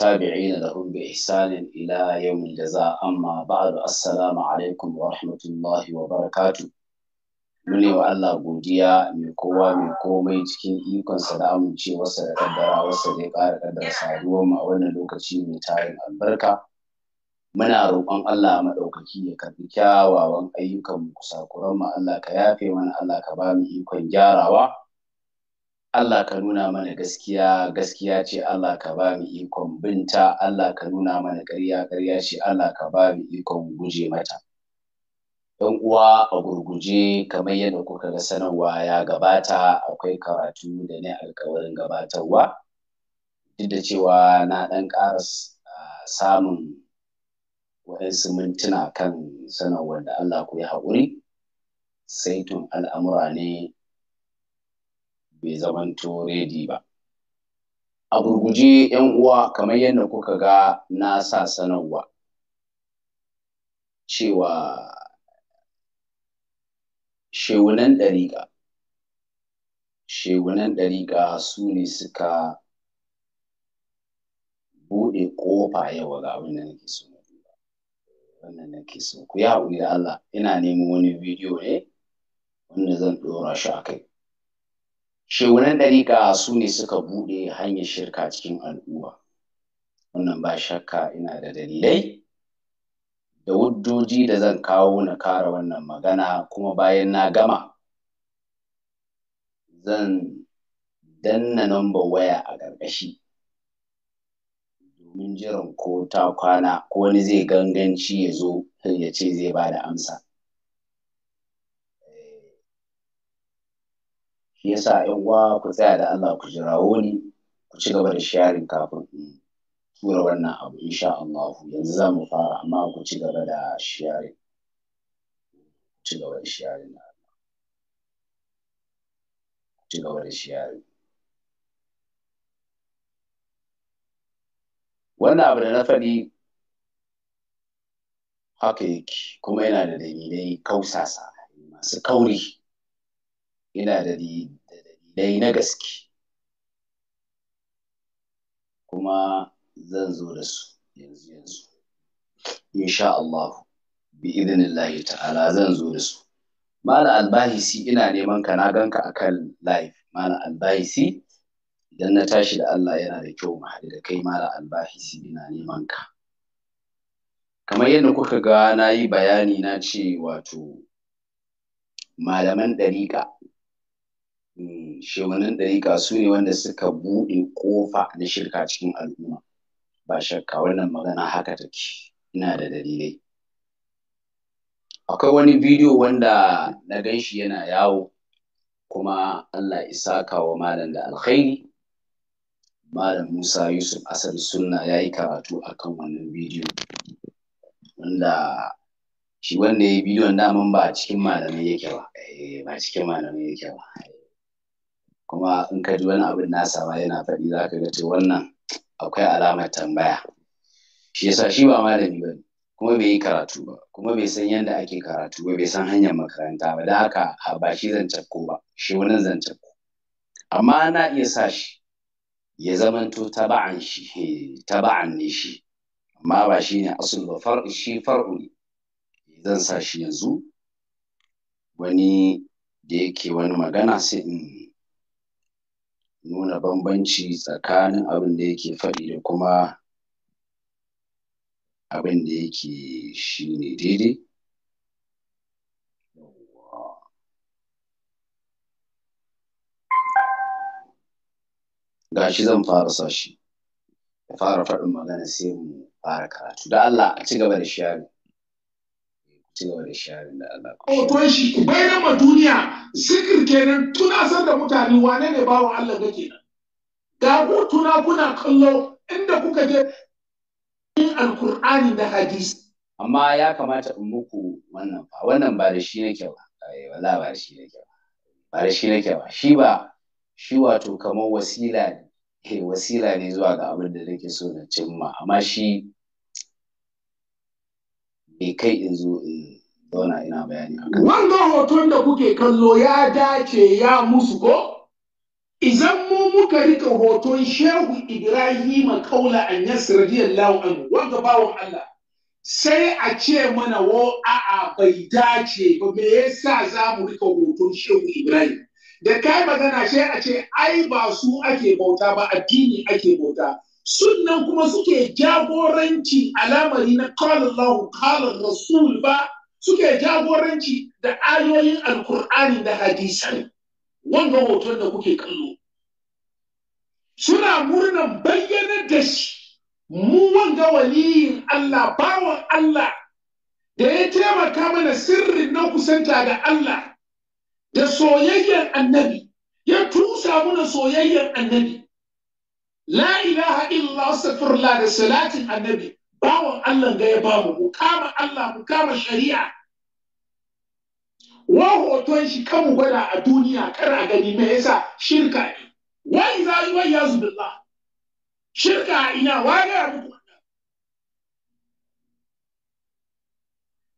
والتابعين لهم بإحسان إلى يوم الجزاء أما بعد السلام عليكم ورحمة الله وبركاته muni wa Allah godiya mai kowa mai komai cikin ikonsa da amincewarsa da kaddara wasa da ya ƙara kaddara saduwar mu a wannan lokaci mai tarin albarka muna roƙon Allah maɗaukaki ya karbi kyawawan ayyukan mu kusakuran mu Allah ka yafe mana Allah ka ba mu ikon gyarawa Allah ka nuna mana gaskiya gaskiya ce Allah ka ba mu ikon binta Allah ka nuna mana ƙarya ƙarya ce Allah ka ba mu ikon guje mata ‘Yan uwa a gurguje kamar yadda kuka ga sanarwa ya gabata akwai karatu da ne alkawarin gabatarwa duk da cewa na ɗan ƙara samun waɗansu mintuna kan sanarwar da Allah ku yi haƙuri saitun al'amura ne bai zamanto redi ba a gurguje yan uwa kamar yadda kuka ga na sa sanarwa cewa shewunan ɗariƙa shewunan ɗariƙa su ne suka buɗe ƙofa yawa ga abin da nake so na na nake so ku yi haƙuri da Allah ina neman wani bidiyo ne wanda zan ɗora shi a kai Shewunan ɗariƙa su ne suka buɗe hanyar shirka cikin al'umma wannan ba shakka ina da dalilai da wuddoji da zan kawo na kara wannan magana kuma bayan na gama zan danna namba waya a ƙarƙashi domin jiran ko ta kwana ko wani zai ganganci ya zo ya ce zai ba da amsa shi yasa yan uwa ku tsaya da Allah ku jirawo ni ku ci gaba da sharing kafin in tura wannan abu insha Allah yanzu za mu fara amma ku ci gaba da sharing ci gaba da sharing na Allah ci gaba da sharing wannan abu da na faɗi haka yake kuma yana da dalilai kausasa masu kauri yana da dalilai na gaske kuma zan zo da su yanzu yanzu insha Allah bi idinillahi ta'ala zan zo da su Malam albahisi ina neman ka na ganka akan live Malam albahisi idan na tashi da Allah yana da kyau mu haɗu da kai Malam albahisi ina neman ka kamar yadda kuka ga na yi bayani na ce wato malaman ɗariƙa shimanin ɗarika su ne wanda suka buɗe ƙofa na shirka cikin al'umma ba shakka wannan magana haka take ina da dalilai akwai wani bidiyo wanda na gan shi yana yawo kuma Allah isa kawo malam da alkhairi malam Musa Yusuf Asad Sunna ya yi karatu akan wannan bidiyo wanda shi wanda ya yi bidiyon daman ba cikin malamai yake ba eh, ba cikin malamai yake ba kuma in ka ji wani abin nasa ma yana faɗi za ka ga wannan akwai alamar tambaya shi yasa shi ba malami ba ne kuma bai yi karatu ba kuma bai san yadda ake karatu ba bai san hanyar makaranta ba da haka ba shi zancen ko ba shi wani zancen ko amma ana iya sa shi ya zamanto taba'an shi taba'an ne shi amma ba shi ne asul ba far'i shi far'u ne zan sa shi yanzu wani da yake wani magana sai in nuna bambanci tsakanin abin da yake faɗi da kuma abin da yake shi ne daidai shi zan fara sashi ya fara faɗin magana sai mu fara karatu da Allah a ci gaba da share cewa da shari da Allah. Hoton shi bayan ma duniya zikir kenan tunasar da mutane wane ne bawan Allah ga nan? Ga ku tuna kuna kallo inda kuka je in alkur'ani da hadisi. Amma ya kamata in muku wannan fa wannan ba da shi nake ba. Eh, Wala ba da shi nake ba. Ba da shi nake ba. Shi ba shi wato kamar wasila ne. Hey, eh, wasila ne zuwa ga abin da nake so na cimma amma shi bai kai in zo in zauna wannan hoton da kuke kallo ya dace ya musu ko Izan mu muka rika hoton shehu ibrahim kaula an yasir radiyallahu anhu wanda bawon Allah sai a ce mana wo a bai dace ba me yasa za mu rika hoton shehu ibrahim da kai magana sai a ce ai ba su ake bauta ba addini ake bauta sunnan kuma suke jagoranci alamari na qala Allah qala rasul ba suke jagoranci da ayoyin alkur'ani da hadisan wanga hoton da kuke kallo suna murnan bayyana da shi mu wanga waliyin Allah bawan Allah da ya taimaka mana sirrin na kusanta da Allah da soyayyen annabi ya tusa mana soyayyen annabi la ilaha illa astaghfirullah da salatin annabi bawan Allah ga ya bamu mu kama Allah mu kama shari'a wa hoton shi kan gwada a duniya kar a gani me yasa shirka ne wa iza wa yazu billah shirka ina wa ga muku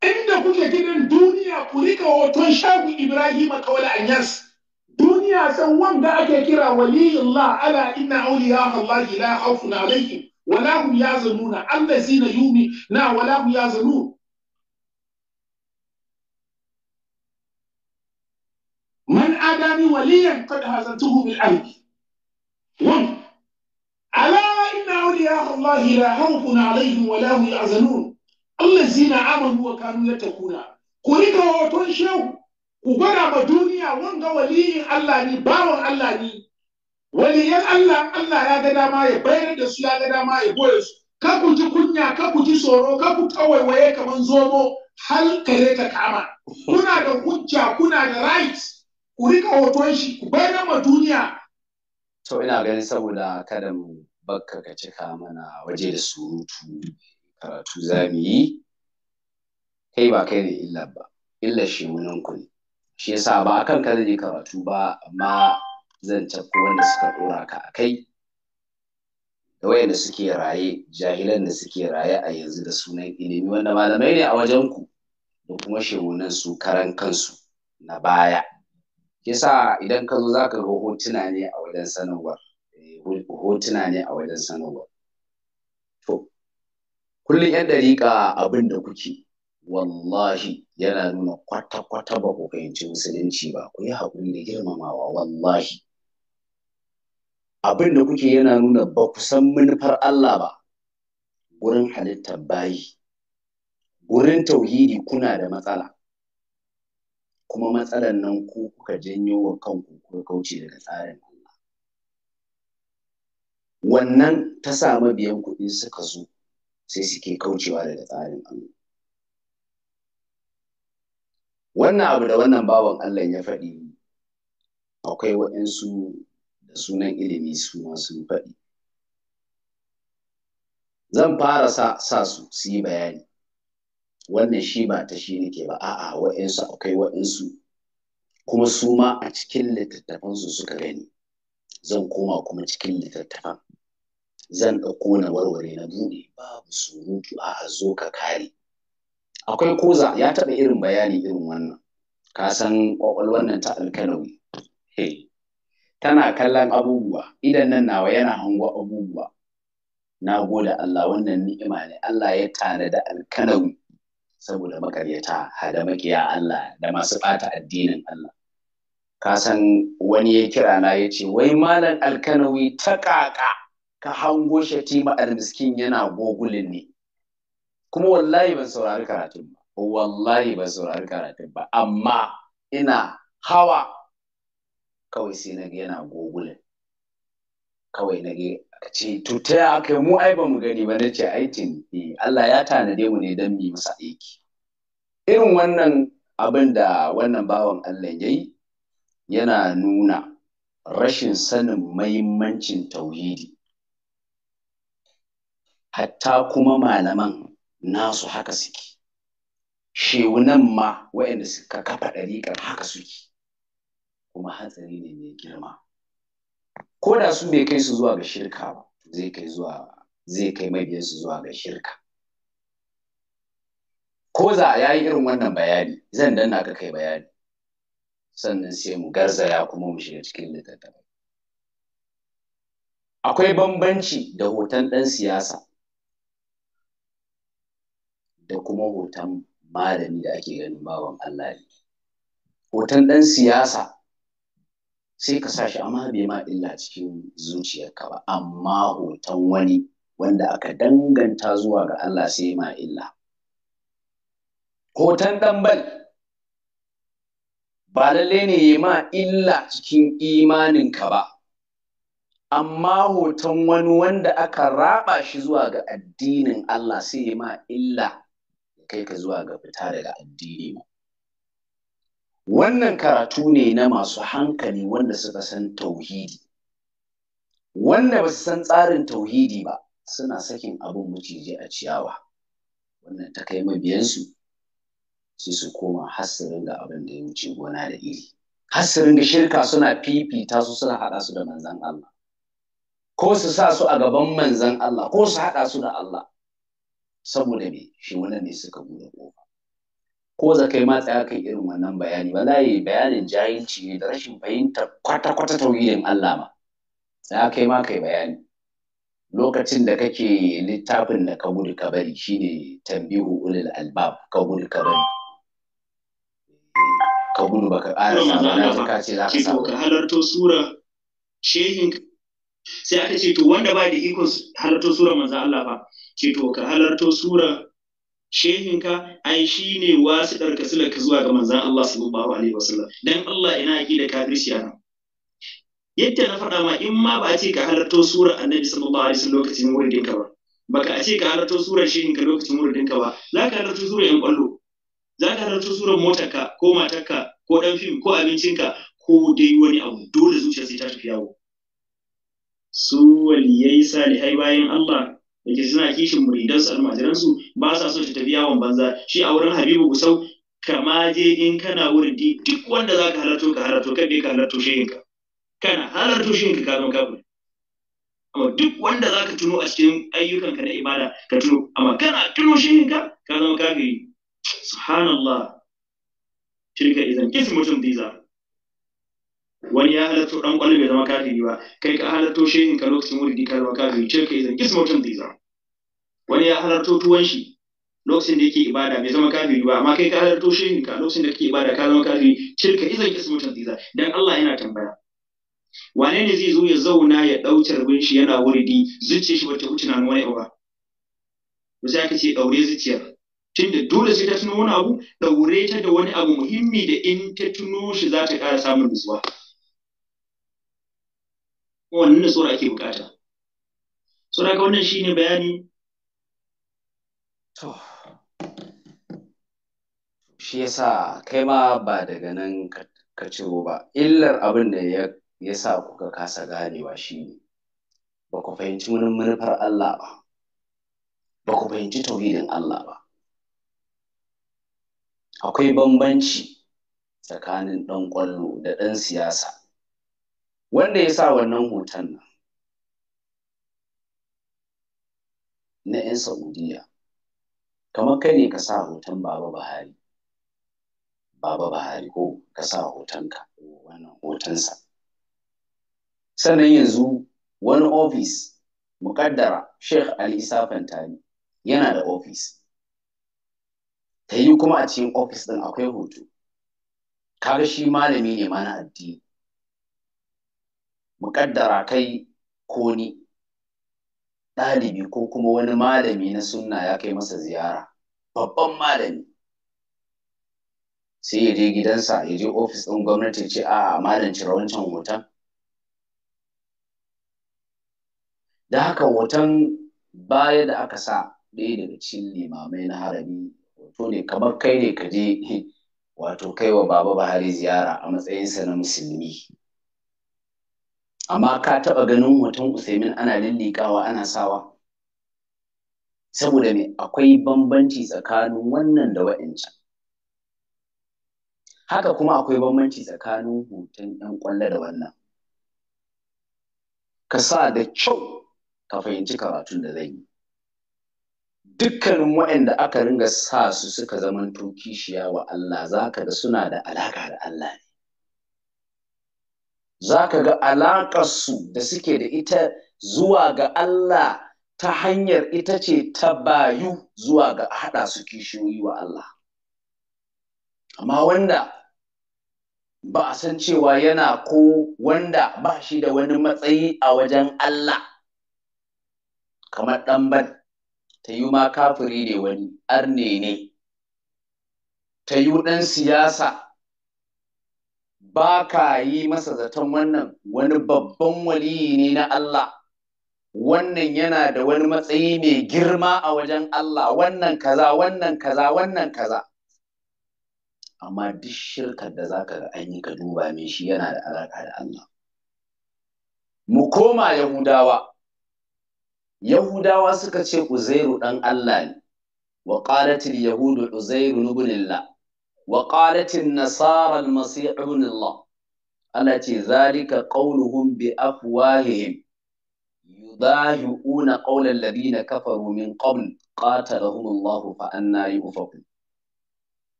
inda kuke gidan duniya ku rika hoton shagu Ibrahim kawai an yas duniya san wanda ake kira waliyullah ala inna awliya Allah la khawfun alaihim wala hum yazununa allazina yumi na wala hum yazunun man adani waliyan qad hazantuhu bil ahdi wa ala inna awliya allahi la khawfun alaihim wala hum yazunun allazina amanu wa kanu yattaquna ku rika hoton shehu ku gwada ma duniya wanga waliyin Allah ni, bawan Allah ni. Wani 'yan Allah Allah ya ga dama ya bayar da su ya ga dama ya goye su ka ku ji kunya ka ku ji tsoro ka ku kawaiwaye kamar zomo har kare ta kama kuna da hujja kuna da right ku rika hoton shi ku bayar ma duniya to ina ganin saboda kada mu bakka ka cika mana waje da surutu karatu za mu yi kai ba kai ne illa ba illa shi ku ne shi yasa ba akan kada ne karatu ba amma zan cafko wanda suka ɗora ka a kai da wayanda suke raye jahilan da suke raye a yanzu da sunan ilimi wanda malamai ne a wajen ku da kuma shehunan su karan kansu na baya yasa idan ka zo za ka ga hotuna ne a wajen sanarwar eh, hotuna ne a wajen sanarwar to kullum yan dariƙa abin da kuke wallahi yana nuna kwata-kwata ba ku fahimci musulunci ba ku yi haƙuri da girmamawa wallahi abin da kuke yana nuna ba ku san manufar Allah ba gurin halittar bayi gurin tauhidi kuna da matsala kuma matsalar nan ku kuka janyo wa kanku ku kauce daga tsarin Allah wannan ta sa mabiyan kuɗi suka zo sai suke kaucewa daga tsarin Allah wannan abu da wannan bawan Allah ya faɗi akwai waɗansu da sunan ilimi su ma sun faɗi zan fara sa, sa su su yi bayani wannan shi ba ta shi nake ba a'a wa'insu akwai wa'insu kuma su ma a cikin littattafansu suka gani zan koma kuma cikin littattafan zan ɗauko na warware na buɗe babu surutu a zo ka kare akwai koza ya taɓa irin bayani irin wannan ka san ƙwaƙwalwar nan ta alkalawi hey. tana kallon abubuwa idan nan nawa yana hango abubuwa na gode Allah wannan ni'ima ne Allah ya tare da alkalawi saboda makaryata hada makiya Allah da masu bata addinin Allah ka san wani ya kira na ya ce wai malam alkanawi ta kaka ka hango ma almiskin yana gogulin ne kuma wallahi ban saurari karatun ba wallahi ban saurari karatun ba amma ina hawa kawai sai na yana gogule kawai na ga ce to ta ya kai mu ai ba mu gani ba nace ai tuni eh, Allah ya tanade mu ne dan mu masa aiki irin wannan abin da wannan bawan Allah yayi yana nuna rashin sanin mahimmancin tauhidi hatta kuma malaman nasu haka suke shewunan ma waɗanda suka kafa ɗariƙar haka suke kuma hatsari ne mai girma ko da su bai kai su zuwa ga shirka ba zai kai zuwa zai kai su zuwa ga shirka ko za ya yi irin wannan bayani zan danna ka kai bayani sannan sai mu garzaya kuma mu shiga cikin littattafai akwai bambanci da hoton ɗan siyasa da kuma hoton malami da ake ganin bawan Allah ne hoton ɗan siyasa sai ka sa shi amma bai ma illa cikin zuciyarka ba amma hoton wani wanda aka danganta zuwa ga Allah sai ma illa hoton dambal ba lalle ne ya ma illa cikin imanin ka ba amma hoton wani wanda aka raba shi zuwa ga addinin Allah sai ma illa kai ka zuwa ga fita daga addini wannan karatu ne na masu hankali wanda suka san tauhidi wanda ba su san tsarin tauhidi ba suna sakin abin maciji a ciyawa wannan ta kai mabiyansu sai su koma hasirin ga abin da ya wuce gona da iri hasirin da shirka suna fifita su suna haɗa su da manzan Allah ko su sa su a gaban manzan Allah ko su haɗa su da Allah saboda me shi wannan ne suka buɗe kofa ko za kai ma tsaya irin wannan bayani ba layi bayanin jahilci ne da rashin fahimtar kwata-kwata tauhidin Allah ma tsaya kai ma kai bayani lokacin da kake littafin da ka gudu ka bari shine tambihu ulil albab ka gudu ka bari ka gudu ka ƙara samu na ka ce za ka samu ka halarto sura shehin sai aka ce to wanda ba da ikon halarto sura manzo Allah ba ce to ka halarto sura shehinka ai shi ne wasu ɗarka silarka zuwa ga manzan Allah sallallahu alaihi wasallam dan Allah ina yaƙi da kafirci a nan yadda na faɗa ma in ma ba a ce ka halarto surar annabi sallallahu alaihi wasallam lokacin muridinka ba baka a ce ka halarto surar shehinka lokacin muridinka ba za ka halarto surar yan ƙwallo za ka halarto surar motarka ko matarka ko ɗan fim ko abincinka ko dai wani abu dole zuciya sai ta tafi yawo su waliyai salihai bayan Allah yake suna kishin muridansu almajiransu ba sa so su tafi yawon banza shi a wurin habibu gusau kama je in kana wurin di duk wanda za ka halarto ka halarto kai ka halarto ka kana halarto shehinka ka zama kafin amma duk wanda za ka tuno a cikin ayyukan ka na ibada ka tuno amma kana tuno shehinka ka zama kafiri subhanallah shirka idan kis mutum diza wani ya halatto dan kwallo bai zama kafiri ba kai ka halatto shehin ka lokacin wuri ka zama kafiri shirka idan kisa mutum diza wani ya halarto tuwon shi lokacin da yake ibada bai zama kafiri ba amma kai ka halarto shi ka lokacin da kake ibada ka zama kafiri shirka izan mutan ziza dan Allah yana tambaya wane ne zai zo ya zauna ya dau carbin shi yana wuridi zuciyar shi bata huce nan wani ba ba sai kace ce daure zuciyar tunda dole sai ta tuno wani abu daure ta da wani abu muhimmi da in ta tuno shi za ta ƙara samun nutsuwa wannan nutsuwar ake bukata sura ka wannan shine bayani shi yasa kai ma ba daga nan ka ciro ba, illar abin da ya sa kuka kasa ganewa shi ne, ba ku fahimci manufar Allah ba, ba ku fahimci tauhidin Allah ba. Akwai bambanci tsakanin ɗan ƙwallo da ɗan siyasa, wanda ya sa wannan hoton nan na 'yan Saudiya. kamar kai ne ka sa hoton baba Buhari baba Buhari ko ka sa hotonka wannan hotonsa sannan yanzu wani ofis muƙaddara Sheikh Ali Isa Fantani yana da ofis ta yi kuma a cikin ofis ɗin akwai hoto kaga shi malami ne mana addini muƙaddara kai ko ni ɗalibi ko kuma wani malami na sunna ya kai masa ziyara babban malami sai ya je gidansa ya je ofis ɗin gwamnati ce a malam cire wancan hoton da haka hoton baya da aka sa ɗaya daga cikin limamai na harami hoto ne kamar kai ne ka je wato kai wa baba Buhari ziyara a matsayinsa na musulmi amma ka taɓa ganin hoton usaimin ana lillikawa ana sawa saboda me akwai bambanci tsakanin wannan da wa'ancan haka kuma akwai bambanci tsakanin hoton yan kwallo da wannan ka sa da kyau ka fahimci karatun da zai yi dukkanin waɗanda aka ringa sa su suka zamanto kishiya wa Allah za ka ga suna da alaƙa da Allah ne za ka ga alaƙarsu da suke da ita zuwa ga Allah ta hanyar ita ce ta bayu zuwa ga haɗa su kishiyoyi wa Allah. Amma wanda ba a san cewa yana ko wanda ba shi da wani matsayi a wajen Allah, kamar ɗanban, ta yi ma kafiri ne wani, arne ne, ta yi ɗan siyasa ba ka yi masa zaton wannan wani babban waliyi ne na Allah wannan yana da wani matsayi mai girma a wajen Allah wannan kaza wannan kaza wannan kaza amma duk shirkar da zaka ga an yi ka duba mai shi yana da alaka da Allah mu koma yahudawa yahudawa suka ce uzairu dan Allah ne wa yahudu uzairu ibn Allah wa qalatin nasara al-masih ibn Allah Allah ce zalika qauluhum bi afwahihim yudahiuna qawla alladhina kafaru min qabl qatalahum Allah fa anna yufakun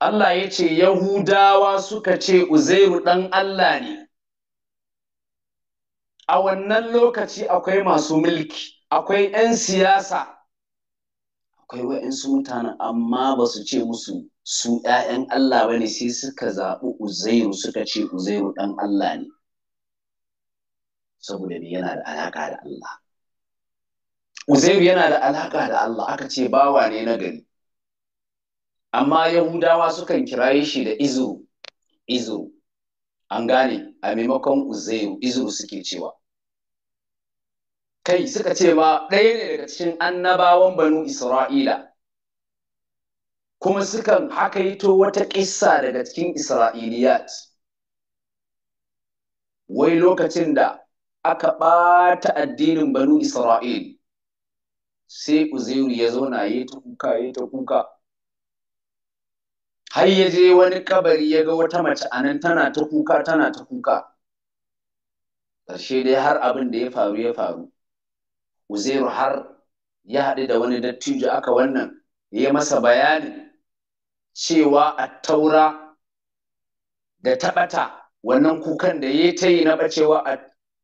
Allah ya ce Yahudawa suka ce Uzairu ɗan Allah ne. A wannan lokaci akwai masu mulki, akwai ‘yan siyasa, akwai wa'insu mutanen amma ba su ce musu su ‘ya'yan Allah bane sai suka zaɓi Uzairu suka ce Uzairu ɗan Allah ne, saboda ne yana da alaƙa da Allah. Uzairu yana da alaƙa da Allah aka ce bawa ne na gari, amma Yahudawa sukan kiraye shi da izu, izu, an gane a maimakon Uzairu, izu suke cewa. Kai suka ce ma ɗaya ne daga cikin annabawan Banu Isra'ila. kuma sukan to wata ƙisa daga cikin Isra'iliyat. Wai lokacin da aka ɓata addinin banu Isra'il, sai Uzairu ya zauna ya ta kuka ya ta kuka. Har ya je wani kabari ya ga wata mace a nan tana ta kuka tana ta kuka. Ƙarshe dai har abin da ya faru ya faru. Uzairu har ya haɗu da wani dattijo aka wannan ya masa bayanin cewa taura da ta wannan kukan da ya ta yi na ɓacewa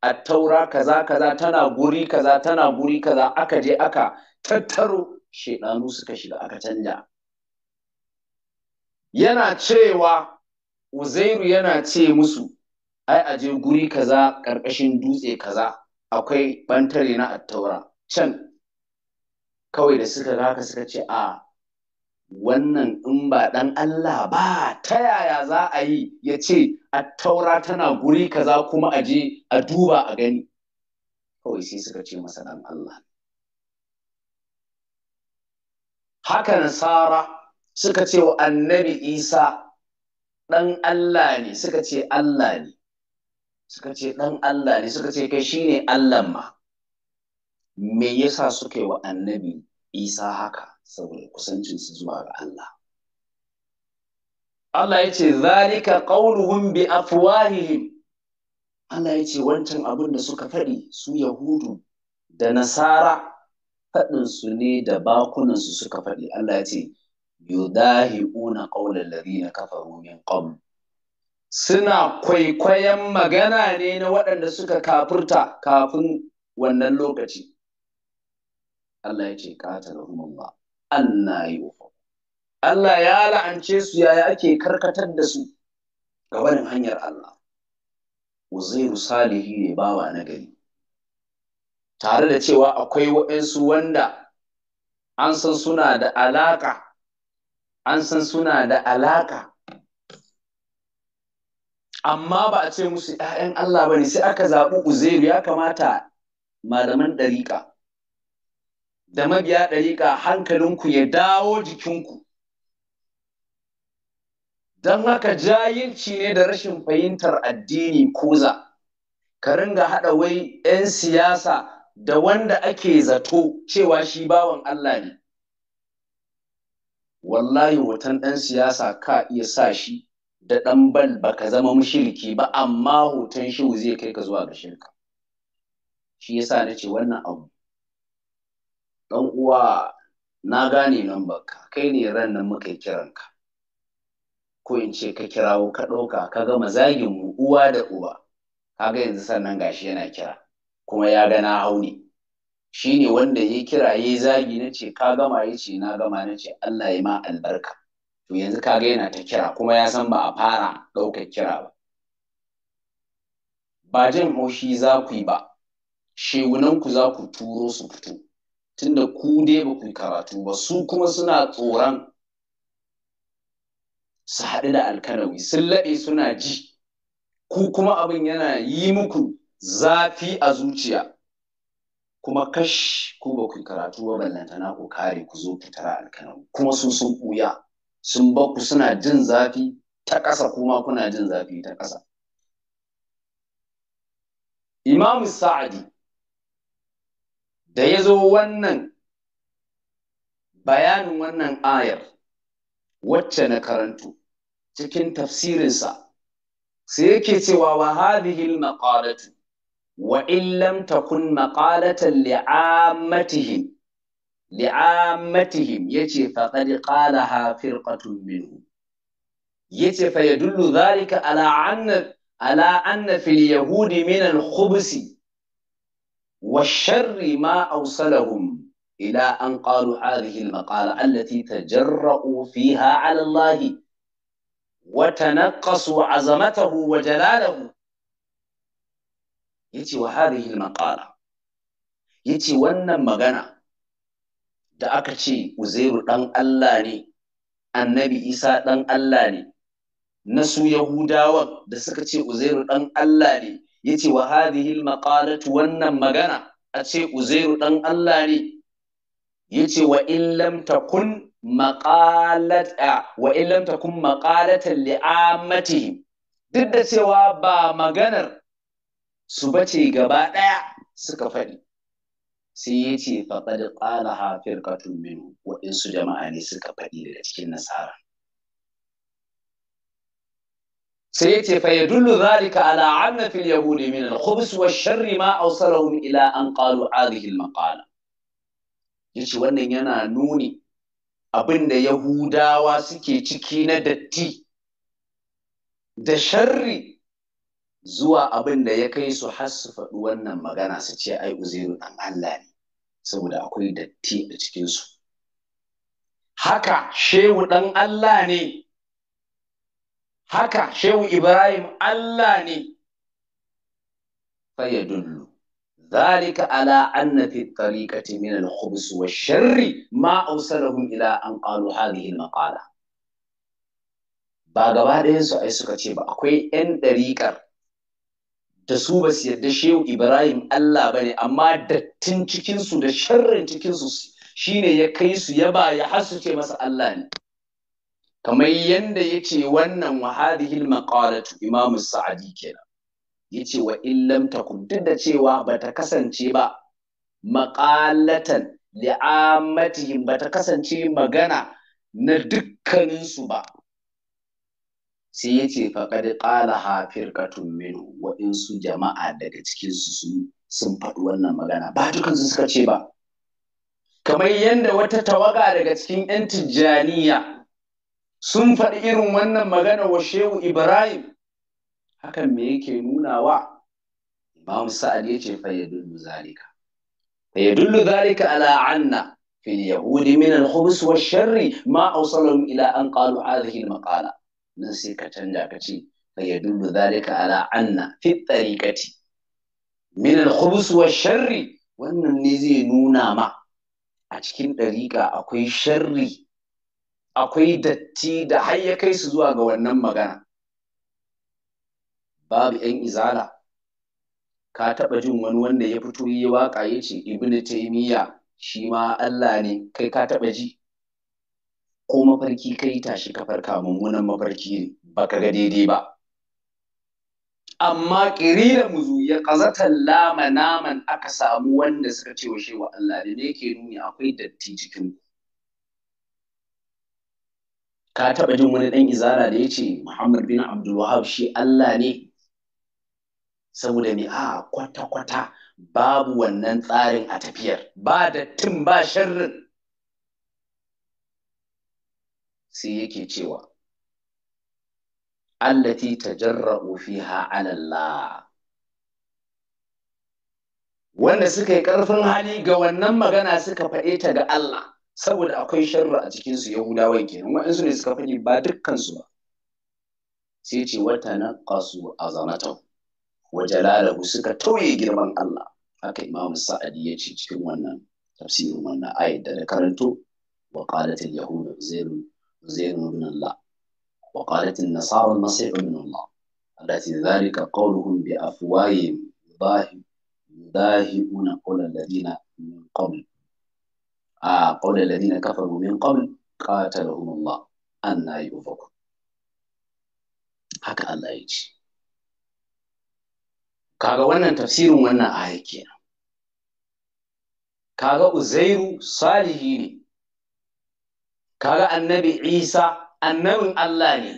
attaura kaza kaza tana guri kaza tana guri kaza aka je aka tattaro shaidanu suka shiga aka canja yana cewa uzairu yana ce musu ai a je guri kaza ƙarƙashin dutse kaza akwai ɓantare na attaura can kawai da suka ga haka suka ce a wannan in ba Dan Allah ba ta yaya za a yi ya ce a taura tana guri kaza kuma a je a duba a gani kawai sai suka ce masa Dan Allah haka nasara suka ce wa annabi isa Dan Allah ne suka ce Allah ne suka ce dan Allah ne suka ce kai shine Allah ma me yasa suka yi wa annabi isa haka saboda kusancinsu zuwa ga Allah. Allah ya ce, Zalika ƙaunuhun bi afwahihim. Allah ya ce, wancan abin da suka faɗi su Yahudu da Nasara faɗinsu ne da bakunansu suka faɗi. Allah ya ce, yudahi'una ƙaunar na kafaru min qabl suna kwaikwayon magana ne na waɗanda suka kafurta kafin wannan lokaci Allah ya ce ba. Allah ya la'ance su yaya ake karkatar da su ga barin hanyar Allah uzairu salihi ne bawa na gari tare da cewa akwai waɗansu wanda an san suna da alaƙa an san suna da alaƙa amma ba a ce musu ‘ya'yan Allah ba ne sai aka zaɓi uzairu ya kamata malaman ɗariƙa da mabiya ɗariƙa hankalinku ya dawo jikinku don haka jayirci ne da rashin fahimtar addini koza ka ringa haɗa wai 'yan siyasa da wanda ake zato cewa shi bawan Allah ne wallahi hoton ɗan siyasa ka iya sa shi da ɗan bal ba ka zama mushiriki ba amma hoton shi zai kai ka zuwa ga shirka shi yasa na ce wannan abu ɗan uwa na gane nan baka kai ne ran nan muka kiran ka ko in ce ka kirawo ka ɗauka ka gama zagin mu uwa da Uwa, kaga yanzu sannan gashi yana kira kuma ya ga na hau ne shi ne wanda ya kira ya zagi na ce ka gama ya ce na gama na ce Allah ya ma albarka to yanzu kaga yana ta kira kuma ya san ba a fara ɗaukar kira ba ba jin haushi za ku yi ba Shegunanku za ku turo su fito tunda ku dai ba ku karatu ba su kuma suna tsoron su haɗu da alkanawi sun laɓe suna ji ku kuma abin yana yi muku zafi a zuciya kuma kash ku ba ku karatu ba ballantana ku kare ku zo ku tara alkanawi kuma su sun ɓuya sun ba ku suna jin zafi ta ƙasa kuma kuna jin zafi ta ƙasa Imamu Sa'adi da ya zo wannan bayanin wannan ayar wacce na karantu cikin tafsirinsa sai yake cewa wa hadhihi maqalatu wa in lam takun maqalatan li'ammatihim li'ammatihim yace qad qalaha firqatun minhum yace fa yadullu dhalika ala anna ala anna fil yahudi min al khubsi wa sharri ma awsalahum ila an qalu hadhihi al-maqala allati tajarra'u fiha 'ala Allah wa tanaqqasu 'azamatahu wa jalalahu yace wa hadhihi al-maqala yace wannan magana da aka ce Uzairu dan Allah ne Annabi Isa dan Allah ne Nasu su Yahudawan da suka ce Uzairu dan Allah ne yace wa hadhihi maƙalatu wannan magana a ce Uzairu dan Allah ne yace wa in lam takun maqalata wa in lam takun maqalatan duk da cewa ba maganar su bace gaba daya suka faɗi sai ya ce faɗaɗi ƙala hafir katun minu waɗansu jama'a ne suka faɗi daga cikin nasara sai ya ce fa zalika ala anna fil yahudi min al-khubs wa sharri ma awsalahum ila an qalu hadhihi al-maqala yace wannan yana nuni abinda yahudawa suke ciki na datti da sharri zuwa abinda ya kai su har su faɗi wannan magana su ce ai uzairu dan Allah ne saboda akwai datti a cikin su haka shehu dan Allah ne haka shehu ibrahim allah ne ya fayadullu ذلك على أن في الطريقة من sharri ma ما ila an أن قالوا هذه المقالة ba gaba ɗayan su ai suka ce ba akwai 'yan dariƙar da su ba su yarda shehu ibrahim allah ba ne amma dattin cikinsu da sharrin cikinsu shine ya kai su yaba ya hasuce ce masa allah ne kamar yanda ce wannan wa maƙalatu maqalatu imamu sa'adi kenan ce wa illam ta duk da cewa ba ta kasance ba maqalatan li'ammatihim ta kasance magana na dukkaninsu ba sai ya ce faƙad ƙalaha firƙatun minu waɗansu jama'a daga cikinsu sun faɗi wannan magana ba dukansu suka ce ba kamar yadda wata tawaga daga cikin 'yan tijjaniya sun faɗi irin wannan magana wa shehu Ibrahim hakan me yake nunawa Imam Sa'ad ya ce fa yadullu zalika fa yadullu zalika ala anna fi yahudi min al-khubus wa sharri ma awsalahum ila an qalu hadhihi al-maqala nan sai ka canja ka ce fa yadullu zalika ala anna fi tariqati min al-khubus wa sharri wannan ne zai nuna ma a cikin ɗariƙa akwai sharri akwai datti da har ya kai su zuwa ga wannan magana babu ‘yan izala ka taɓa jin wani wanda ya fito yi waƙa ya ce ibn taimiyya shi ma Allah ne kai ka taɓa ji ko mafarki kai tashi ka farka mummunan mafarki ne baka ga daidai ba amma mu muzu ya ƙazata lama naman aka samu wanda suka ce wa shewa Allah ne ke nuni akwai datti cikin ka taɓa jin wani ɗan izara da ya ce Muhammad bin Abdulwahab shi Allah ne saboda me a kwata-kwata babu wannan tsarin a tafiyar ba dattin ba sharrin sai yake cewa allati tajarra'u fiha 'ala Allah wanda suka yi ƙarfin hali ga wannan magana suka faɗe ta ga Allah saboda akwai sharra a cikinsu su yahudawan kenan waɗansu ne suka faɗi ba dukkansu ba sai ce wata na kasu azamata wa jalalahu suka tauye girman Allah haka Imam Sa'adi ya ce cikin wannan tafsirin wannan ayat da karanto wa qalat al-yahud uzairu uzairu min Allah wa qalat an-nasara al-masih min Allah allati dhalika qawluhum bi afwahihim yudahi yudahiuna qawla alladhina min qabl a qawla alladhina kafaru min qabl qatalahum Allah anna haka Allah ya ce kaga wannan tafsirin wannan aya kenan kaga Uzairu salihi ne kaga annabi Isa annabin Allah ne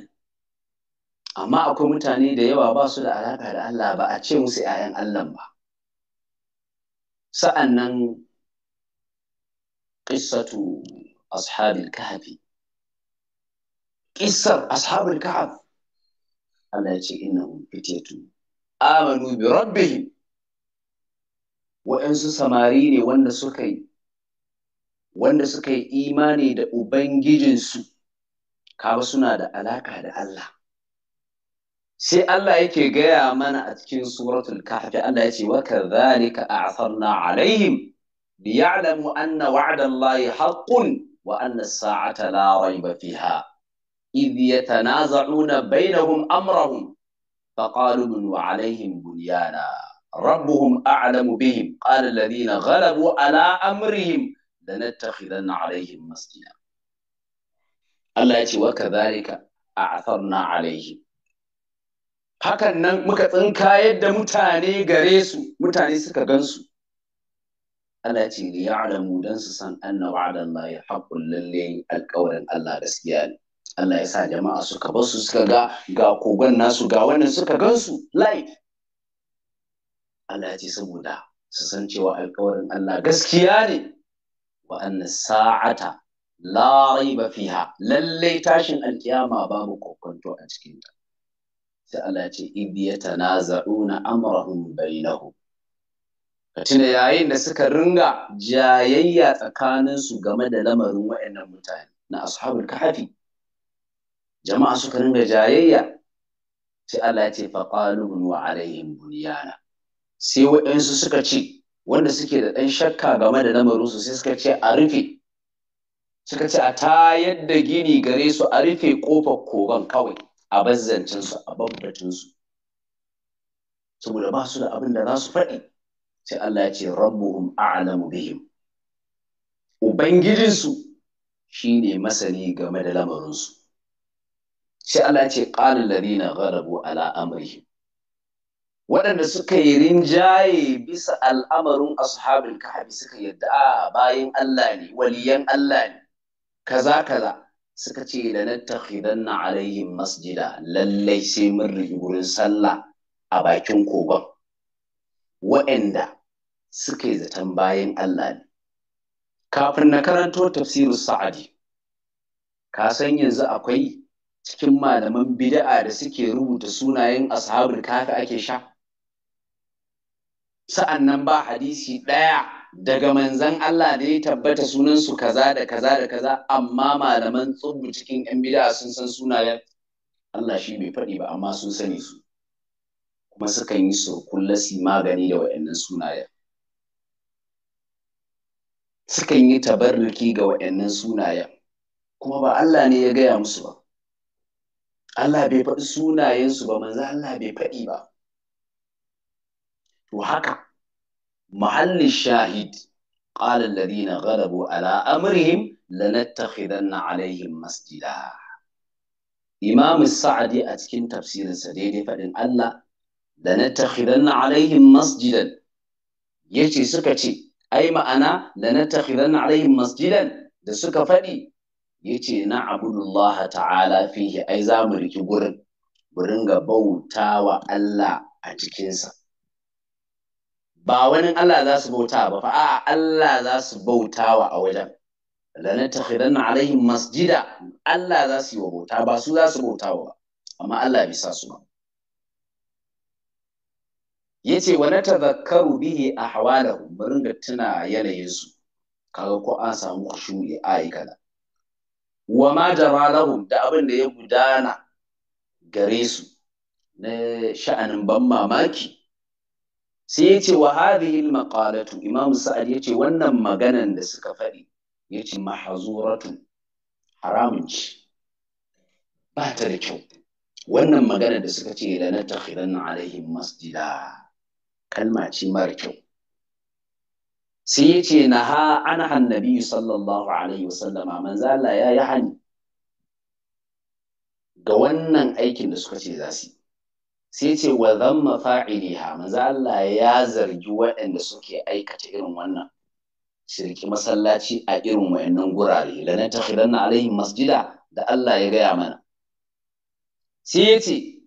amma akwai mutane da yawa ba su da alaka da Allah ba a ce musu ‘ya'yan Allah ba sa'an nan qissatu ashabil kahfi qissar ashabul kahf Allah ya ce innahum fityatu amanu bi rabbihim wa'ansu samari ne wanda suka yi wanda suka yi imani da ubangijinsu kawo suna da alaka da Allah sai Allah yake gaya mana a cikin suratul kahfi Allah ya ce wa kadhalika a'tharna alaihim liya'lamu anna wa'dallahi haqqun wa anna as-sa'ata la rayba fiha idh yatanaza'una bainahum amrahum فقالوا بنوا عليهم بنيانا ربهم أعلم بهم قال الذين غلبوا na أمرهم لنتخذن عليهم مسجدا Allah ya ce wa kadhalika a'tharna alaihim hakan nan muka tsinka yadda mutane gare su mutane suka gansu Allah ce li ya'lamu dan su san anna ya haqqun lalle alƙawarin Allah gaskiya ne Allah ya sa jama'a suka bar su suka ga ga kogon nasu ga wannan suka gansu live Allah ya ce saboda su san cewa alƙawarin Allah gaskiya ne wa anna sa'ata la raiba fiha lalle tashin alkiyama babu kokonto a cikin ta sai Allah ya ce na yatanaza'una amrahum bainahum tunda yayin da suka ringa jayayya tsakaninsu game da lamarin waɗannan mutane na ashabul kahfi jama'a suka ringa jayayya sai Allah ya ce faqalu wa alaihim bunyana sai waɗansu suka ce wanda suke da ɗan shakka game da lamarinsu sai suka ce a rufe suka ce a tayar da gini gare su a rufe kofar koban kawai a su a su. saboda ba su da abin da za su faɗi sai Allah ya ce rabbuhum a'lamu bihim ubangijinsu shine masani game da lamarinsu sai Allah ya ce qala ladina gharabu ala amrihim waɗanda suka yi rinjaye bisa al'amarin ashabul kahfi suka yadda a bayan Allah ne waliyan Allah ne kaza kaza suka ce da nattakhidanna alaihim masjida lallai sai mun rigi gurin sallah a bakin kogon wa'anda suka yi zaton bayan Allah ne. Kafin na karanto tafsiru Sa'adi, ka san yanzu akwai cikin malaman bida'a da suke rubuta sunayen ashabul kafi ake sha. Sa'an nan ba hadisi ɗaya daga manzan Allah da ya tabbata sunansu kaza da kaza da kaza amma malaman tsubu cikin 'yan bida'a sun san sunayen Allah shi bai faɗi ba amma sun sani su. kuma sukan yi sukullasi magani da waɗannan sunayen. sukan yi tabarruki ga wayannan sunayen kuma ba Allah ne ya gaya musu ba Allah bai faɗi sunayensu ba manzo Allah bai faɗi ba to haka mahallin shahid qala alladhina ghalabu ala amrihim lanattakhidanna alaihim masjida Imami Sa'adi a cikin tafsirinsa daidai faɗin Allah lanattakhidanna alaihin masjidan yace suka ce ai ma'ana da na takhiran alaihim masjidan da suka faɗi yace na abudullah ta'ala fihi ai za mu riki gurin mu ringa bauta wa Allah a cikinsa ba wani Allah za su bauta ba fa a Allah za su bauta wa a wajen lanattakhidan alaihim masjida Allah za su yi wa bauta ba su za su bauta wa amma Allah bai sa su ba Ya yace wa natadhakkaru bihi hawa mu da tuna yanayin su kaga ko an samu khushu'i a kaza wa ma jara lahum da abin da ya gudana gare su na sha'anin ban mamaki sai ya ce wa hadhihi maqalatu imam sa'ad ya ce wannan maganan da suka faɗi ya yace mahzuratu haramun ci. ba ta da kyau wannan maganar da suka ce da na takhiran alaihim masjida kalma ce mara kyau sai ya ce na ha an hannabi sallallahu alaihi wasallama manzo Allah ya yi hani ga wannan aikin da suka ce za su sai ce wa zamma fa'iliha ha, Allah ya zargi waɗanda suke aikata irin wannan shirki masallaci a irin wayannan gurare ta lana na alaihi masjida da Allah ya gaya mana sai ya ce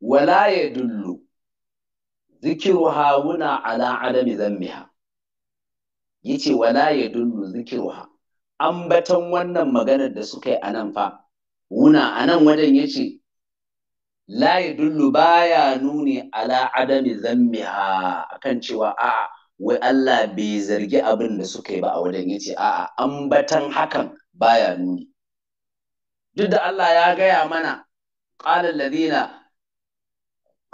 wala yadullu zikiru wuna ala adami zammiha yace wala yadullu An ambaton wannan maganar da suka yi anan fa wuna anan wajen yace la yadullu baya nuni ala adami zammiha akan cewa a wai Allah bai zargi abin da suka yi ba a wajen yace a'a ambatan hakan baya nuni duk da Allah ya gaya mana qala alladhina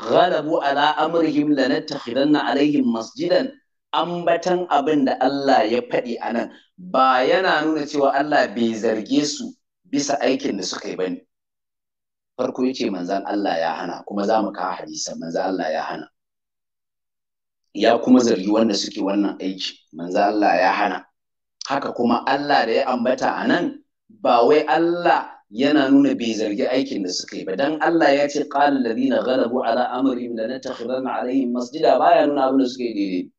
ghalabu ala amrihim lanattakhidanna alaihim masjidan ambatan abin da Allah ya faɗi a nan ba yana nuna cewa Allah bai zarge su bisa aikin da suka yi ba ne. Farko ya ce manzan Allah ya hana kuma za mu kawo hadisan manzan Allah ya hana. Ya kuma zargi wanda suke wannan aiki manzan Allah ya hana. Haka kuma Allah da ya ambata anan, ba wai Allah yana nuna bai zargi aikin da suka yi ba dan Allah ya ce qala alladhina ghalabu ala amrihim lanattakhidanna alaihim masjida baya nuna abin da suka yi daidai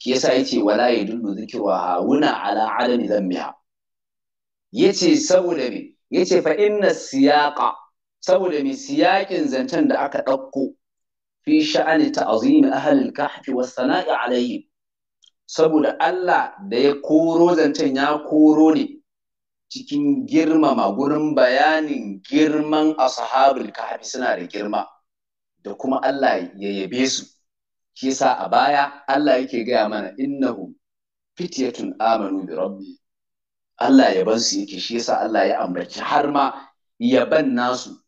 Ke yasa yace wala yadullu dhikra hauna ala adami dhanbiha yace saboda me yace fa inna siyaqa saboda me siyakin zancen da aka ɗauko fi sha'ani ta'zimi ahli al-kahfi was sana'i alaihim saboda Allah da ya koro zancen ya koro ne cikin girmama gurin bayanin girman ashabul kahfi suna da girma da kuma Allah ya yabe su shi yasa a baya Allah yake gaya mana innahu fityatun amanu bi rabbi Allah ya ban su yake shi yasa Allah ya ambaci har ma ya ban nasu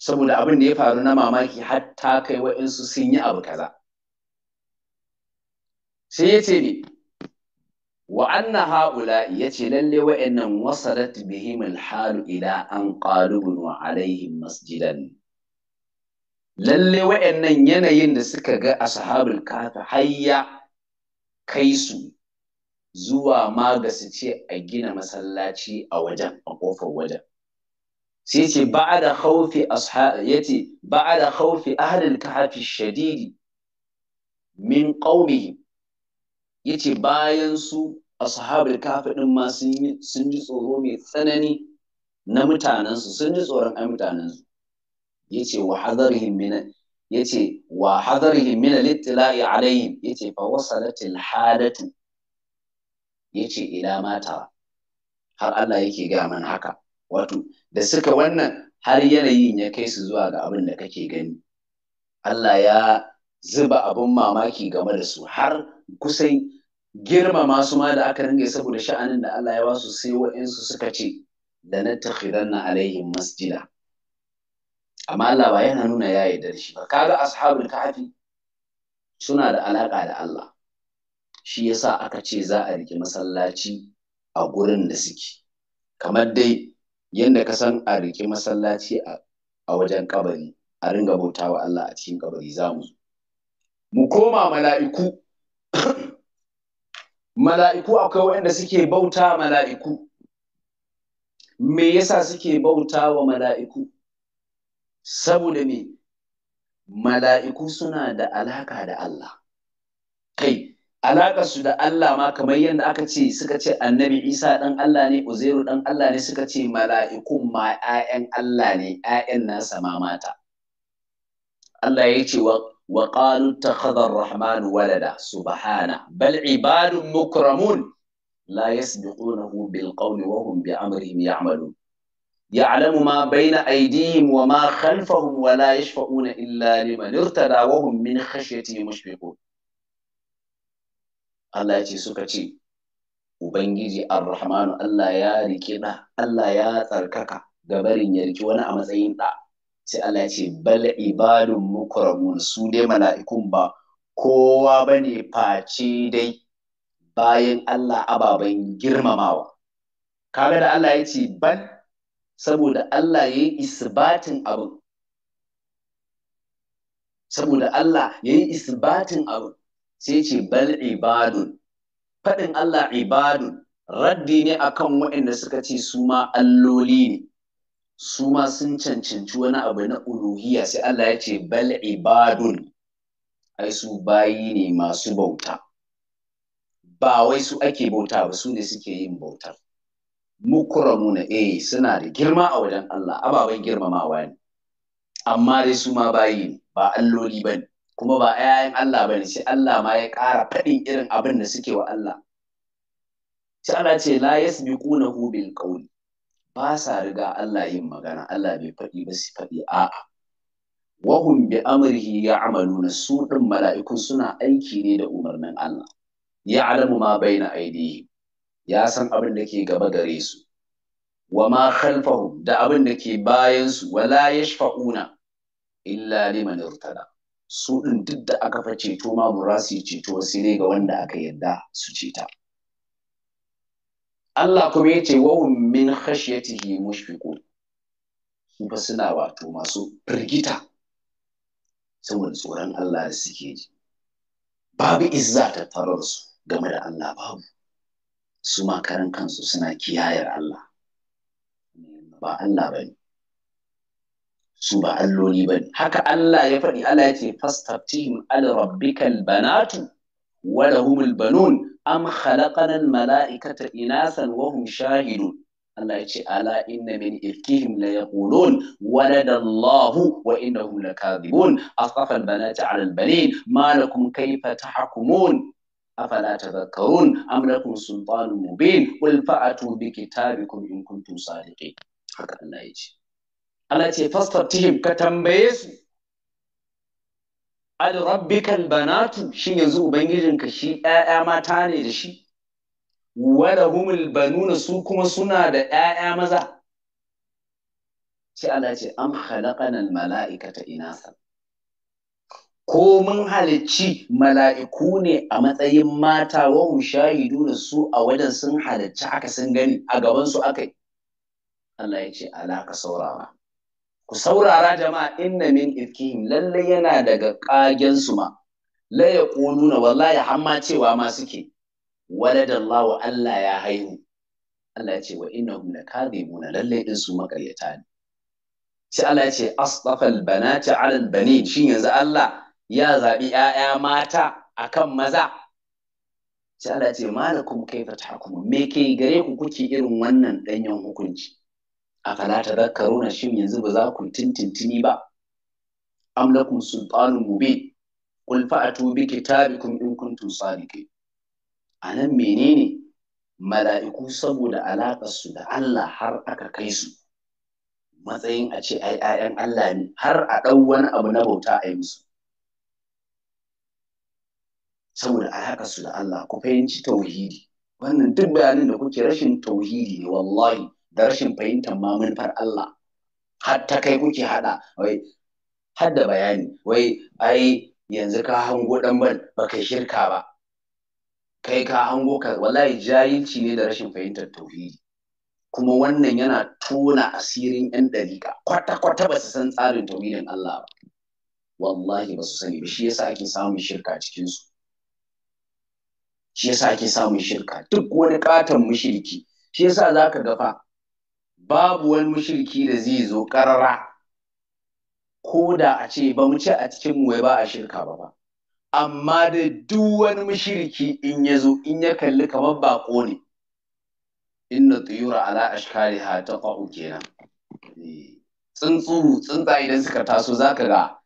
saboda abin da ya faru na mamaki hatta kai wa'insu sun yi abu kaza sai ya ce wa anna haula yace lalle wayannan wasarat bihim alhalu ila an qalubun alaihim masjidan lalle wa'annan yanayin da suka ga ashabul kafa hayya kai su zuwa ma ga su ce a gina masallaci a wajen a kofar wajen sai ce ba'ada khawfi ashab yace ba'ada khawfi ahlul kahfi shadidi min qaumihi yace bayan su ashabul kafi din ma sun ji tsoro mai tsanani na mutanensu sun ji tsoron ai mutanensu yace wa hadarihim min yace wa hadarihim min al-ittila'i alaihim yace fa wasalat al-halatu yace ila mata har Allah yake ga man haka wato da suka wannan har yanayin ya kai su zuwa ga abin da kake gani Allah ya zuba abin mamaki game da su har kusan girmama su ma da aka ringa saboda sha'anin da Allah ya ba su sai wa'insu suka ce da na takhiranna alaihim masjida amma Allah ba yana nuna ya yi shi ba kaga ashabul kafi suna da alaka da Allah shi yasa aka ce za a riki masallaci a gurin da suke kamar dai yanda ka san a riki masallaci a wajen kabari a ringa bautawa Allah a cikin kabari zamu mu koma mala'iku mala'iku akwai waɗanda suke bauta mala'iku me yasa suke bauta wa mala'iku saboda me mala'iku suna da alaka da Allah kai su da Allah ma kamar yadda aka ce suka ce annabi Isa ɗan Allah ne Uzairu ɗan Allah ne suka ce mala'ikun ma ‘ya'yan Allah ne ‘ya'yan nasa ma mata Allah ya ce wa wa qalu Rahmanu ar-rahman walada subhana bal ibadun mukramun la yasbiqunahu bil qawli wa hum bi amrihim ya'malun يعلم ما بين أيديهم وما خلفهم ولا يشفعون إلا لمن ارتدى وهم من خشيته مشفقون Allah ya ce suka ce Ubangiji Ar-Rahmanu Allah ya rike Allah ya tsarkaka ga barin ya riki wani a matsayin da sai Allah ya ce bal ibadun mukramun su dai mala'ikun ba kowa bane face dai bayan Allah ababen girmamawa kaga da Allah ya ce bal saboda Allah ya yi isbatin abin saboda Allah ya yi isbatin abin sai ya ce bal ibadun faɗin Allah ibadun raddi ne akan waɗanda suka ce su ma alloli ne su ma sun cancanci wani abu na uluhiyya sai Allah ya ce bal ibadun ai su bayi ne masu bauta ba wai su ake bauta ba su ne suke yin bautar mukramuna eh suna da girma a wajen Allah ababen girmamawa ne amma dai su ma bayi ne ba alloli ba kuma ba ‘ya'yan Allah ba ne sai Allah ma ya ƙara faɗin irin abin da suke wa Allah sai Allah ce la yasbiqunahu bil qawli ba sa riga Allah yin magana Allah bai faɗi ba su faɗi a'a wahum bi amrihi ya'maluna su din mala'ikun suna aiki ne da umarnin Allah Ya alamu ma baina aidihi ya san abin da ke gaba gare su wa ma khalfahum da abin da ke bayan su wala yashfa'una illa liman irtada su din duk da aka fa ceto ma burasi ceto sai ne ga wanda aka yarda su ceta. ta Allah kuma ya ce wawun min khashyatihi mushfiqun su fa suna wato masu firgita saboda tsoron Allah da suke ji babu izza ta tarar su game da Allah babu su ma karan kansu suna kiyayar Allah ba Allah bane su ba alloli bane haka Allah ya faɗi Allah ya ce fastatihim al rabbikal banatu ولهم البنون أم خلقنا الملائكة إناثا wahum شاهدون Allah ya ce ala inna min irkihim la yaqulun walada Allahu wa innahum lakadibun asafa albanata ala albanin ma lakum kayfa tahkumun afala tadhakkarun am lakum sultanun mubin qul fa'atu bi kitabikum in kuntum sadiqin haka Allah ya ce Allah ya ce fastatihim ka tambaye su ad rabbikal banatu shin yanzu ubangijinka shi yaya mata ne da shi wala humul banuna su kuma suna da yaya maza ce Allah ce am khalaqanal mala'ikata inasa ko mun halicci mala'iku ne a matsayin mata wa sha shahidu da su a wajen sun halicci aka sun gani a gabansu aka yi. Allah ya ce ka saurawa ku saurara jama'a inna min ifkihim lalle yana daga kagen su ma la nuna wallahi hamma cewa ma suke waladallahu Allah ya haihu Allah ya ce wa hum lakadibuna lalle din su makaryata ne sai Allah ya ce asdafal banati ala banin shin yanzu Allah ya zabi 'ya'ya mata akan maza sai Allah ya ce malakum kaifa tahkumun me ke gare ku kuke irin wannan danyen hukunci afala tadhakkaruna shin yanzu ba za ku tintintini ba am lakum sultanun mubin qul fa'atu bi kitabikum in kuntum sadiqin anan menene mala'iku saboda alaƙar su da Allah har aka kai su matsayin a ce ai ayan Allah ne har a ɗau wani abu na bauta a yi musu saboda alaƙar su da Allah ku fahimci tauhidi wannan duk bayanin da kuke rashin tauhidi ne wallahi da rashin fahimtar ma manufar Allah har ta kai kuke hada wai har da bayani wai ai yanzu ka hango dan ban baka shirka ba kai ka hango ka wallahi jahilci ne da rashin fahimtar tauhidi kuma wannan yana tona asirin yan dariƙa kwata kwata ba su san tsarin tauhidin Allah ba wallahi ba su sani ba shi yasa ake samun shirka cikin su shi yasa ake samun shirka duk wani katon mushriki shi yasa zaka ga fa babu wani mushirki da zai zo ƙarara ko da a ce ba mu ce a cikin mu ba a shirka ba ba amma da duk wani mushirki in ya zo in ya kalli kamar bako ne inna tuyura ala ashkariha taqa'u kenan eh, tsuntsu tsuntsa idan suka taso zaka ga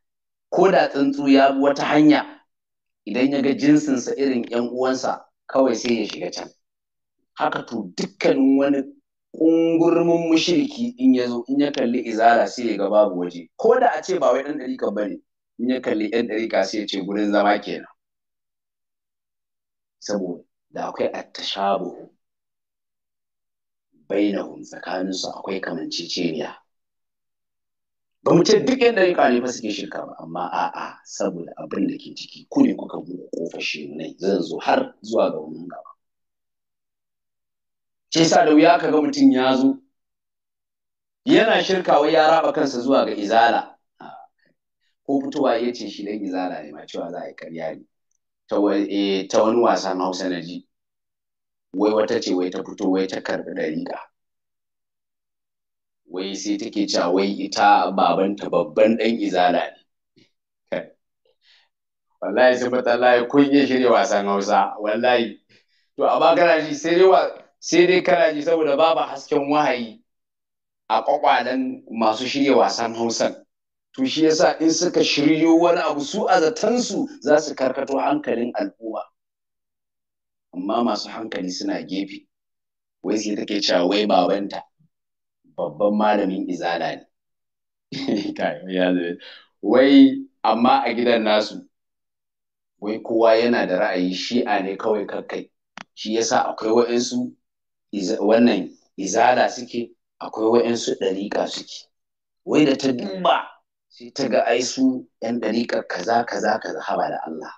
ko da tsuntsu ya bi wata hanya idan ya ga jinsinsa irin 'yan uwansa kawai sai ya shiga can haka to dukkanin wani ƙungurmin mushiriki in ya zo in ya kalli izara, sai ya ga babu waje ko da a ce ba wai ɗan ɗarika ba ne in ya kalli 'yan ɗarika sai ya ce gurin zama kenan saboda da akwai attashabu bainahum tsakaninsu akwai kamanceceniya ba mu ce duk yan dariƙa ne fa suke shirka ba amma a'a saboda abin da ke ciki ku ne kuka buɗe ƙofar shi zan zo har zuwa ga wannan gaba shi sa da wuya ga mutum ya zo yana shirkawa ya raba kansa zuwa ga izala ah, ko fitowa ya ce shi dan izala ne ma cewa za a yi karya ne ta eh, wani wasan hausa na ji wai wata ce wai ta fito wai ta karɓi dariƙa wai sai take cewa wai ita babanta babban ɗan izala ne wallahi sai mata layi kun iya shirya wasan hausa wallahi to a bakara shi sai dai sai dai kana ji saboda babu hasken wahayi a kwakwalen masu shirya wasan Hausa, to shi yasa in suka shiryo wani abu su a zatansu za su karkato hankalin al'umma amma masu hankali suna gefe wai sai take cewa wai babanta babban malamin izala ne wai amma a gidan nasu wai kowa yana da ra'ayi shi'a ne kawai kakkai shi yasa akwai wa'insu wannan izala suke akwai wa'yansu ɗariƙa suke wai da ta duba sai ta ga ai su yan ɗariƙa kaza kaza kaza haba da Allah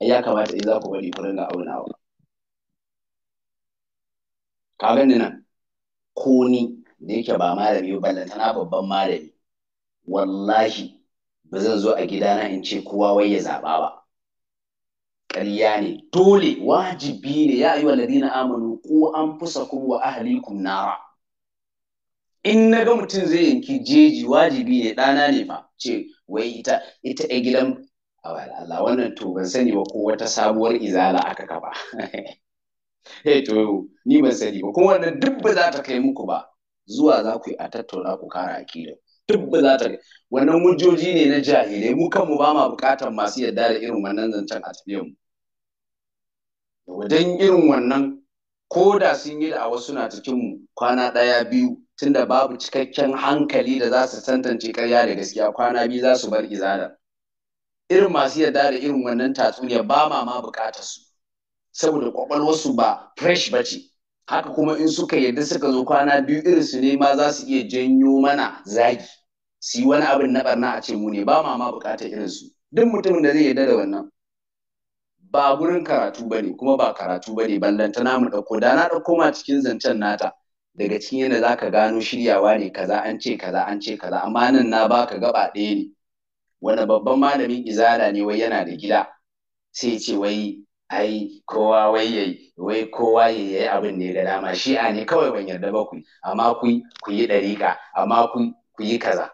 ai ya kamata in za ku bari ku ringa aunawa ka gani nan ko ni da yake ba malami ba tana babban malami wallahi ba zan zo a gidana in ce kowa wai ya zaɓa ba ƙarya ne dole wajibi ne ya yi wa ladina amanu ko an fusa kuma wa ahalikum nara in na ga mutum zai yanki jeji wajibi ne ɗana ne fa ce wai ita ita a gidan Allah wannan to ban sani ba ko wata sabuwar izala aka kaba eh to ni ban sani ba kuma wannan duk ba za ta kai muku ba zuwa za ku yi a tattauna ku kara akida duk ba za ta wannan mujoji ne na jahilai mu kanmu ba ma bukatar masu yarda da irin wannan zancen a tafiyar mu don irin wannan ko da sun yi wasu suna cikinmu kwana ɗaya biyu tunda babu cikakken hankali da za su tantance karya da gaskiya kwana biyu za su bar izada irin masu yarda da irin wannan tatsuniya ba ma ma buƙatar su saboda kwakwalwarsu ba fresh ba ce haka kuma in suka yarda suka zo kwana biyu irin su ne ma za su iya janyo mana zagi su yi wani abin na barna a ce mu ne ba ma ma buƙatar irin su duk mutumin da zai yarda da wannan ba gurin karatu bane kuma ba karatu bane ballantana mu ɗauko da na ɗauko ma cikin zancen nata daga cikin yadda za ka gano shiryawa ne kaza an ce kaza an ce kaza amma nan na baka gaba ɗaya ne wanda babban malamin izala ne wai yana da gida sai ce wai ai kowa wai yayi wai kowa yayi abin ne da dama Shi a ne kawai ban yarda ba ku amma ku ku yi dariƙa amma ku ku yi kaza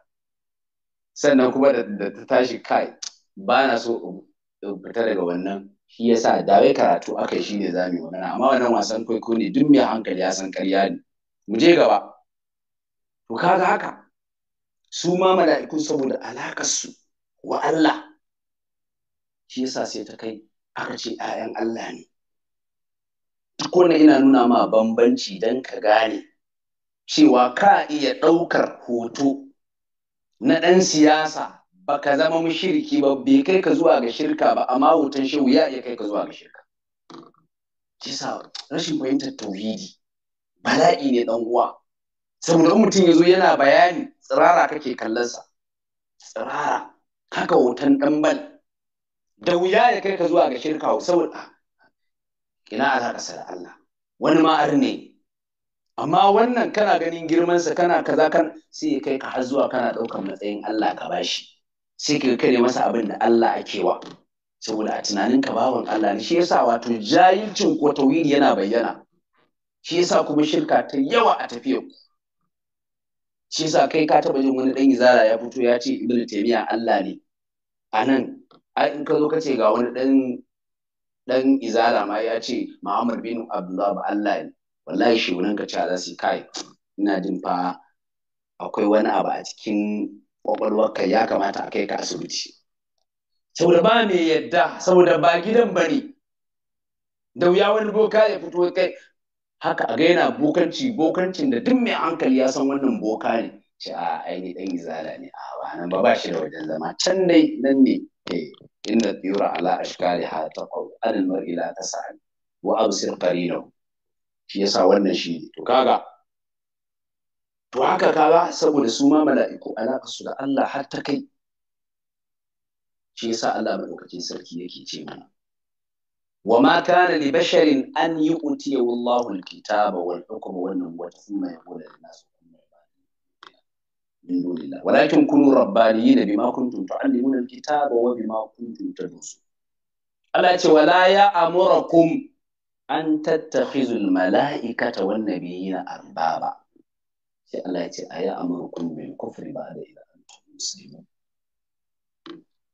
sannan kuma da ta tashi kai ba na so fita daga wannan shi yasa da wai karatu aka shi ne za mu yi amma wannan wasan kwaikwayo ne duk mai hankali ya san karya ne mu je gaba to kaga haka su ma mala'iku saboda alakar su wa Allah shi yasa sai ta kai aka ce 'ya'yan Allah ne duk ina nuna ma bambanci dan ka gane cewa ka iya ɗaukar hoto na ɗan siyasa ba ka zama mushiriki ba bai kai ka zuwa ga shirka ba amma hoton shehu ya kai ka zuwa ga shirka kisa rashin fahimtar tauhidi bala'i ne dan uwa saboda mutum ya zo yana bayani tsirara kake kallonsa tsirara haka hoton ɗanbal da wuya ya kai ka zuwa ga shirka saboda ina ka da Allah wani ma'ar ne amma wannan kana ganin girmansa kana kaza kan sai ya kai ka har zuwa kana ɗaukar matsayin Allah ka bashi sai ka kare masa abin da Allah ake wa saboda a tunanin ka bawan Allah ne shi yasa wato jahilcin ko yana bayyana shi yasa kuma shirka ta yawa a tafiyar ku shi yasa kai ka taba jin wani dan izara ya fito ya ce ibnu taymiya Allah ne anan ai in ka zo ka ce ga wani dan dan izara ma ya ce Muhammad bin Abdullah ba Allah ne wallahi shi wannan ka ce za su kai ina jin fa akwai wani abu a cikin kwakwalwarka ya kamata a kai ka asibiti saboda ba mai yadda saboda ba gidan ba ne da wuya wani boka ya fito kai haka a gaina bokanci bokancin da duk mai hankali ya san wannan boka ne ce a aini dan izala ne a ba nan ba ba shi da wajen zama can dai nan ne eh, inda tsira ala ashkali ha ta kawo adal mar'ila ta sa'ani wa absir qarinahu shi yasa wannan shi to kaga to haka ba saboda su ma mala'iku alaƙa su da Allah har ta kai shi yasa Allah madaukakin sarki yake ce mana wa ma kana li basharin an yu'tiyahu Allahu al-kitaba wal hukma wan nubuwwata thumma yaqulu lin-nasi من da الله ولكن كونوا ربانيين بما كنتم تعلمون الكتاب وبما كنتم تدرسون الله يقول ولا يأمركم أن تتخذوا الملائكة والنبيين أربابا sai Allah ya ce a yi amurkun mai kufri ba da ila musulmi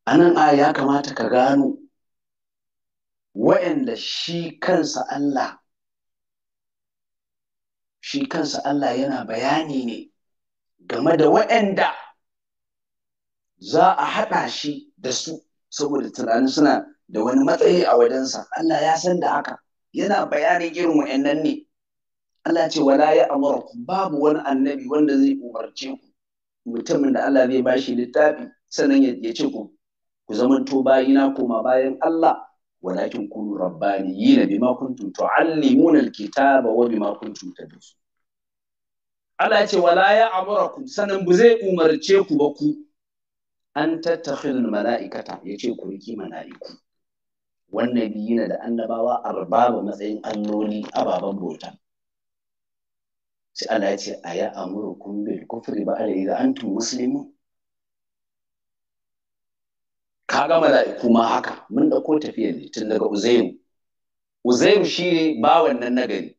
anan a ya kamata ka gano wa'anda shi kansa Allah shi kansa Allah yana bayani ne game da wa'anda za a haɗa shi da su saboda tunanin suna da wani matsayi a wajensa Allah ya san da haka yana bayanin irin wa'annan ne Allah ce wala ya amurakum babu wani annabi wanda zai umarce ku mutumin da Allah zai bashi littafi sannan ya ce ku ku zamanto bayina koma bayan Allah walakin kunu rabbaniyina bima kuntum tu'allimuna alkitaba wa bima kuntum su. Allah ce wala ya amurakum sanan bu zai umarce ku ba ku an tattakhidul mala'ikata yace ku riki mala'iku wannan biyina da annabawa a arbaba matsayin alloli ababan bota sai Allah ce a ya amuru kun kufri ba ala idza antum muslimun mala'iku ma haka mun dauko tafiya ne tun daga uzairu uzairu shine ba wannan nagari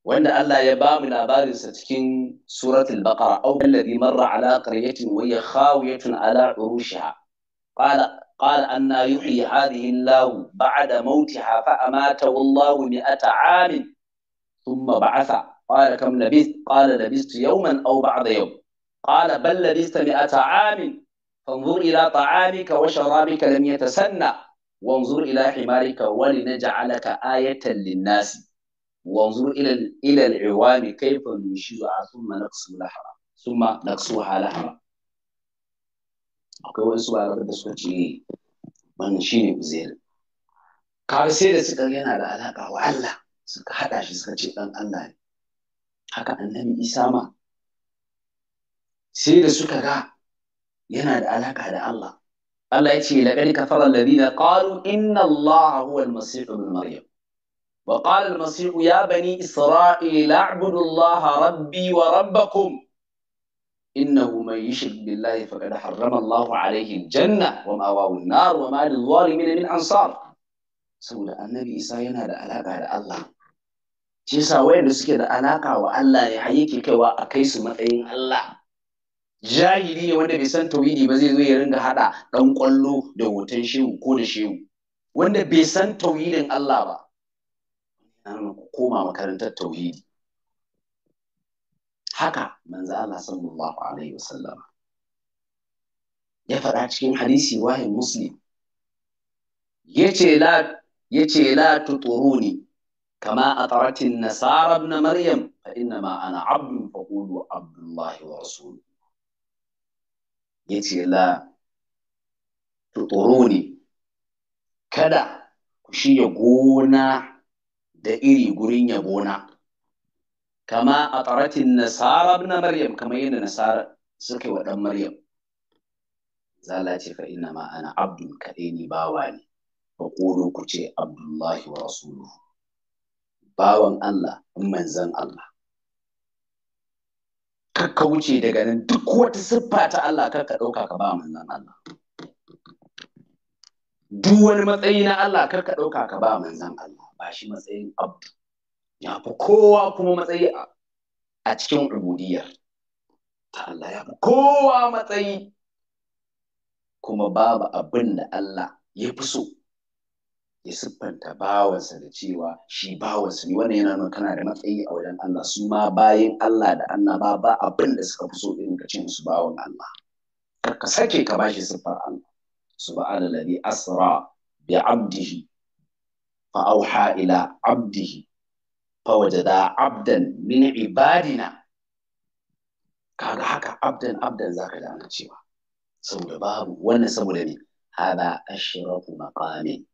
wanda Allah ya ba mu labarin sa cikin suratul baqara aw alladhi marra ala qaryatin wa hiya khawiyatun ala urushiha qala قال أن يحيي هذه الله بعد موتها فأماته الله مئة عام ثم بعث قال كم لبثت قال لبثت يوما أو بعض يوم قال بل لبثت مئة عام فانظر إلى طعامك وشرابك لم يتسنى وانظر إلى حمارك ولنجعلك آية للناس وانظر إلى إلى العوام كيف ننشزها آه، ثم نقسو لها ثم نقسوها لها akwai wasu ba da suka ce wannan shi ne uzair kawai sai da suka yana da alaƙa wa Allah haka annabi isa ma sai da suka ga yana da alaka da Allah Allah ya ce laqad kafara alladhina qalu inna Allah huwa al-masih maryam wa qala ya bani isra'il a'budu Allah rabbi wa rabbakum innahu man yushrik billahi faqad harrama Allah alayhi al-janna wa ma'wahu wa ma lil-zalimin min ansar saboda annabi isa yana da alaƙa da Allah shi wayanda suke da alaka wa Allah ya yake kaiwa a kai su matsayin Allah jahili wanda bai san tauhidi ba zai zo ya ringa hada dan kwallo da hoton shehu ko da shehu wanda bai san tauhidin Allah ba ku koma makarantar tauhidi haka manzo Allah sallallahu alaihi wasallam ya faɗa cikin hadisi wahin muslim yace la yace la tuturuni كما أطرت النصارى ابن مريم فإنما أنا عبد فقولوا عبد الله ورسوله يتي لا تطروني كذا كشي gona da iri gurin yabona kama a tsaratin nasara na maryam kamar yadda nasara suka yi wa ɗan maryam zala ce fa ina ma ana abdul bawa ne fa ku ce abdullahi rasuluhu bawan Allah manzan Allah ka kauce daga nan duk wata siffa ta Allah kar ka ɗauka ka ba manzan Allah duk wani matsayi na Allah kar ka ɗauka ka ba manzan Allah ba shi matsayin abdu ya fi kowa kuma matsayi a cikin rubudiyar ta Allah ya fi kowa matsayi kuma babu abin da Allah ya fi so ya siffanta bawansa da cewa shi bawansa ne wannan yana nuna kana da matsayi a wajen Allah su ma bayan Allah da annaba ba abin da suka fi so irin ka ce musu bawan Allah ka sake ka bashi siffar Allah subhana asra bi abdihi fa auha ila abdihi fa wajada abdan min ibadina kaga haka abdan abdan zaka da ana cewa saboda babu wannan saboda ne hada ashrafu maqamin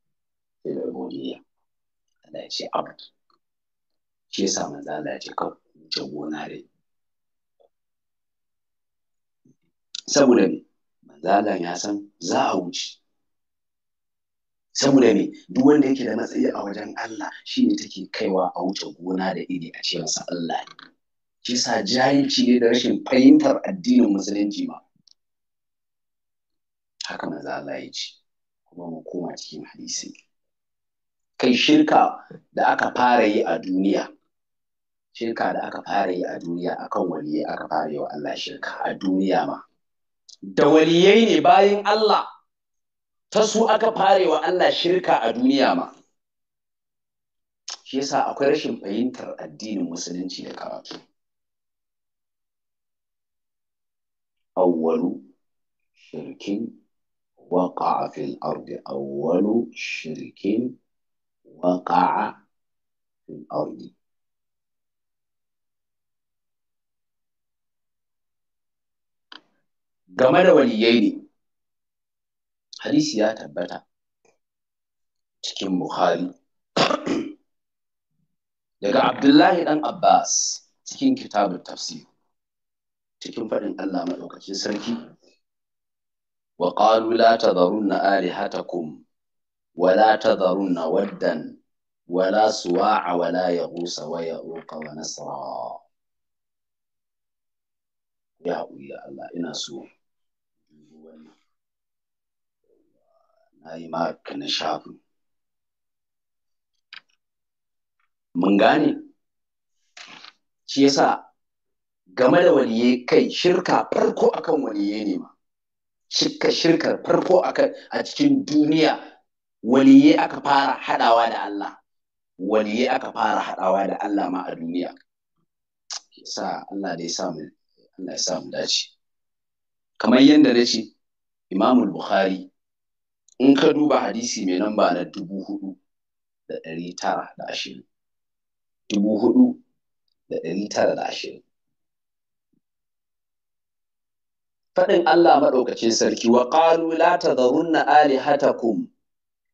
da rububiyya Allah ya ce ya ce wuce gona saboda me ya san za a wuce saboda me duk wanda yake da matsayi a wajen Allah shine take kaiwa a wuce gona da iri a ce Allah ne shi yasa jahilci ne da rashin fahimtar addinin musulunci ma haka manzo Allah ya ce kuma mu koma cikin hadisi kai shirka da aka fara yi a duniya shirka da aka fara yi a duniya akan waliyai aka fara yi wa Allah shirka a duniya ma da waliyai ne bayan Allah ta su aka fara yi wa Allah shirka a duniya ma shi yasa akwai rashin fahimtar addinin musulunci da karatu awwalu shirkin waqa'a fil ardi awwalu shirkin وقع في الأرض game da waliyai ne hadisi ya tabbata cikin buhari daga abdullahi dan abbas cikin kitabun tafsir cikin faɗin allah maɗaukacin sarki wa ƙalu la tadharunna alihatakum wala tadharunna waddan wala suwa'a wala yaghusa wa ya'uqa wa nasra ya Allah ina so na yi maka na shafin mun gane shi yasa game da waliye kai shirka farko akan waliye ne ma shirka shirkar farko akan a cikin duniya waliye aka fara haɗawa da Allah waliye aka fara haɗawa da Allah ma a duniya sa Allah da ya samu Allah ya samu dace kamar yadda na ce Imamul Bukhari in ka duba hadisi mai namba na dubu hudu da ɗari tara da ashirin dubu hudu da ɗari tara da ashirin faɗin Allah maɗaukacin sarki wa ƙalu la hata alihatakum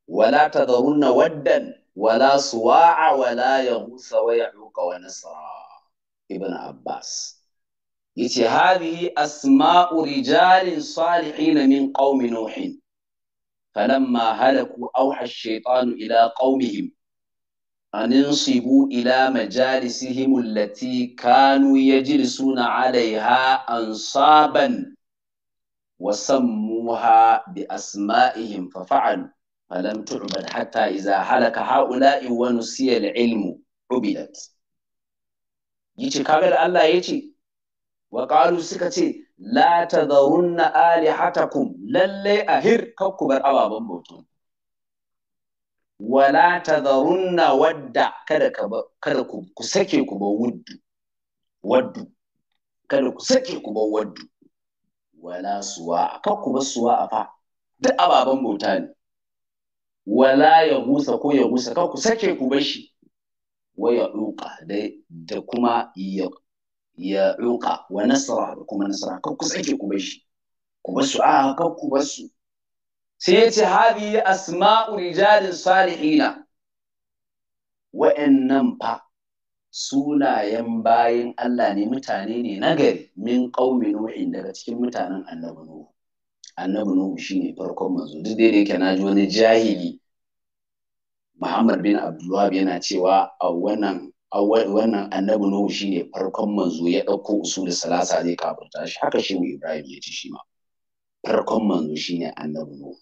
wala tadharunna waddan wala suwa'a wala yahusa wa yahuqa wa nasra ibn abbas yace hadhihi asma'u rijalin salihin min qaumi nuhin falamma halaku awha ash-shaytanu ila qaumihim an insibu ila majalisihim allati kanu yajlisuna 'alayha ansaban وسموها بأسمائهم ففعلوا falam tu'bad hatta iza halaka ha'ula'i wa nusiya al-ilmu ubidat yace kaga da Allah yace wa qalu suka ce la tadharunna alihatakum lalle ahir kakku bar a bautu wala tadharunna wadda kada ka kada ku ku kada ku sake ku ba waddu wala suwa kakku ba suwa fa duk ababan bauta ne wala ya gusa ko ya gusa ka ku sake ku bar shi wa ya ruqa da kuma ya ya ruqa wa nasara da kuma nasara ka ku sake ku bar shi ku bar su a ka ku bar su sai yace hadi asma'u rijalin salihina wa'annan fa sunayen bayin Allah ne mutane ne nagari min qaumi nuhin daga cikin mutanen annabi nuhu annabi nuhu shine farkon manzo duk da yake na ji wani jahili Muhammad bin Abdullah yana cewa a wannan wannan annabi nuhu shine farkon manzo ya ɗauko usul salasa zai kafirta shi haka shi Ibrahim ya ci shi ma farkon manzo shine annabi nuhu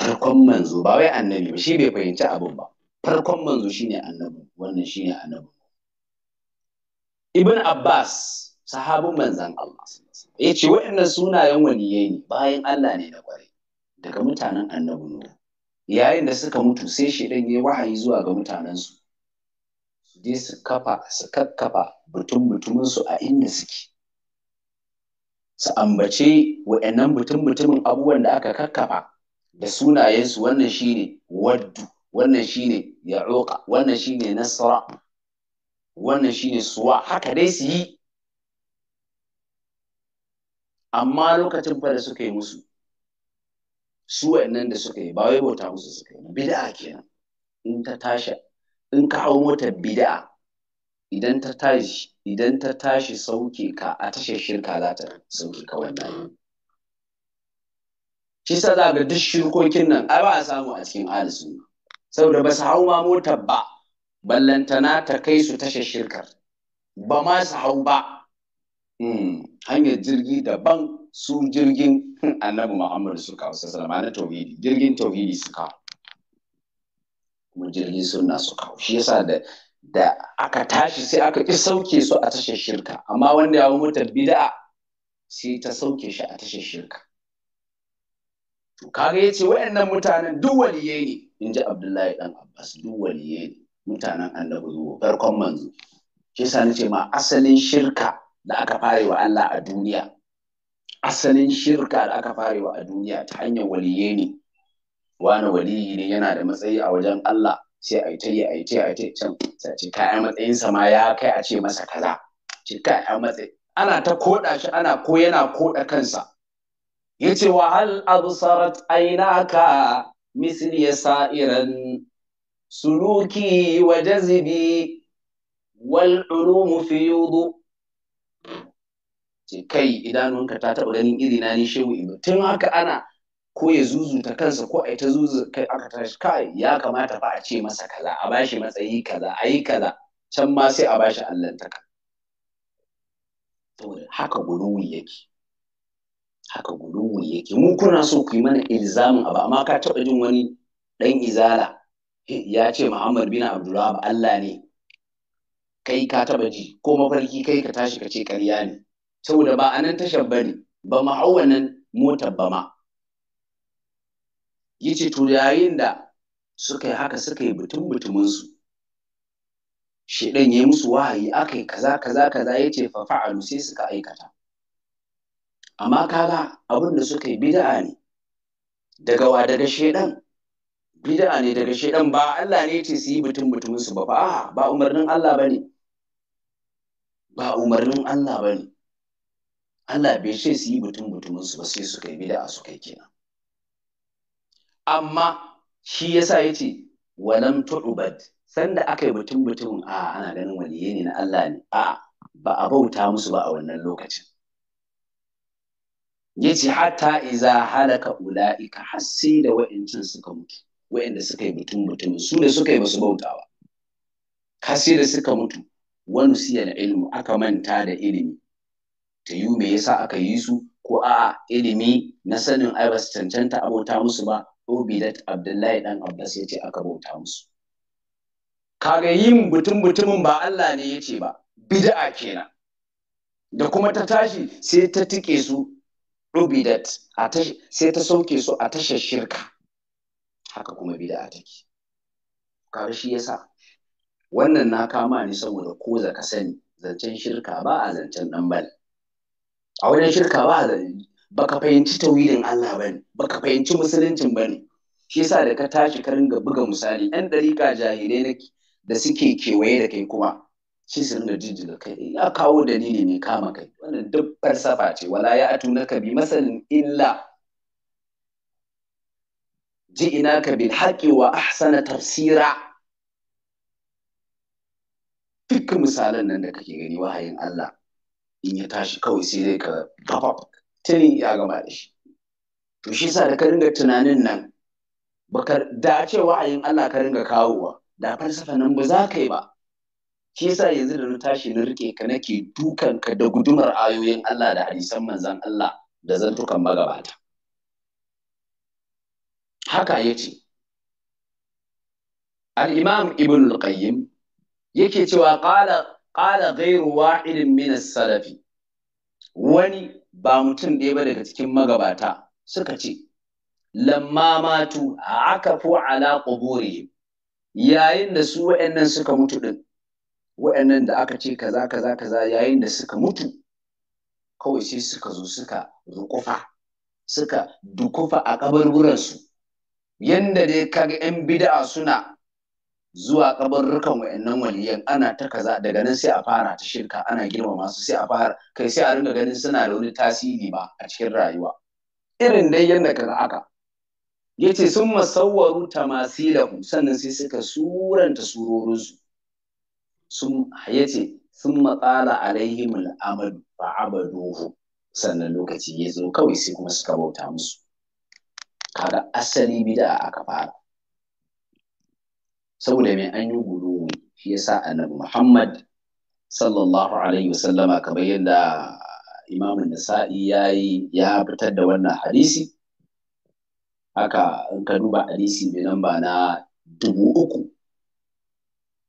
farkon manzo ba wai annabi ba shi bai fahimci abin ba farkon manzo shi ne annabi wannan shi ne annabi ibn abbas sahabin manzan Allah ya ce waɗannan sunayen wani ne bayan Allah ne da kwarai daga mutanen annabi Nuhu yayin da suka mutu sai shi ɗan yayi wahayi zuwa ga mutanensu su je su kafa su kakkafa butun butuminsu a inda suke su ambace waɗannan butun butumin abubuwan da aka kakkafa da sunayensu wannan shine waddu wannan shine ya'uqa wannan shine nasra wannan shine suwa haka dai su yi amma lokacin fa da suka yi musu su wa'annan da suka yi ba wai bauta musu suka yi bid'a kenan in ta tashi in ka hau mota bid'a idan ta tashi idan ta tashi sauke ka a tashar shirka za ta sauke ka wannan shi sa za ga duk shirkokin nan ai ba a samu a cikin alisu saboda ba su hau ma motar ba ballantana ta kai su tashar shirkar ba ma su hau ba hmm. hanyar jirgi daban su jirgin annabi muhammadu suka wasu salama na tauhidi jirgin tauhidi suka kuma jirgin sunna suka shi yasa da da aka tashi sai aka ƙi sauke su a tashar shirka amma wanda ya mutar bida'a sai ta sauke shi a tashar shirka to kaga yace wayannan mutanen duk waliye ne inji Abdullahi dan Abbas duk waliye ne mutanen annabi zuwa farkon manzo shi yasa nace ma asalin shirka da aka wa Allah a duniya asalin shirka da aka wa a duniya ta hanyar waliye ne wani waliyi ne yana da matsayi a wajen Allah sai a yi ta yi a yi ta yi a yi can sai ce kayan matsayinsa ma ya kai a ce masa kaza ce kayan matsayi ana ta koda shi ana ko yana koda kansa Ya ce wa hal absarat ainaka misli sa'iran suluki wa jazibi wal ulumu fi yudu ce kai idanunka ta taɓa ganin irina ni shehu ibrahim tun haka ana ko ya zuzuta kansa ko a ta zuzu kai aka tashi kai ya kamata fa a ce masa kaza a bashi matsayi kaza a yi kaza can ma sai a bashi allantaka to haka guruwi yake haka guruwi yake mu kuna so ku yi mana ilzamin abu amma ka taɓa jin wani ɗan izala ya ce muhammad bin abdulwahab allah ne kai ka taɓa ji ko mafarki kai ka tashi ka ce ƙarya ne saboda ba a nan tashar bane ba ma hau wannan motar ba ma yace to yayin da suka yi haka suka yi butun butuminsu shedan ya yi musu wahayi aka kaza kaza kaza ya ce fa fa'alu sai suka aikata amma kaga abin da suka yi bid'a ne daga wa daga shedan bid'a ne daga shedan ba Allah ne ce su yi butun butuminsu ba ba ba umarnin Allah bane ba umarnin Allah bane Allah bai ce su yi butun mutumin su ba sai su kai bid'a su kai kenan amma shi yasa yace walam tu'bad sanda aka yi butun butumin a ana ganin waliye ne na Allah ne a ba a bauta musu ba a wannan lokacin yace hatta iza halaka ula'ika har da wa'incin suka mutu wa'inda suka yi mutum mutum su ne suka yi basu bautawa har da suka mutu wani siya da ilmu aka manta da ilimi ta me yasa aka yi su ko a ilimi na sanin ai ba su cancanta abota musu ba obidat abdullahi dan abbas ya ce aka bauta musu kaga yin butun butumin ba Allah ne ya ce ba bid'a kenan da kuma ta tashi sai ta tike su obidat sai ta sauke su a tashar shirka haka kuma bid'a take kaga shi yasa wannan na kama ni saboda ko zaka sani zancen shirka ba a zancen dan bal a wajen shirka ba ba ka fahimci tauhidin Allah ba ne ba ka fahimci musuluncin ba bane shi yasa da ka tashi ka ringa buga misali ɗan ɗariƙa jahilai da suke kewaye da kai kuma shi su ringa jijjiga kai ya kawo dalili ne kama kai wannan duk falsafa ce wala ya atu na kabi, masalin illa ji'inaka bil haƙƙi wa ahsana tafsira duk misalan nan da kake gani wahayin Allah in ya tashi kawai sai zai ka gaba tuni ya gama da shi to shi sa da ka ringa tunanin nan baka da ce wa'ayin Allah ka ringa kawowa da falsafa nan ba za ka yi ba shi yasa yanzu da na tashi na rike ka nake dukan ka da gudumar ayoyin Allah da hadisan manzon Allah da zantukan magabata haka yace al-imam ibn al-qayyim yake cewa qala qala ghairu irin min salafi wani ba mutum ɗaya ba daga cikin magabata suka ce lamma matu akafu ala quburihim yayin da su waɗannan suka mutu din waɗannan da aka ce kaza kaza kaza yayin da suka mutu kawai sai suka zo suka rukufa suka dukufa a wuransu. yanda dai kaga 'yan bida'a suna zuwa kabarrukan wa'annan waliyan ana ta kaza daga nan sai a fara ta shirka ana girmama su sai a fara kai sai a ringa ganin suna da wani tasiri ba a cikin rayuwa irin dai yadda kaga aka yace sun masawwaru tamasilahu sannan sai suka suranta surorinsu sun yace sun matsala alaihim al'amal fa abaduhu sannan lokaci ya zo kawai sai kuma suka bauta musu kaga asali bid'a aka fara saboda mai an yi gudu shi yasa annabi Muhammad sallallahu alaihi wasallama kamar yadda imamun nasa'i ya yi ya fitar da wannan hadisi haka in ka duba hadisi mai lamba na dubu uku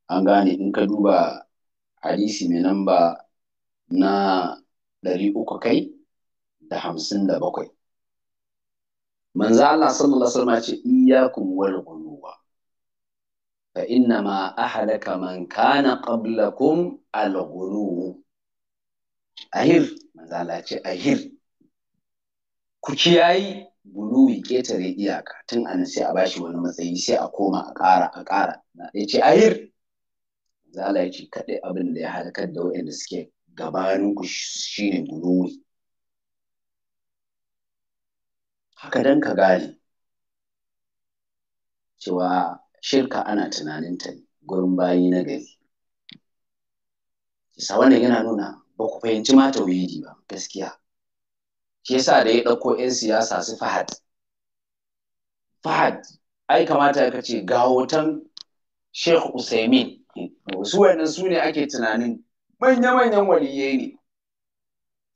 an gane in ka duba hadisi mai lamba na ɗari uku kai da hamsin da bakwai manzo Allah sallallahu alaihi wasallama ce iyyakum wal fa inna ma ahalaka man kana qablakum al-ghulu ahir manzo Allah ce ahir ku kiyayi guluwi ketare iyaka tun ana sai a bashi wani matsayi sai a koma a ƙara a ƙara ya ce ahir manzo Allah ce kaɗai abin da ya halakar da waɗanda suke gabanin ku shine guluwi haka dan ka gane cewa shirka ana tunanin ta ne gurin bayi na gari sa wannan yana nuna ba ku fahimci ma tauhidi ba gaskiya shi yasa da ya ɗauko 'yan siyasa su fahad fahad ai kamata ka ce ga hoton sheikh usaimin su wannan su ne ake tunanin manya-manyan waliyai ne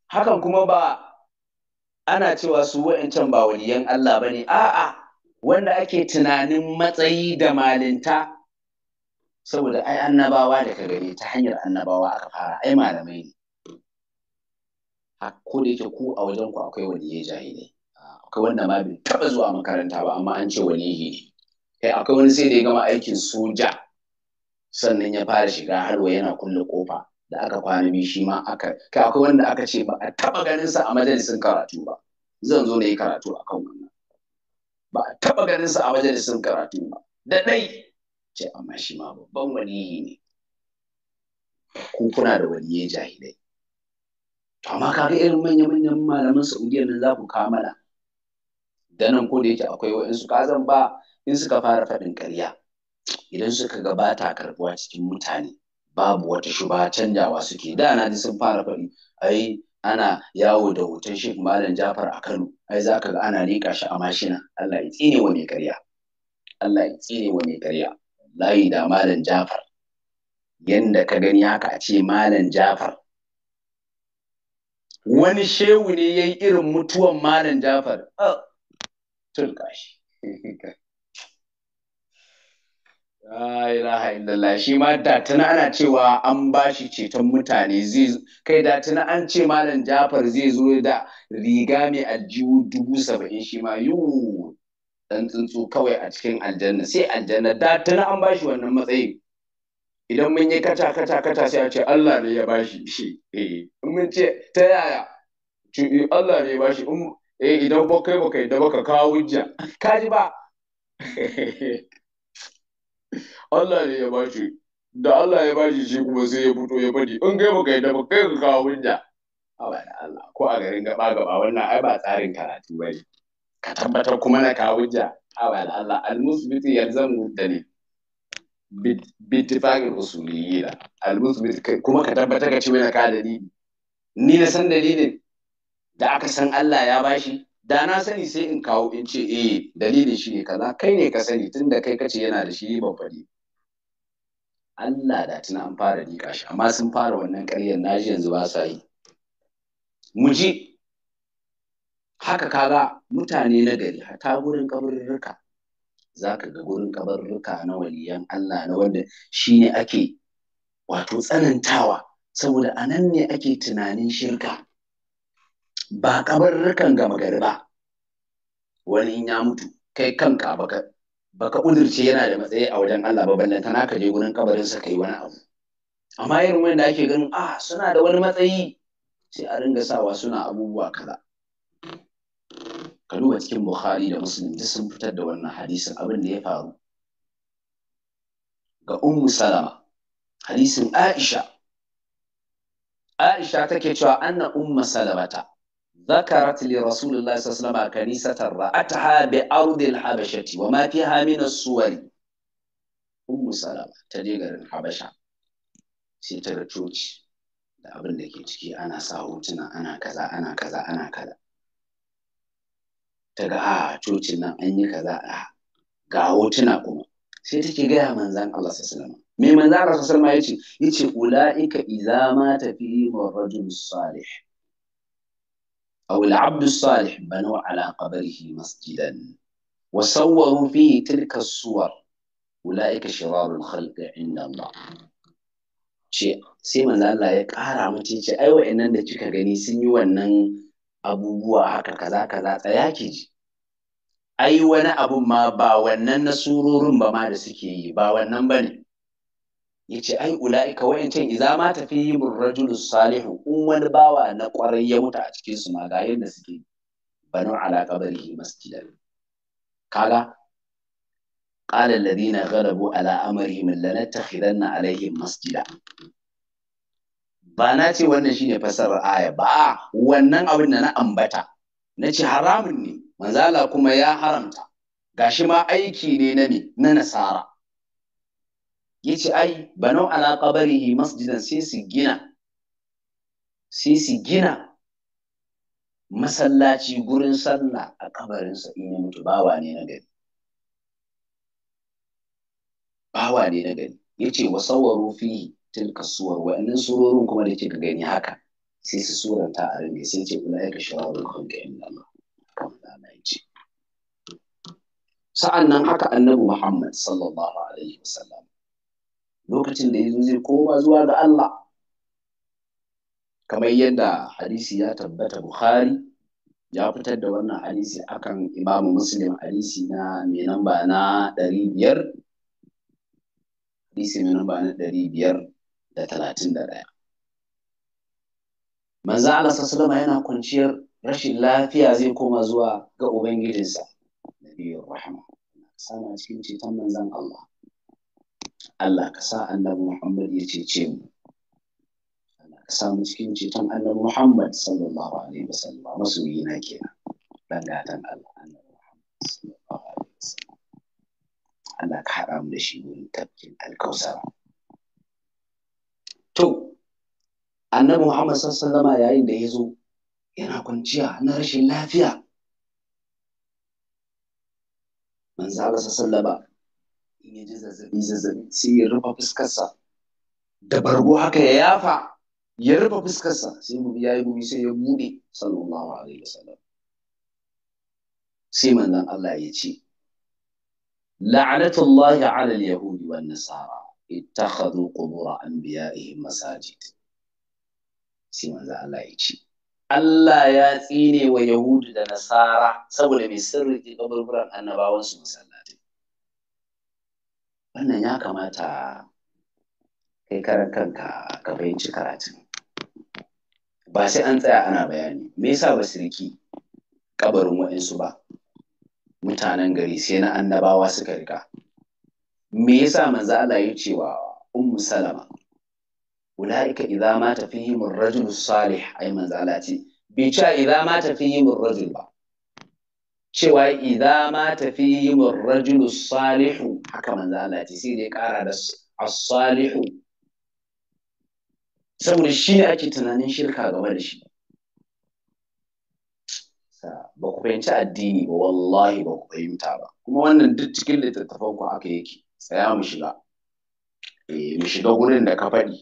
hakan kuma ba ana cewa su wa'ancan ba waliyan allah ba ne a'a wanda ake tunanin matsayi da malinta saboda ai annabawa daga gare ta hanyar annabawa aka fara ai malamai ne ko da yake ku a wajen ku akwai waliyai jahilai akwai wanda ma bai taba zuwa makaranta ba amma an ce yi ne kai eh, akwai wani sai da ya gama aikin soja sannan ya fara shiga harwa yana kulle kofa da aka kwana biyu shi ma aka kai akwai wanda aka ce ba a taba ganin sa a majalisin karatu ba zan zo na yi karatu akan wannan ba a taɓa sa a majalisin karatu ba da ɗai ce amma shi ma babban wani ne ku kuna da waliyai jahilai to amma kaga irin manya-manyan malaman saudiya nan za ku kamala da nan ko da yake akwai wa'insu kazan ba in suka fara faɗin ƙarya idan suka gabata karɓuwa cikin mutane babu wata shuba canjawa suke da na ji sun fara faɗi ai ana yawo da hoton shi malam jafar a kano ai za ka ga ana liƙa shi a mashina allah ya tsine wa mai karya allah ya tsine wa mai karya layi da malam jafar yanda ka gani haka a ce malam jafar wani shehu ne ya yi irin mutuwan malam jafar oh. tulka shi La ilaha illallah shi ma da tuna ana cewa an bashi ceton mutane zai kai da tuna an ce malam Jafar zai zo da riga mai aljihu dubu saba'in shi ma yiwu dan tsuntsu kawai a cikin aljanna sai aljanna da tuna an bashi wannan matsayin idan mun yi kata kata kata sai a ce Allah ne ya bashi shi eh mun ce ta yaya eh, Allah ne ya bashi eh idan ba kai ba kai da baka kawo hujja kaji ba Allah ne ya bashi da Allah ya bashi shi kuma sai ya fito ya bari in kai baka yadda ba kai ka kawo hujja a ba da Allah ko a garin gaba gaba wannan ai ba tsarin karatu ba ne ka tabbatar kuma na kawo hujja a ba da Allah almusbiti yalzamu dalil bittifaqin usuliyya almusbit kuma ka tabbatar ka ci mana ka dalili ni na san dalilin da aka san Allah ya bashi da na sani sai in kawo in ce eh dalilin shi ne kaza kai ne ka sani tunda kai kace yana da shi ban faɗi Allah da tuna an fara liƙa shi amma sun fara wannan ƙaryar naji yanzu ba sa yi mu ji haka kaga mutane na gari hata gurin kabarurruka za ka ga gurin kabarurruka na waliyan Allah na wanda shi ne ake wato tsanantawa saboda a nan ne ake tunanin shirka ba kabarurrukan gama gari ba wani in ya mutu kai kanka baka baka ƙudurce yana da matsayi a wajen Allah ba ballan tana ka je gurin kabarin sa kai wani abu amma irin wanda ake ganin ah suna da wani matsayi sai a ringa sawa suna abubuwa kaza ka duba cikin Bukhari da Muslim duk sun fitar da wannan hadisin abin da ya faru ga Ummu Salama hadisin Aisha Aisha take cewa anna Umma Salamata ذكرت لرسول الله صلى الله عليه وسلم كنيسة رأتها بأرض الحبشة وما فيها من الصور أم سلمة تجيغر الحبشة سيتر تشوتش da abin da ke ciki ana sa hotuna ana kaza ana kaza ana kaza ta ga a cocin nan an yi kaza a ga hotuna kuma sai take gaya manzan Allah sallallahu alaihi wasallam manzan Allah sallallahu alaihi wasallam yace yace ulaika idza ma tafi rajul salih أو العبد الصالح بنوا على قبره مسجدا وصوروا فيه تلك الصور أولئك شرار الخلق عند الله ce sai manzo Allah ya ƙara macici, ce ai wa'annan da kika gani sun yi wannan abubuwa haka kaza kaza tsaya ki ji ai wani abu ma ba wannan na surorin ba ma da suke yi ba wannan bane Ya ce ai ulaika wayancan idza ma tafi rajulu salihu in wani bawa na kwarai ya mutu a cikin su ma ga suke banu ala qabrihi masjidan kaga qala alladhina ghalabu ala amrihim lanattakhidanna alaihim masjida ba na ce wannan shine fasarar aya ba wannan abin da na ambata na ce haramun ne manzala kuma ya haramta gashi ma aiki ne na ne na nasara ya ce ai banau ala qabarihi masjidan sai su gina sai su gina masallaci gurin sallah a sa in ya mutu bawa ne na gari bawa ne na gari ya ce wa sawaru fi tilka suwar annan surorin kuma da kika gani haka sai su suranta a rinne sai ce ula ka shawar kanka in Allah Allah ya ce sa'an nan haka annabi Muhammad sallallahu alaihi wasallam lokacin da yazo zai koma zuwa ga Allah kamar yadda hadisi ya tabbata Bukhari ya fitar da wannan hadisi akan Imam Muslim hadisi na mai namba na 500 hadisi mai namba na 531 manzo Allah sallallahu yana kwanciyar rashin lafiya zai koma zuwa ga ubangijinsa nabiyur rahma sama cikin cetan manzon Allah Allah ka sa annabi Muhammad ya cece mu Allah ka sa mu cikin ceton annabi Muhammad sallallahu alaihi wasallam masoyi na kenan dan gatan Allah annabi Muhammad sallallahu alaihi wasallam Allah ka mu da shi wurin tafkin alkausar to annabi Muhammad sallallahu alaihi wasallam yayin da ya zo yana kwanciya na rashin lafiya manzo Allah sallallahu alaihi wasallam in ya zazzabi zazzabi sai ya rufe fuskarsa da bargo haka ya yafa ya rufe fuskarsa sai gumi ya yi gumi sai ya bude sallallahu alaihi wasallam sai manzon Allah ya ce la'anatullahi ala al-yahudi wan nasara ittakhadhu qubur anbiya'ihim masajid sai manzon Allah ya ce Allah ya tsine wa Yahudu da Nasara saboda mai sirri kaburburan annabawansu masallaci wannan ya kamata kai karan kanka ka fahimci karatun ba sai an tsaya ana bayani me yasa ba su riki kabarin wa'insu ba mutanen gari sai na annabawa suka rika me yasa manzo Allah ya ce wa ummu salama ulaika idza mata fihim ar-rajul salih ai manzo Allah ce bai cha idza mata fihim ar-rajul ba cewa idza ma tafihimur rajulu salihu haka manzo Allah ce sai dai kara da as-salihu saboda shi ne ake tunanin shirka game da shi ba ku fahimci addini ba wallahi ba ku fahimta ba kuma wannan duk cikin littattafan ku haka yake tsaya mu shiga eh mu shiga gurin da ka faɗi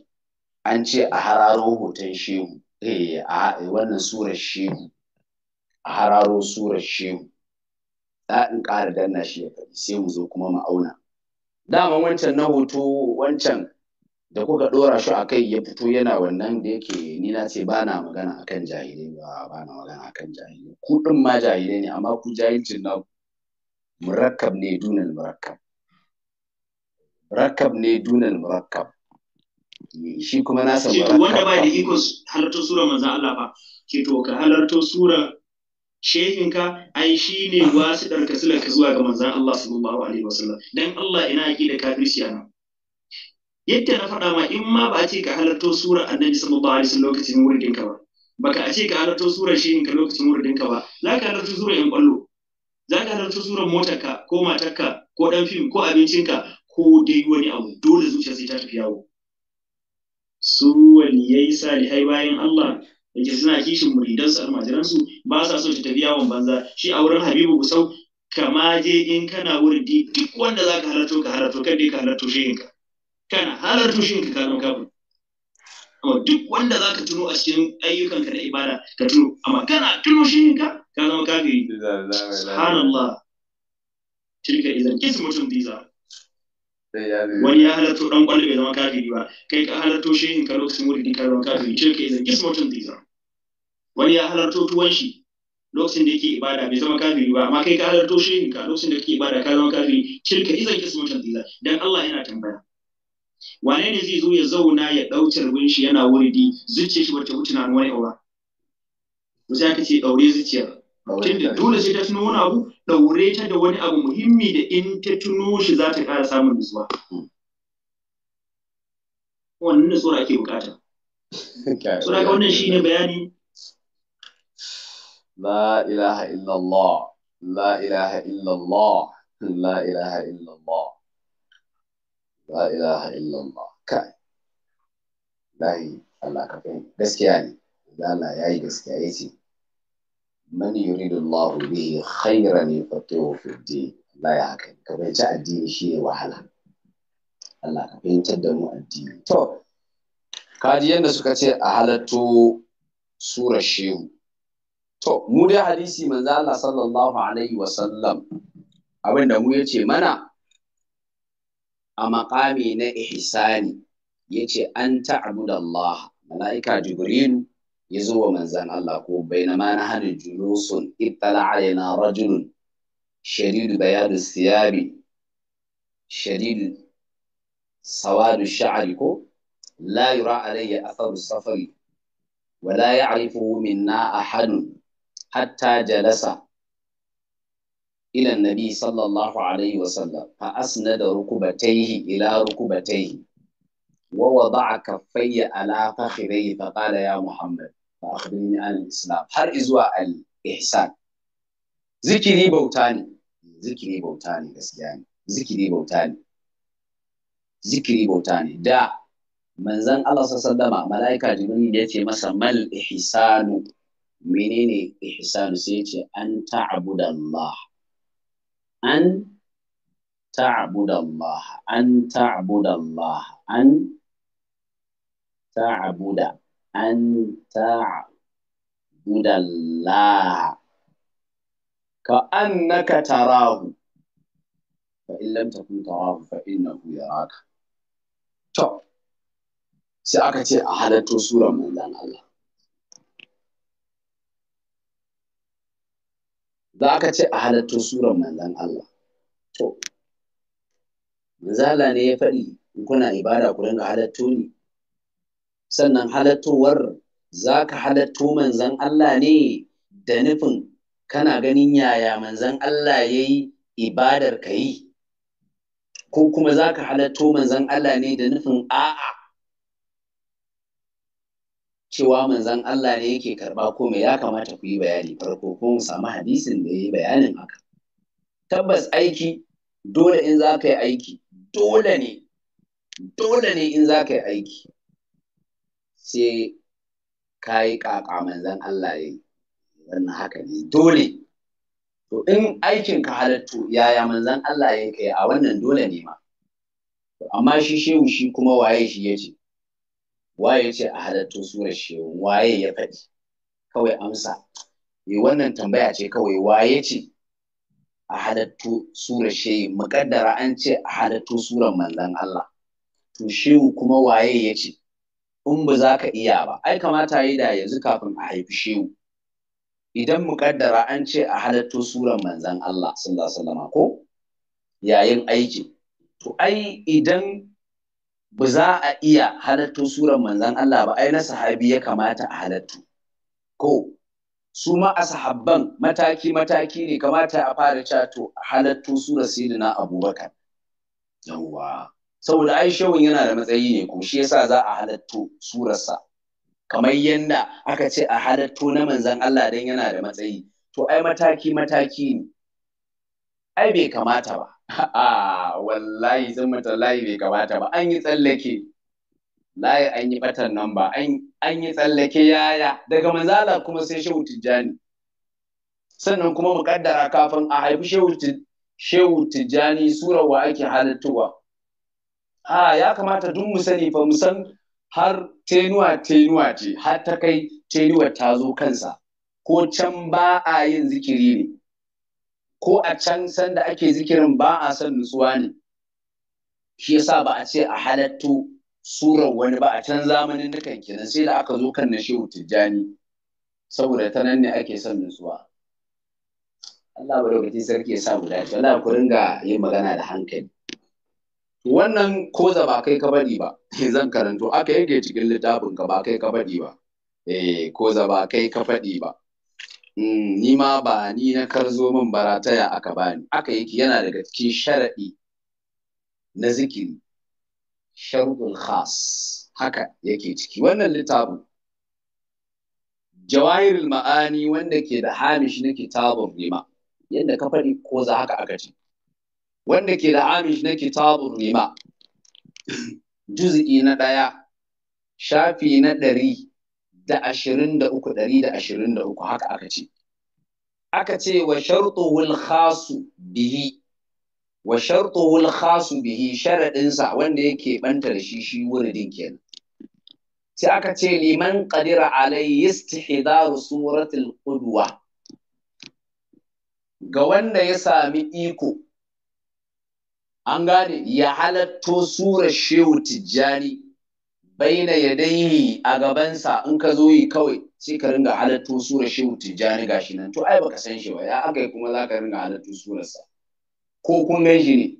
an ce a hararo hoton shehu eh a eh, wannan surar shehu a hararo surar shehu za in ƙara danna shi ya faɗi sai mu zo kuma mu auna daman wancan na hoto wancan da kuka ɗora shi a kai ya fito yana wannan da yake ni na ce ba na magana akan jahilai ba ba na magana akan jahilai ku ɗin ma jahilai ne amma ku jahilcin na murakkab ne dunan murakkab rakab, ne dunan murakkab shi kuma na san wanda ba da iko halartar sura maza Allah ba ke to ka halartar sura shehinka ai shi ne su ɗarka silarka zuwa ga manzan Allah sallallahu alaihi wasallam dan Allah ina yaƙi da kafirci a nan yadda na faɗa ma in ma ba a ce ka halarto surar annabi sallallahu alaihi wasallam lokacin wuridinka ba baka a ce ka halarto surar shehinka lokacin wuridinka ba za ka halarto surar yan ƙwallo za ka halarto surar motarka ko matarka ko ɗan fim ko abincinka ko dai wani abu dole zuciya sai ta tafi yawo su yi salihai bayan Allah yake suna kishin muridansu almajiransu ba sa so ta tafi yawon banza shi a wurin habibu gusau kama je in kana wurin di duk wanda za ka halarto ka halarto kan dai ka halarto ka kana halarto shehinka ka kano kafin amma duk wanda za ka tuno a cikin ayyukanka na ibada ka tuno amma kana tuno shehinka ka zama kafiri subhanallah tilka idan mutum biza wani ya halatto dan kwallo bai zama kafiri ba kai ka halatto in ka lokacin muridi ka zama kafiri ce kai zan kisa mutum zai zama wani ya halatto tuwon shi lokacin da yake ibada bai zama kafiri ba amma kai ka halatto in ka lokacin da kake ibada ka zama kafiri shirka izan kisa mutum zai dan Allah yana tambaya wane ne zai zo ya zauna ya ɗau carbin shi yana wuridi zuciyar shi bata wuce na wani aura to ya aka ce ɗaure zuciyar tunda dole sai ta tuno wani abu daure ta da wani abu muhimmi da in ta tuno shi za ta kara samun nutsuwa hmm. wannan nutsuwa ake bukata sura ga wannan shi ne bayani la ilaha illallah la ilaha illallah la ilaha illallah la ilaha illallah kai lahi Allah ka gaskiya ne Allah yi gaskiya ya ce. man yuridu bihi bi khairan yafatihu fi din haka ka bai ci addini shi ne wahala Allah ka fahimtar da mu addini to kaji yadda suka ce a halatto surar shehu mu dai hadisi maza Allah sallallahu alaihi wa sallam abinda mu yace mana a makami na ihsani yace an ta'budu Allah mala'ika jibrilu ya wa manzan Allah ko bai na hannun julusun ittala alaina rajulun shadidu bayadu siyabi shadidu sawadu sha'ari ko la yura alayya atharu safari wa la na minna ahadun hatta jalasa ila nabi sallallahu alaihi wasallam fa asnada rukubatayhi ila rukubatayhi wa wada'a kaffayya ala fakhirayhi fa qala ya muhammad akhbirni al islam har zuwa al ihsan zikiri bauta ne zikiri bauta ne gaskiya ne zikiri bauta ne zikiri bauta ne da manzon Allah sallama malaika jibril ya ce masa mal ihsanu menene ihsanu sai ya ce an Allah. an Allah. an Allah. an ta'buda an ta'budallaha ka annaka tarahu fa in lam takun tarahu fa innahu yaraka to sai aka ce a halatto sura manzan Allah za ka ce a halatto sura manzan Allah to manzala ne ya faɗi in kuna ibada ku dinga halatto ni sannan halattowar za ka halatto manzan Allah ne da nufin kana ganin yaya manzan Allah ya yi ibadar ka yi ko kuma za ka halatto manzan Allah ne da nufin a'a cewa manzan Allah ne yake karɓa ko ya kamata ku yi bayani farko ko mu samu hadisin da ya yi bayanin haka tabbas aiki dole in za ka yi aiki dole ne dole ne in za ka yi aiki sai ka yi ƙaƙa manzan Allah ya yi wannan haka ne dole to in aikin ka halattu yaya manzan Allah ya kai a wannan dole ne ma amma shi shehu shi kuma waye shi ya ce waye ce a halattu surar shehu waye ya faɗi kawai amsa e wannan tambaya ce kawai waye ce a halattu surar shehu muƙaddara an ce a halattu surar manzan Allah to shehu kuma waye ya ce in ba za ka iya ba ai kamata yi da yanzu kafin a haifi shehu idan muƙaddara an ce a halatto suran manzan Allah ko yayin aiki to ai idan ba za a iya halatto suran manzan Allah ba ai na sahabi ya kamata a halatto ko su ma a sahabban mataki mataki ne kamata a fara cewa to halatto surar sayyidina Abubakar yawwa saboda ai shehun yana da matsayi ne ko shi yasa za a halatto surarsa kamar yanda aka ce a halatto na manzon Allah dan yana da matsayi to ai mataki mataki ne ai bai kamata ba a wallahi zan layi bai kamata ba an yi tsallake layi an yi batan nan ba an yi tsallake yaya daga manzala kuma sai shehu tijjani sannan kuma muƙaddara kafin a haifi shehu tijjani sura wa ake halittuwa a ya kamata duk mu sani fa mu san har tenuwa tenuwa ce har ta kai tenuwa ta zo kansa ko can ba a yin zikiri ne ko a can sanda ake zikirin ba a son nutsuwa ne shi yasa ba a ce a halatto surar wani ba a can zamanin dukan kenan sai da aka zo kan na shehu tijjani saboda ta nan ne ake son nutsuwa Allah ba sarki ya sa mu dace Allah ku ringa yin magana da hankali wannan koza ba kai ka bari ba zan karanto aka yage cikin littafin ka ba kai ka bari ba eh koza ba kai ka faɗi ba hmm, ni ma ba ni na karzo min barataya aka bani aka yake yana daga cikin sharaɗi na zikiri sharɗul khas haka yake ciki wannan littafin jawahirul ma'ani wanda ke da hamish na kitabun rima yadda ka faɗi ko za haka aka ce wanda ke da amish na kitabun rima juz'i na ɗaya shafi na ɗari da ashirin da uku ɗari da ashirin da uku haka aka ce aka ce wa shartuhul khasu bihi wa khasu bihi sharaɗinsa wanda yake ɓanta da shi shi wuridin kenan sai aka ce liman ƙadira alayhi istihdaru suratul qudwa ga wanda ya sami iko an gane ya halatto sura shehu tijjani baina ya yadayhi a gabansa in ka zo yi kawai sai ka ringa halatto sura shehu tijjani gashi nan to ai baka san shi ba ya aka yi kuma za ka ringa halatto surarsa ko kun gan shi ne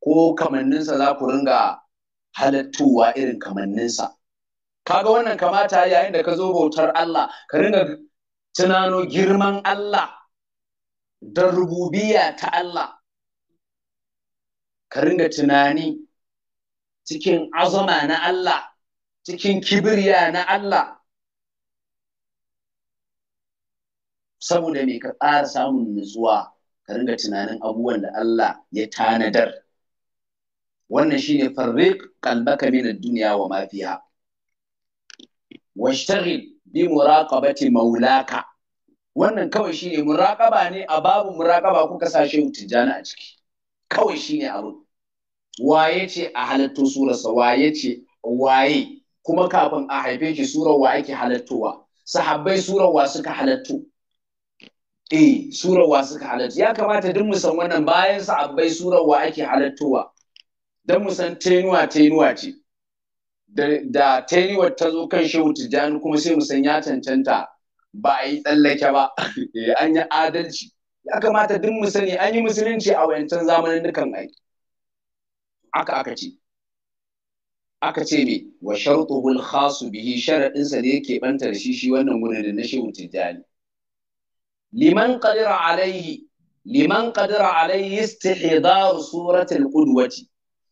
ko kamanninsa za ku ringa halattowa irin kamanninsa kaga wannan kamata yayin da ka zo bautar Allah ka ringa tunano girman Allah da rububiya ta Allah ka ringa tunani cikin azama na Allah cikin kibirya na Allah saboda me ka ƙara samun nutsuwa ka ringa tunanin abubuwan da Allah ya tanadar wannan shine farriq qalbaka min ad-dunya wa ma fiha bi muraqabati maulaka wannan kawai shine muraqaba ne a babu muraqaba kuka sashe shehu tijjani a ciki kawai shine abu waye ce a halatto surarsa waye ce waye kuma kafin a haife shi surar wa ake halattowa sahabbai surar wa suka halatto eh surar wa suka halatto ya kamata duk mu san wannan bayan sahabbai surar wa ake halattowa dan mu san tenuwa tenuwa ce da tenuwa ta zo kan shehu tijani kuma sai mu san ya cancanta ba a yi tsallake ba eh, an yi adalci ya kamata duk mu sani an yi musulunci a wayancan zamanin dukan aiki aka aka ce aka ce me wa shartuhul khasu bihi sharadin sa ne yake banta da shi shi wannan da na shehu tijjani liman qadira alaihi liman qadira alaihi istihdaru suratul qudwati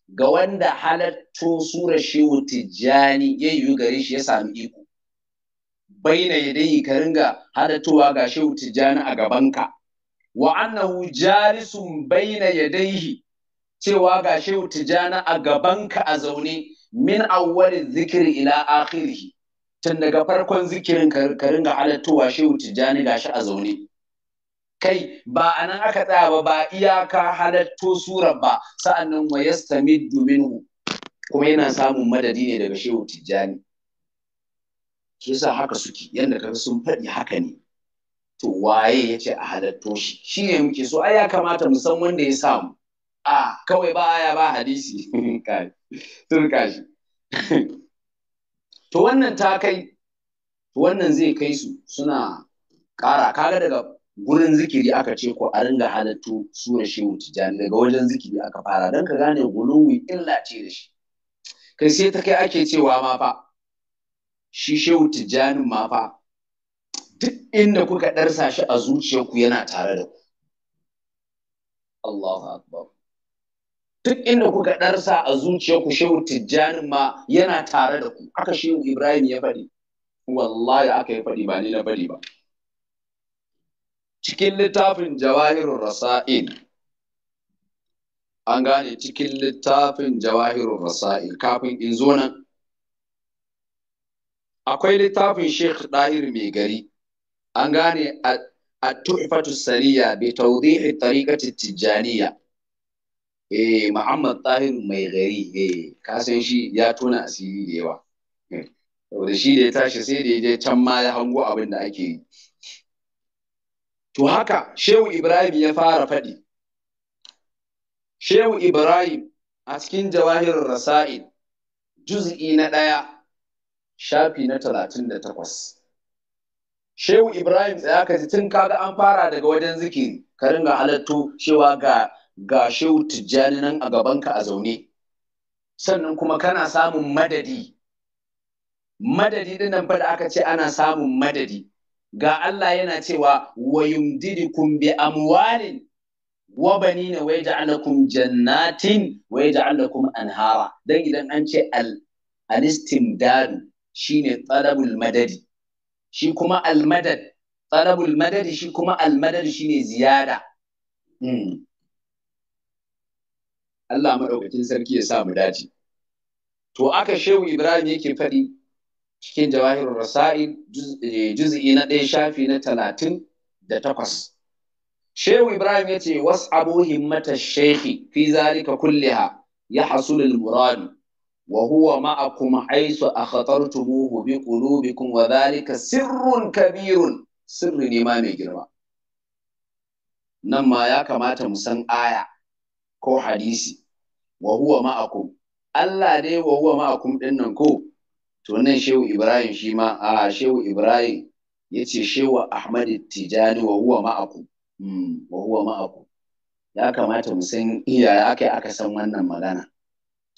ga wanda halatto sura shehu tijjani ya gare shi ya samu iko baina yadayi ka ringa halattowa ga shehu tijjani a gabanka wa annahu jalisun baina yadayhi cewa ga shehu tijana a gabanka a zaune min awwalin zikiri ila akhirihi tun daga farkon zikirin ka ringa halattowa shehu tijjani gashi a zaune kai ba a nan aka tsaya ba ba iyaka halatto surar ba sa'annan wa yastamiddu minhu kuma yana samun madadi ne daga shehu tijjani shi yasa haka suke yanda kaga sun faɗi haka ne to waye yace a halatto shi Shi ne muke so ai ya kamata mu san wanda ya samu a kawai ba aya ba hadisi turka shi to wannan ta kai wannan zai kai su suna ƙara kaga daga gurin zikiri aka ce ko a ringa halattu sura shehu tijjani daga wajen zikiri aka fara don ka gane guluwi illa ce da shi kai sai ta kai ake cewa ma fa shi shehu tijjanin ma fa duk inda kuka ɗarsa shi a zuciyarku yana tare da ku Allahu Akbar duk inda kuka ɗarsa a ku shehu tijjanin ma yana tare da ku aka shehu ibrahim ya faɗi wallahi aka yi faɗi ba ni na faɗi ba cikin littafin jawahirun rasa'il an gane cikin littafin jawahirun rasa'il kafin in zo nan akwai littafin sheikh ɗahir mai gari an gane a tuhfatu sariya bi tawdihi tariqati tijjaniya eh Muhammad Tahir mai gari eh ka san shi ya tona asiri da yawa eh, saboda shi da ya tashi sai da ya je can ma ya hango abin da ake yi to haka Shehu Ibrahim ya fara faɗi Shehu Ibrahim a cikin Jawahir Rasa'il juz'i na ɗaya shafi na talatin da takwas Shehu Ibrahim tsaya ka ji tun kaga an fara daga wajen zikiri ka ringa halattu cewa ga ga shehu tijjani nan a gabanka a zaune sannan kuma kana samun madadi madadi din nan fa da aka ce ana samun madadi ga Allah yana cewa wa yumdidukum bi amwalin wa banina wa yaj'alukum jannatin wa yaj'alukum anhara dan idan an ce al al-istimdad shine talabul madadi shi kuma al-madad talabul madadi shi kuma al-madad shine ziyada hmm. Allah maɗaukakin sarki ya sa mu dace to aka shehu Ibrahim yake faɗi cikin jawahirur rasail eh, juz'i na ɗaya shafi na talatin da takwas shehu Ibrahim ya ce was abu himmata shehi fi zalika kulliha ya ma'akum haythu وهو bi qulubikum wa بقلوبكم sirrun kabirun sirri ne ma mai girma nan ma ya kamata mu san aya ko hadisi wa huwa ma'akum Allah dai wa huwa ma'akum din nan ko to nan shehu Ibrahim shi ma a shehu Ibrahim yace shehu Ahmad Tijani wa huwa ma'akum mm wa huwa ma'akum ya kamata mu san iyaye akai aka san wannan magana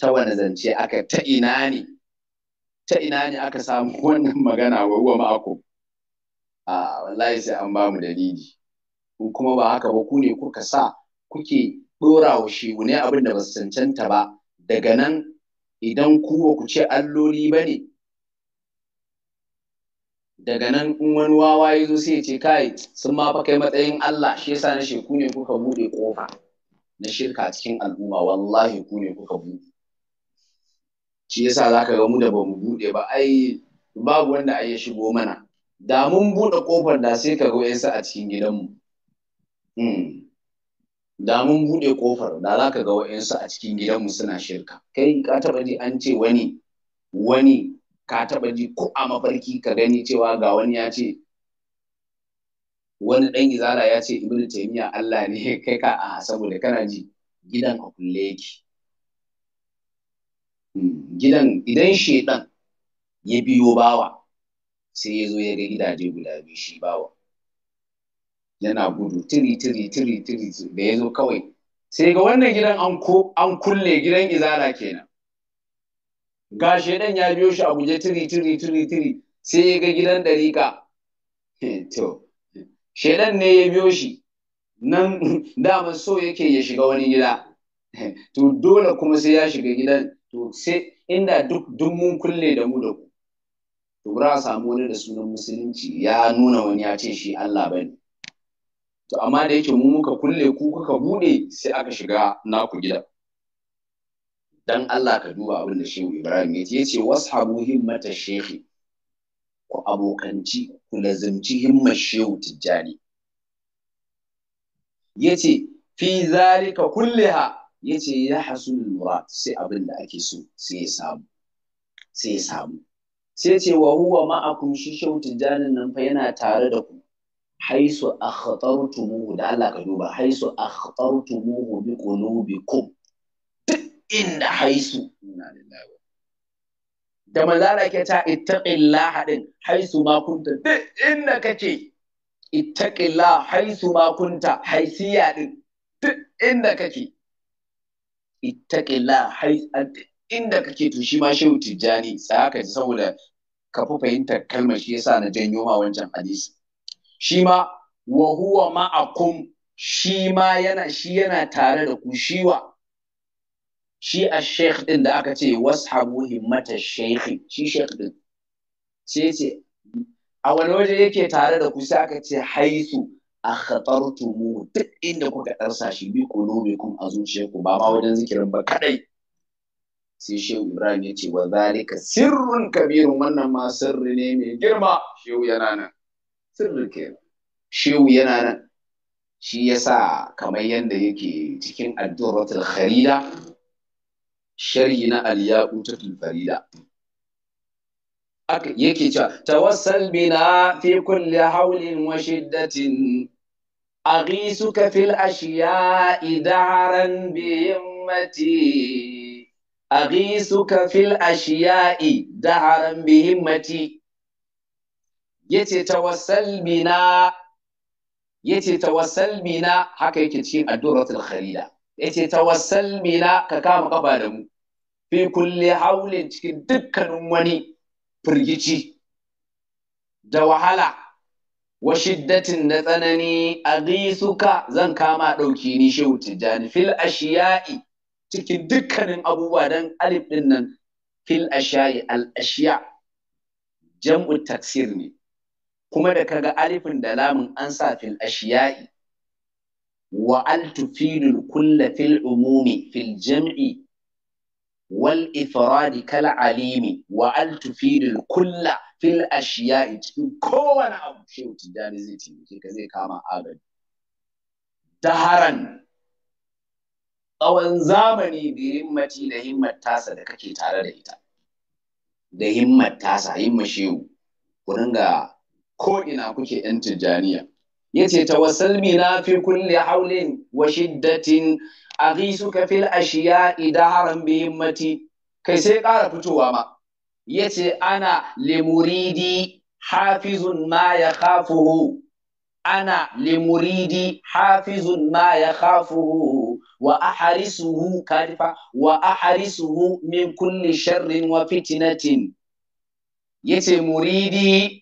ta wani zance aka ta ina ne ta ina ne aka samu wannan magana wa huwa ma'akum a wallahi sai an ba mu dalili kuma ba haka ba ku ne kuka sa kuke ɗora wa ne abin da ba su cancanta ba daga nan idan ku ba ku ce alloli ba ne daga nan in wani wawa ya zo sai ce kai sun ma fa kai matsayin Allah shi yasa na ku ne kuka bude kofa na shirka cikin al'umma wallahi ku ne kuka bude shi yasa ka ga mu da bamu bude ba ai babu wanda ai ya shigo mana da mun bude kofar da sai ka ga yasa a cikin gidanmu hmm. da mun buɗe kofar da za ka ga wa'yansu a cikin gidanmu suna shirka kai ka taɓa ji an ce wani wani ka taɓa ji ko a mafarki ka gani cewa ga wani ya ce wani ɗan izala ya ce ibnu taymiya Allah ne kai ka a saboda kana ji gidan a kulle yake hmm, gidan idan shedan ya biyo bawa sai ya zo ya ga gidaje guda biyu shi bawa yana gudu tiri tiri tiri tiri da ya zo kawai sai ga wannan gidan an kulle gidan izala kenan ga Shaidan ya biyo shi a guje tiri tiri tiri tiri sai ya ga gidan dariƙa to Shaidan ne ya biyo shi nan dama so yake ya shiga wani gida to dole kuma sai ya shiga gidan to sai inda duk duk mun kulle da mu da ku to ba samu wani da sunan musulunci ya nuna wani ya ce shi Allah bane to amma da yake mu muka kulle ku kuka bude sai aka shiga naku gida dan Allah ka duba abin da Shehu Ibrahim ya ce yace washabu himmata shehi ku abokanci ku lazimci himmar Shehu Tijjani yace fi zalika kulliha yace ya hasul murad sai abin da ake so sai ya samu sai ya samu sai ce wa huwa ma'akum shi Shehu Tijjani nan fa yana tare da ku haisu a muhu da Allah ka duba haisu a muhu bi qulubikum duk inda haisu da manzala ke ta ittaqillah din haisu ma kunta duk inda kake ittaqillah haisu ma kunta haisiya din duk inda kake ittaqillah haisu inda kake to shi ma shehu tijani sai haka saboda ka fahimta kalmar shi yasa na janyo ma wancan hadisi shi ma wa huwa ma'akum shi yana shi yana tare da ku shiwa shi a sheikh din da aka ce washabu himmata sheikh shi sheikh din ce ce a wani waje yake tare da ku sai aka ce haisu a mu duk inda kuka darsa shi bi kun a sheku. ba ma wajen zikirin ba kadai sai shehu ibrahim ya ce wa zalika sirrun kabirun wannan ma sirri ne mai girma shehu yana nan sirri ke shehu yana nan shi ya sa kamar yadda yake cikin addurratul kharida sharhi na al-yaqutul farida yake cewa tawassal bina fi kulli hawlin wa shiddatin أغيثك في الأشياء دعرا بهمتي أغيثك في الأشياء دعرا بهمتي yace tawassal bina yace tawassal bina haka yake cikin addu'aratul kharida yace tawassal bina ka kama kafa da mu fi kulli haulin cikin dukkanin wani firgici da wahala wa shiddatin da tsanani a suka zan kama ɗauki ni shehu tijjani fil ashiya'i cikin dukkanin abubuwa dan alif din nan fil ashiya'i al ashiya jam'u taksir ne kuma da kaga alifin da lamun an sa fil ashiya'i wa al tufidul kulla fil umumi fil jam'i wal ifradi kal alimi wa al tufidul kulla fil ashiya'i cikin kowane abu shehu tijjani zai taimake ka zai kama agaji daharan tsawon zamani da himmati da himmat tasa da kake tare da ita da himmat tasa himma shehu ku ringa ko ina kuke ‘yan Tijjaniya. Ya ce, Tawassalmi na fi kulle haulin wa shiddatin a suka fil ashiya idaran mati. kai sai ƙara fitowa ma. Ya ce, Ana limuridi hafizun ma ya kafuhu, ana limuridi hafizun ma ya kafuhu wa aharisuhu kadifa wa aharisuhu min kulli sharrin wa fitinatin. Ya ce, Muridi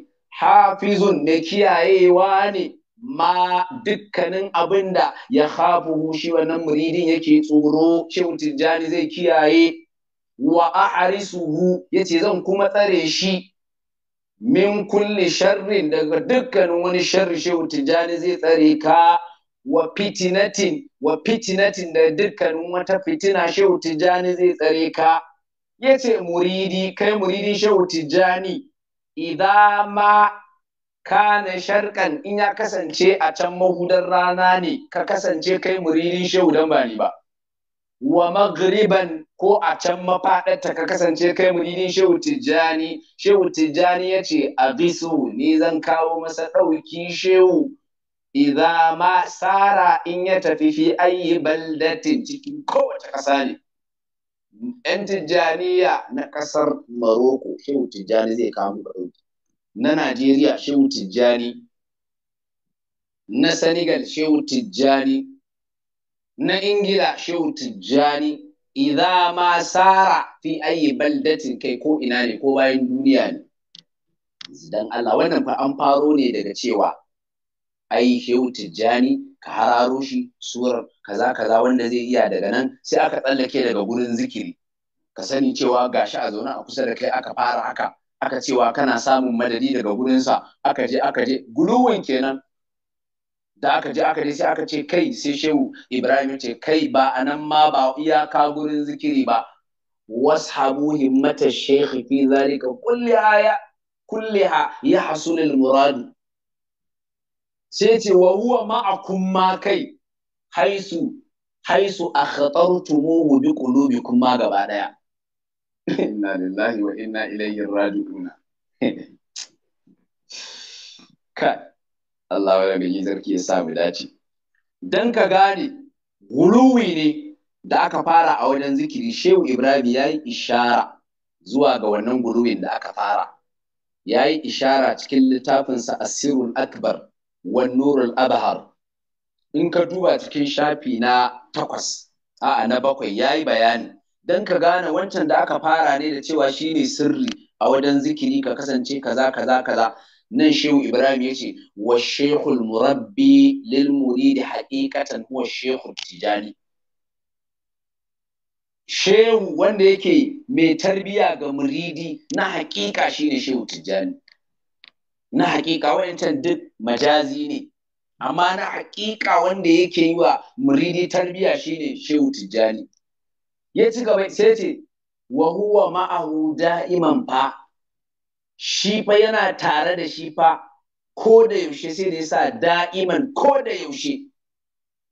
hafizun ne kiyayewa ne ma dukkanin abin da ya hafi shi wannan muridin yake tsoro shehu tijjani zai kiyaye wa ya ce zan kuma tsare shi min kulli sharrin daga dukkanin wani sharri shehu tijjani zai tsare ka wa fitinatin wa fitinatin da dukkanin wata fitina shehu tijjani zai tsare ka ya ce muridi kai muridin shehu tijjani idza ma kana sharkan in ya kasance a can mahudan rana ne ka kasance kai muridin shehu dan bani ba wa magriban ko a can mafadarta ka kasance kai muridin shehu tijjani shehu tijjani ya ce a bisu ni zan kawo masa ɗauki shehu idza ma sara in ya tafi fi ayi baldatin cikin kowace ƙasa ne 'yan tijjaniya na ƙasar Maroko, shehu tijjani zai kawo muku ɗauki. Na Najeriya, shehu tijjani. Na Senegal, shehu tijjani. Na Ingila, shehu tijjani. Idza ma sara fi ayi baldatin kai ko ina ne ko bayan duniya ne. Dan Allah wannan fa an faro ne daga cewa ai shehu tijjani ka hararo shi surar kaza kaza wanda zai iya daga nan sai aka tsallake daga gurin zikiri ka sani cewa gashi a zaune a kusa da kai aka fara haka aka cewa kana samun madadi daga gurinsa aka je aka je guluwan kenan da aka je aka je sai aka ce kai sai shehu ibrahim ce kai ba a nan ma ba iyaka gurin zikiri ba washabu himmata shekhi fi zalika kulli aya kulliha ya hasulul muradu sai ce wa huwa ma'akum ma kai haisu haisu a akhtartumuhu bi kulubi kuma gaba daya inna lillahi wa inna ilaihi raji'una. ka Allah wa rabbi zarki ya sa mu dace dan ka gane guluwi ne da aka fara a wajen zikiri Shehu Ibrahim ya yi ishara zuwa ga wannan guluwin da aka fara ya yi ishara cikin littafinsa Asirul Akbar wan Nurul Abhar in ka duba cikin shafi na takwas a'a na bakwai ya yi bayani don ka gane wancan da aka fara ne da cewa shine sirri a wajen zikiri ka kasance kaza kaza kaza nan shehu ibrahim ya ce wa shehul murabbi lil muridi haqiqatan huwa shehul tijani shehu wanda yake mai tarbiya ga muridi na haƙiƙa shine shehu tijani na haƙiƙa wayancan duk majazi ne amma na hakika wanda yake yi wa muridi tarbiya shine shehu tijjani ya ci gaba sai ce wa huwa ma'ahu da'iman fa shi fa yana tare da shi fa ko da yaushe sai da yasa da'iman ko da yaushe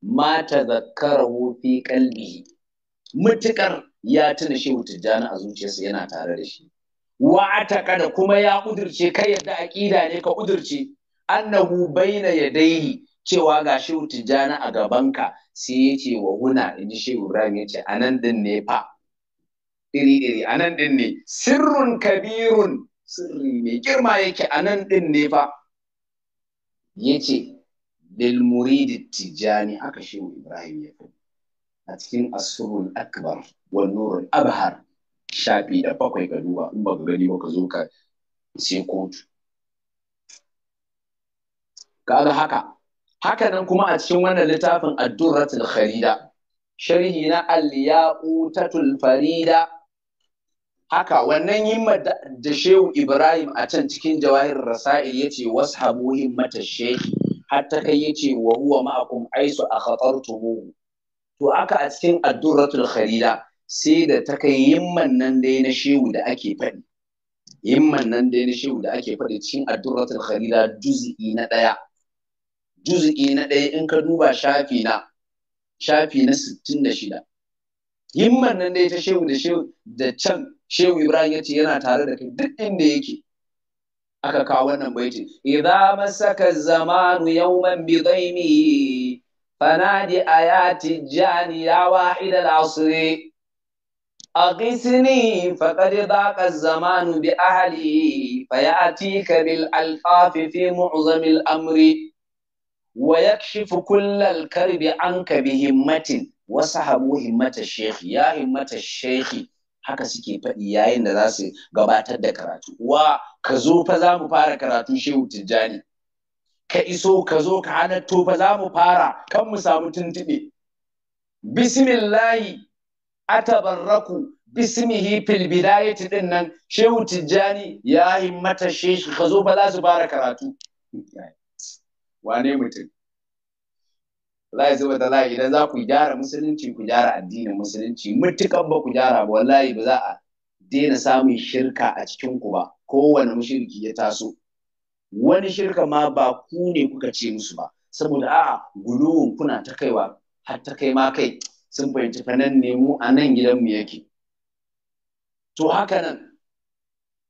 ma tazakkarahu fi qalbihi mutukar ya tuna shehu tijjani a zuciyarsa yana tare da shi wa da kuma ya ƙudirce kai yadda aƙida ne ka ƙudurce annahu baina yadayhi cewa ga shehu tijjani a gabanka sai ya ce wa huna in ji shehu ibrahim ya ce anan din ne fa iri iri anan din ne sirrun kabirun sirri mai girma yake anan din ne fa ya ce lil muridi tijjani haka shehu ibrahim ya fi a cikin asrul akbar wal nurul abhar shafi da bakwai ga duba in ba gani ba ka zo ka sai kotu kaga haka haka nan kuma a cikin wannan littafin addurratul kharida sharhi na al-yaqutatul farida haka wannan himma da shehu ibrahim a can cikin jawahir rasa'il yace washabu himmata shehi hatta kai yace wa huwa ma'akum aisu akhatartuhu to aka a cikin addurratul kharida sai da ta kai himman nan dai na shehu da ake faɗi himman nan dai na shehu da ake faɗi cikin addurratul kharida juz'i na ɗaya juzu'i na ɗaya in ka duba shafi na shafi na sittin da shida himmar nan dai ta shehu da shehu da can shehu ibrahim ya ce yana tare da kai duk inda yake aka kawo wannan baitin idza masaka zamanu yawman bi dhaimi fanadi ayati jani ya wahid al asri أغثني bi ahli الزمان بأهلي فيأتيك بالألفاف في معظم amri wa yakshifu kullal karbi anka bi himmatin wasu hagu himmata shehi ya shehi? haka suke faɗi yayin da za su gabatar da karatu wa ka zo fa za mu fara karatu shehu tijjani ka iso ka zo ka halatto fa za mu fara kan mu samu tuntuɓe bismillahi atabarraku bismihi fil bidayati din nan shehu tijjani ya himmata shehi. ka zo fa za su fara karatu wane mutum wallahi saboda la idan za ku gyara musulunci ku gyara addinin musulunci mutukan ba ku gyara ba wallahi ba za a daina samun shirka a cikin ku ba kowane mushriki ya taso wani shirka ma ba ku ne kuka ce musu ba saboda a'a guluwun kuna ta kaiwa har ta kai ma kai sun fahimci fa nan ne mu a nan gidanmu yake to haka nan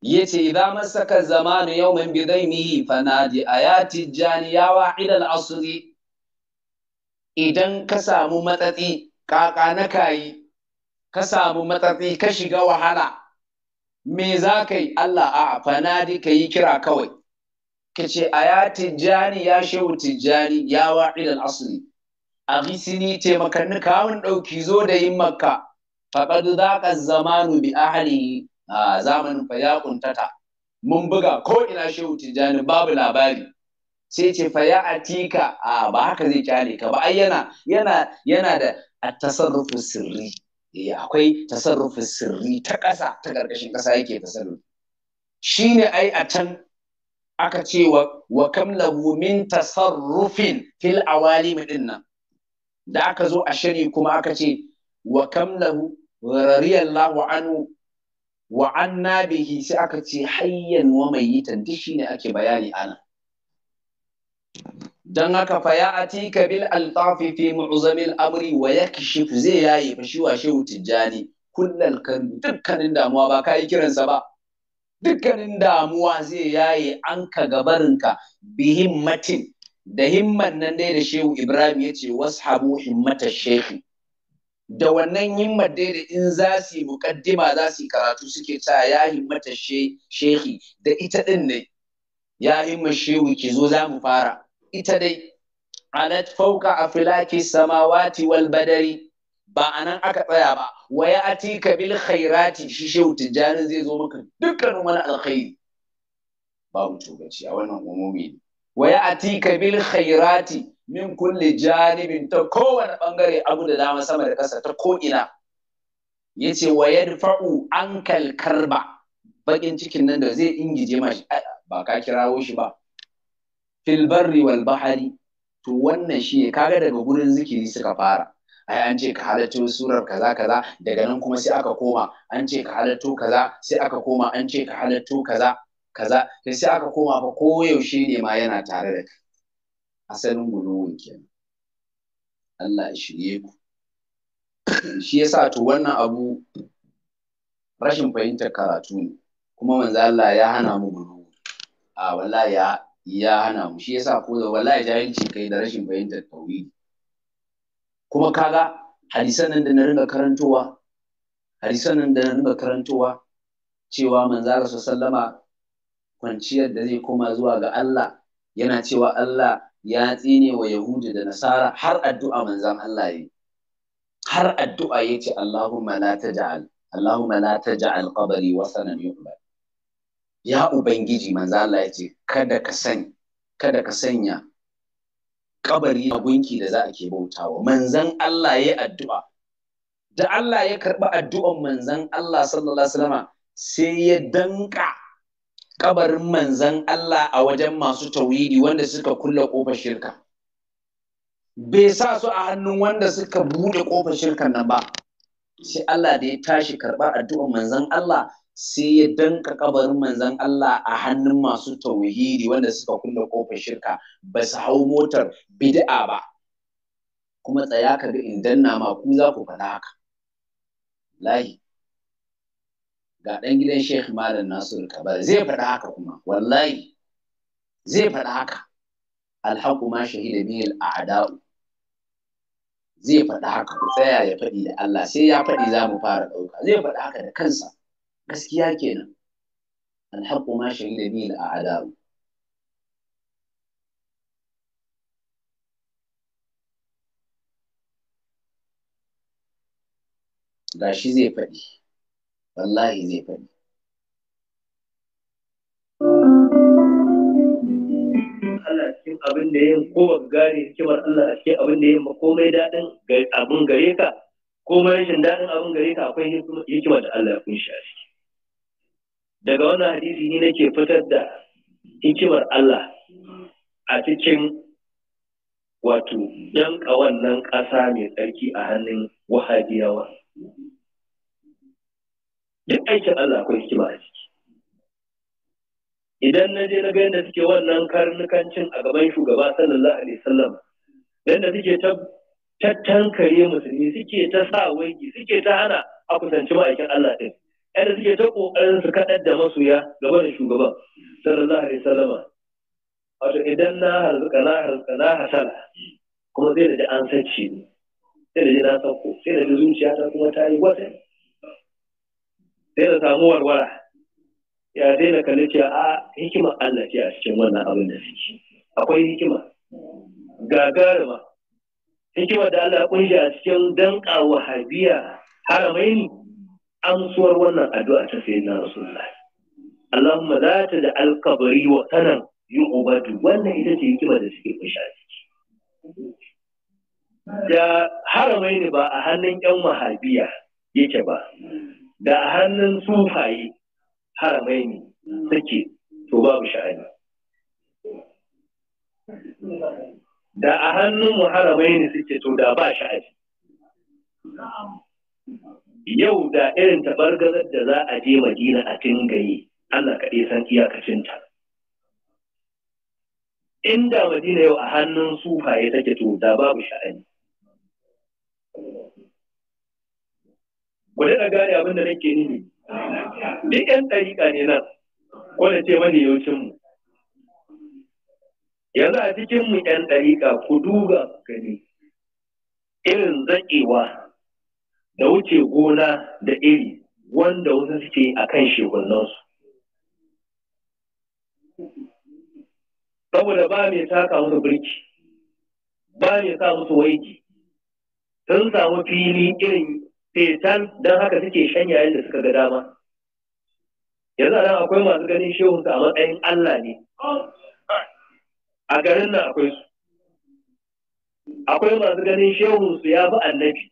yace idza masaka zamanu yawman bidaimihi fanadi ayati janiya wa'id al idan ka samu matsatsi kaka na kayi ka samu matsatsi ka shiga wahala me za ka yi Allah a fanadi ka yi kira kawai ka ce a ya tijjani ya shehu tijjani ya wa al asiri a gisini taimakanni kawun ɗauki zo da yin makka faɗaɗu za ka zamanu bi ahalihi a zamanin fa ya kuntata mun buga ko ina shehu tijjani babu labari sai ce fa ya atika a ba haka zai kyale ka ba ai yana yana yana da tasarrufu sirri eh, akwai tasarrufu sirri ta ƙasa ta ƙarƙashin ƙasa yake tasarrufi shine ai a can aka ce wa wa kam lahu min tasarrufin fil awali din nan da aka zo a shari kuma aka ce wa kam lahu radiyallahu anhu wa anna bihi sai aka ce hayyan wa yi duk shine ake bayani ana dan haka fa ya atika bil altafi fi mu'zamil amri wa yakshif zai yayi fa shi wa shehu tijjani kullal kan dukkanin damuwa ba kai kiransa ba dukkanin damuwa zai yaye an ka gabarinka bi himmatin da himman nan dai da shehu ibrahim ya ce washabu himmata shehu da wannan yin dai da in za su yi mukaddima za su yi karatu suke ta ya himmata shehi da ita din ne ya himmar shehu ki zo za mu fara ita dai alat fauka a filaki samawati wal badari ba a nan aka tsaya ba waya ya ati bil khairati shi shehu tijjani zai zo maka dukkanin wani alkhairi babu tugaci a wannan umumi ne wa ya ati bil khairati min kulle janibin ta kowane bangare abu da dama sama da kasa ta ko'ina ya ce wa fa'u, an ba bakin cikin nan da zai ingije mashi ba ka kirawo shi ba "Filbarri, wal bahari to wannan shi ne kaga daga gurin zikiri suka fara ai an ce ka halatto surar kaza kaza daga nan kuma sai aka koma an ce ka halatto kaza sai aka koma an ce ka halatto kaza kaza sai aka koma fa koyaushe ne ma yana tare da kai asalin guluwun kenan Allah ya shirye ku shi yasa to wannan abu rashin fahimtar karatu ne kuma manzo Allah ya hana mu gudu. a wallahi ya ya hana mu shi yasa ko da wallahi jahilci kai da rashin fahimtar tauhidi kuma kaga hadisan nan da na ringa karantowa hadisan nan da na ringa karantowa cewa manzo Allah sallama kwanciyar da zai koma zuwa ga Allah yana cewa Allah ya tsine wa Yahudu da Nasara har addu'a manzan Allah yi. Har addu'a ya ce Allahumma la taj'al Allahumma la taj'al qabri wasanan Ya Ubangiji manzan Allah ya ce kada ka sanya kada ka sanya a gunki da za a ke bautawa. Manzan Allah ya addu'a. Da Allah ya karɓi addu'an manzan Allah sallallahu alaihi wasallama sai ya danka kabarin manzan Allah a wajen masu tauhidi wanda suka kulle kofar shirka bai sa su a hannun wanda suka bude kofar shirka na ba sai Allah da ya tashi karɓa addu'ar manzan Allah sai ya danka kabarin manzan Allah a hannun masu tauhidi wanda suka kulle kofar shirka ba su hau motar bid'a ba kuma tsaya ka ga in danna ma ku za ku faɗa haka lahi ga ɗan gidan Sheikh Malam Nasiru Kabara zai faɗa haka kuma wallahi zai faɗa haka alhaku ma shahida a a'da'u zai faɗa haka ku tsaya ya faɗi da Allah sai ya faɗi za mu fara ɗauka zai faɗa haka da kansa gaskiya kenan alhaku ma shahida bihil a'da'u gashi zai faɗi wallahi zai faɗi Allah cikin abin da yin ko gane hikimar Allah a abin da yin ba komai daɗin abin gare ka komai rashin daɗin abin gare ka akwai hikima da Allah ya kunshi a ciki daga wannan hadisi ne nake fitar da hikimar Allah a cikin wato danƙa wannan ƙasa mai tsarki a hannun wahabiyawa. duk aikin Allah akwai hikima a ciki idan na je na ga yadda suke wannan karnukancin a gaban shugaba sallallahu alaihi wasallam yadda suke ta tattankare musulmi suke ta sa wanki, suke ta hana a kusanci ma'aikin Allah ɗin yadda suke ta ƙoƙarin su kaɗar da masoya gaban shugaba shugaban sallallahu alaihi wasallama wato idan na harzuka na harzuka na hasala kuma zai da ji an sace ni sai da ji na sauko sai da ji zuciya ta kuma ta yi wata sai da samu warwara ya daina kalli cewa a ah, hikimar Allah ce a cikin wannan abin da suke akwai hikima gagarima hikima da Allah kunshi a cikin danka wahabiya haramai ne amsuwar wannan addu'a ta sayi na rasulullah Allahumma za ta da alkabari wa sanan yi obadu wannan ita ce hikima da suke kunshi a ciki da haramai ne ba a hannun yan wahabiya yake ba da hannun sufaye haramai ne suke, to babu sha'ani da a hannun mu haramai ne suke to da ba sha'ani yau da irin tabargazar da za a je madina a tingaye Allah kaɗai san iyakacinta inda madina yau a hannun sufaye take to da babu sha'ani ku na gane abin da nake nini. duk yan ɗariƙa ne nan ko ce mani mu yanzu a cikin mu yan ɗariƙa ku duba gani irin zaƙewa da wuce gona da iri wanda wasu suke a kan shekunansu saboda ba mai taka musu birki ba mai sa musu waiki sun samu fili irin fitan eh, don haka suke shan yayin da suka ga dama yanzu nan akwai masu ganin shehunsa a matsayin Allah ne a garin nan akwai su akwai masu ganin shehunsu ya bi annabi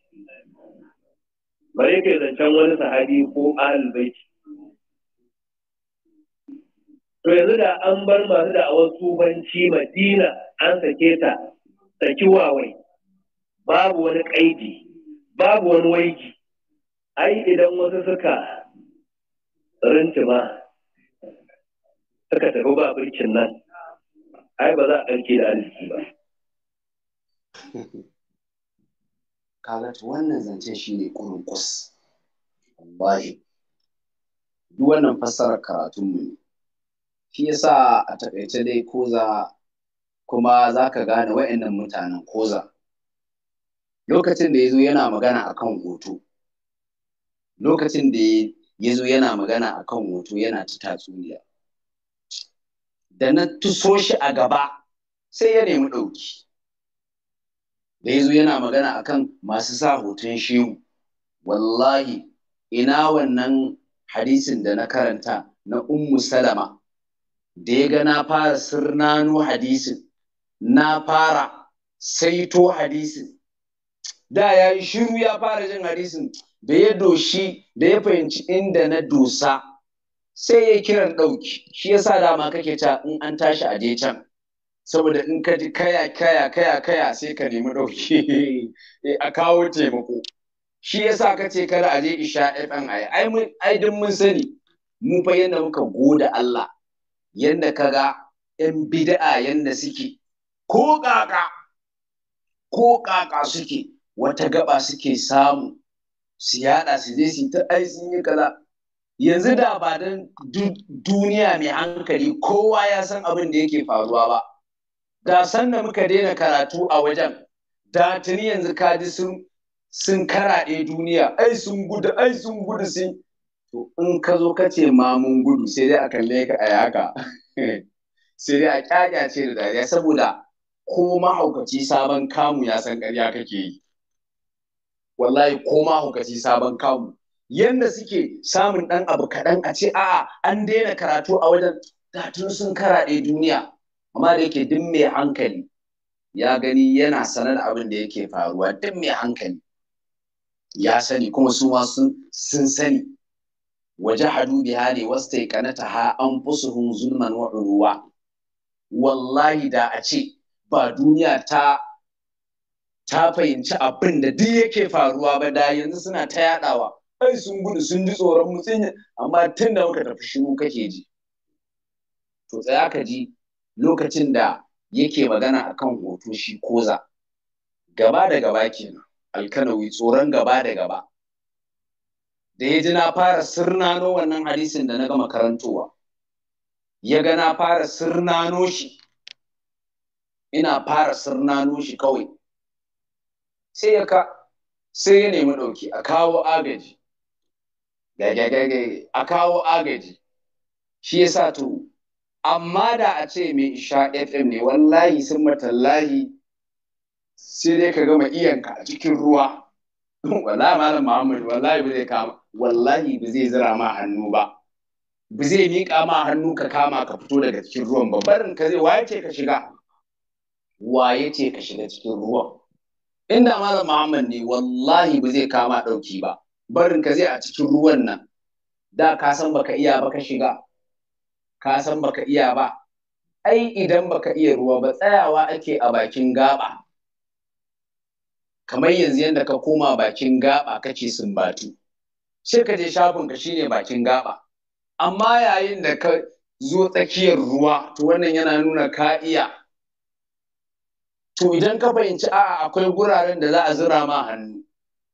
bare ke zancen wani sahabi ko ahlul to yanzu da an bar masu da awar tsubanci madina an sake ta saki wawai babu wani ƙaidi babu wani waiki ai idan wasu suka rintima suka tafi ba birkin nan ai ba za a ɗauke da arziki ba kaga wannan zance shi ne kurkus wallahi duk wannan fassarar karatunmu ne shi yasa a takaice dai koza kuma za ka gane wa'annan mutanen koza lokacin da ya zo yana magana akan hoto lokacin da ya zo yana magana a kan hoto yana ta tatsuniya da na tuso shi a gaba sai ya nemi ɗauki da ya zo yana magana a kan masu sa hoton shehu wallahi ina wannan hadisin da na karanta na ummu salama da ya ga na fara sirnano hadisin na fara saito hadisin da ya yi shiru ya fara jin hadisin da ya doshi da ya fahimci inda na dosa sai ya kiran ɗauki shi yasa dama kake ta in an tashi a je can saboda in ka ji kaya kaya kaya kaya sai ka nemi ɗauki a kawo taimako shi yasa ka ce kada a je isha fm ai ai mun ai duk mun sani mu fa yanda muka goda Allah yanda kaga yan bid'a yanda suke ko kaka ko kaka suke wata gaba suke samu su yada su je su ta ai sun yi kaza yanzu da ba don duniya mai hankali kowa ya san abin da yake faruwa ba da san da muka daina karatu a wajen da tuni yanzu kaji sun sun karaɗe duniya ai sun gudu ai sun gudu sun to in ka zo ka ce ma mun gudu sai dai a kalle ka a yaka. sai dai a kyakyace da dariya saboda ko mahaukaci sabon kamu ya san ƙarya kake yi wallahi ko ma hukaci sabon kamu yanda suke samun ɗan abu kaɗan a ce a an daina karatu a wajen da tun sun karaɗe duniya amma da yake duk mai hankali ya gani yana sanar abin da yake faruwa duk mai hankali ya sani kuma su ma sun sani Waje wajahadu biha ne an anfusuhum zulman wa wallahi da a ce ba duniya ta ta fahimci abin da duk yake faruwa ba da yanzu suna ta yaɗawa. ai sun gudu sun ji tsoron mu amma tun da muka tafi shiru kake ji to tsaya aka ji lokacin da yake magana akan hoto shi koza gaba da gaba kenan alkanawi tsoron gaba da gaba da ya ji na fara sirnano wannan hadisin da na gama karantowa ya ga na fara sirnano shi ina fara sirnano shi kawai sai ya ka sai ya nemi ɗauki a kawo agaji a kawo agaji shi ya sa to amma da a ce mai isha fm ne wallahi sun matallahi sai dai ka gama iyanka a cikin ruwa wallahi malam muhammad wallahi ba zai kama wallahi ba zai zira ma hannu ba ba zai miƙa ma hannu ka kama ka fito daga cikin ruwan ba barin ka zai waye ce ka shiga waye ce ka shiga cikin ruwan inda malam Muhammad ne wallahi ba zai kama ɗauki ba barin ka zai a cikin ruwan nan da ka san baka iya ba ka shiga ka san baka iya ba ai idan baka iya ruwa ba tsayawa ake a bakin gaba kamar yanzu yadda ka koma bakin gaba kake sumbatu sai ka je shafin ka shine bakin gaba amma yayin da ka zo tsakiyar ruwa to wannan yana nuna ka iya to idan ka fahimci a akwai guraren da za a zura ma hannu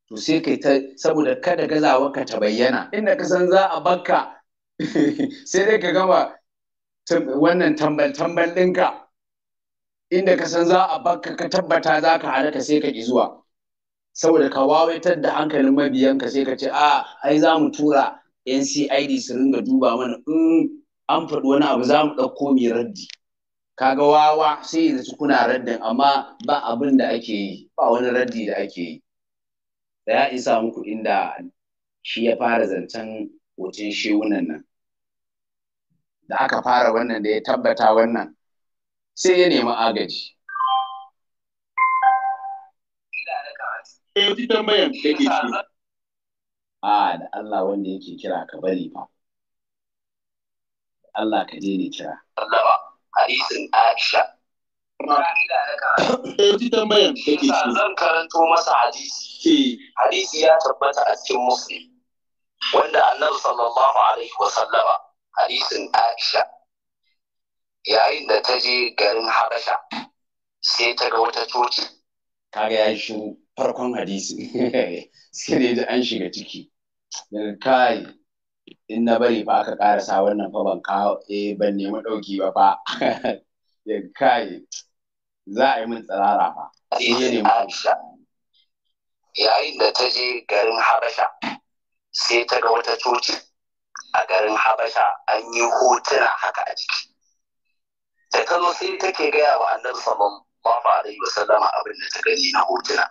to sai kai ta saboda kada gazawa ka ta bayyana inda ka san za a bakka sai dai ka gama wannan tambal tambal ɗinka inda ka san za a bakka ka tabbata za ka halaka sai ka ki zuwa saboda ka wawaitar da hankalin mabiyanka sai ka ce a ai za mu tura ncid su ringa duba mana in an faɗi wani abu za mu ɗauko mai raddi kaga wawa sai ya zaci kuna raddin amma ba abin da ake yi ba wani raddi da ake yi da ya isa muku inda shi ya fara zancen wajen shewunan nan da aka fara wannan da ya tabbata wannan sai ya nemi agaji Yanzu eh, tambayan da ke ce. A da Allah wanda yake kira ka bari fa. Allah ka je ni kira. Allah ba. hadisin Aisha. Yanzu eh, tambayan da ke shi. Zan karanto masa hadisi. Eh. Hadisi ya tabbata a cikin Muslim. Wanda annabi sallallahu alaihi wasallama sallama hadisin Aisha. Yayin da ta je garin Habasha sai ta ga wata coci. Kaga ya shi farkon hadisi. Sai da an shiga ciki. Kai in na bari ba aka karasa wannan fa ban kawo eh ban nemi ɗauki ba fa ya kai za a yi min tsarara fa sai ya nemi yayin da ta je garin habasha sai ta ga wata coci a garin habasha an yi hotuna haka a ciki da ta zo sai take gaya wa annabi sallallahu alaihi wasallam abin da ta gani na hotuna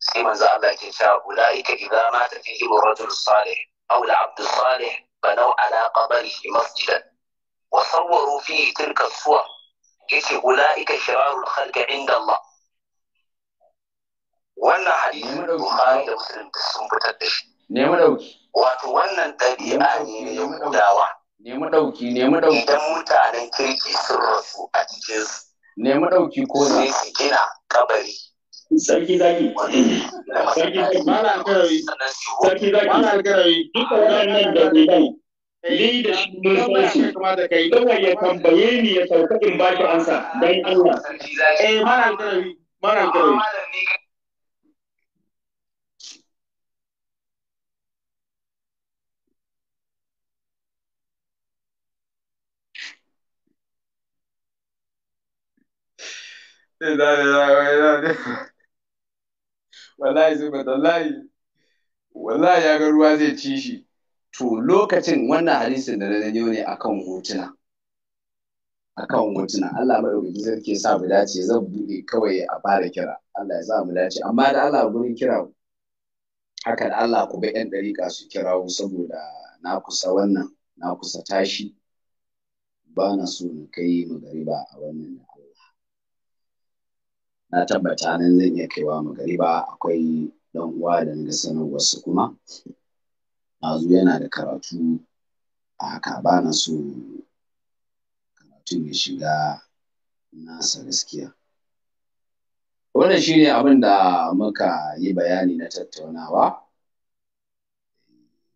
sai manzo Allah ke cewa ulaika idza mata fihi rajul salih aw la abdus salih banau ala qabrihi masjidan wa sawwaru fihi tilka suwar yace ulaika shirarul khalqi inda Allah wannan hadisi Bukhari da Muslim sun fitar da shi ne mu dauki wannan dabi'a ne ne mu dauki ne mu idan mutanen kirki sun rasu a cikin su ko su gina kabari sarki zaki sarki zaki da eh, ni da shi mun san shi da kai ya tambaye ya sauka in ba shi ansa dan Allah eh, eh wallahi sai ba wallahi wallahi ya ga ruwa zai ci shi to lokacin wannan hadisin da na danyo ne akan hotuna akan hotuna Allah madaukakin ke sa mu dace zan bude kawai a fara kira Allah ya sa mu dace amma da Allah gurin kira haka da Allah ku bai yan dariƙa su kirawo saboda na kusa wannan na kusa tashi ba na so na kai magariba a wannan na tabbata nan zan iya kaiwa ba akwai ɗan uwa da na sanar wasu kuma azu yana da karatu a haka ba na so karatun ya shiga nasa gaskiya wannan shi ne abin da muka yi bayani na tattaunawa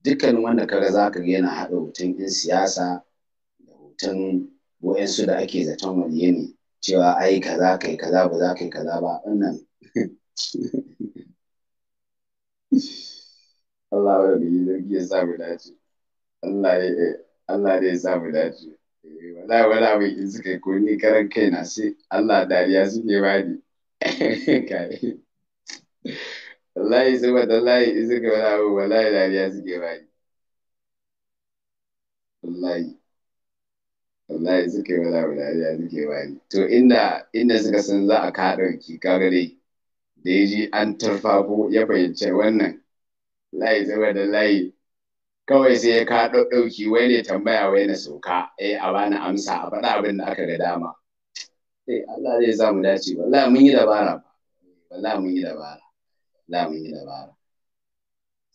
dukkanin wanda kaga za ka yana haɗa hoton 'yan siyasa da hoton wa'yansu da ake zaton waliye ne cewa ai kaza kai kaza ba za kai kaza ba wannan Allah ya rubi zargi giya sa mu dace Allah ya Allah ne ya sa mu dace wala wala mai in suka ko ni karan kai na sai Allah dariya suke bani kai wallahi zuba da wallahi in suka wala wallahi dariya suke bani wallahi wallahi suke wala wala ya suke bani to inda inda suka san za a ka dauki kaga dai da ya ji an tarfafo ya fahimci wannan layi zama da layi kawai sai ya ka dauki wai ne tambaya wai na sauka eh a bani amsa a faɗa abin da aka ga dama eh Allah zai sa mu dace wallahi mun yi dabara wallahi mun yi dabara wallahi mun yi dabara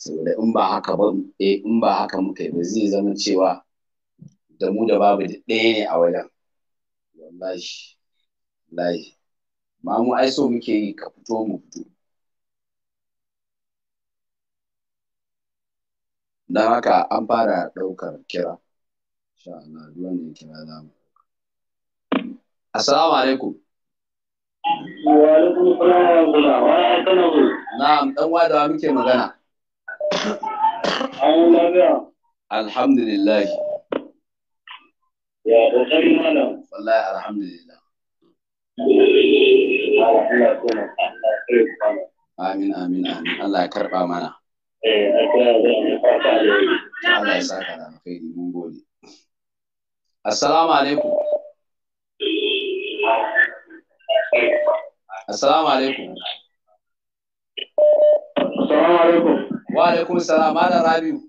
saboda in ba haka ba eh in ba haka muka yi ba zai zama cewa da mu da babu da ɗaya ne a wajen wallahi wallahi ma mu ai so muke yi ka fito mu fito don haka an fara ɗaukar kira insha Allah duk wanda ya kira za mu assalamu alaikum Na'am, ɗan wadawa muke magana. Alhamdulillah. Ya kokari malam. Wallahi alhamdulillah. Amin amin amin. Allah ya karba mana. Allah ya saka da alkhairi mun gode. Assalamu alaikum. Assalamu alaikum. Assalamu alaikum. Wa alaikum salam, Rabiu.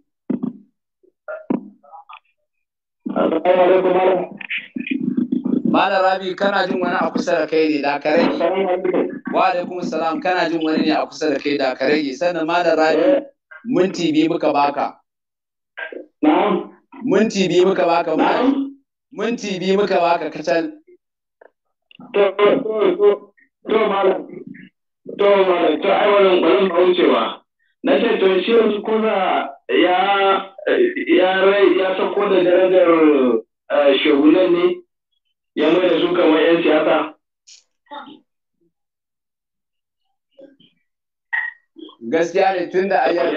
Malam Rabi kana jin wani a kusa da kai ne da ka rage. Wa alaikum salam kana jin wani ne a kusa da kai da ka Sannan Malam Rabi minti biyu muka baka. Minti biyu muka baka Malam. Minti biyu muka baka kacal. To to to to malam. To malam to wucewa. Na to shi yanzu kuna ya ya sauko da darajar eh, shagunan ne ya mai da su kamar 'yan siyasa gaskiya ne tun da ayyar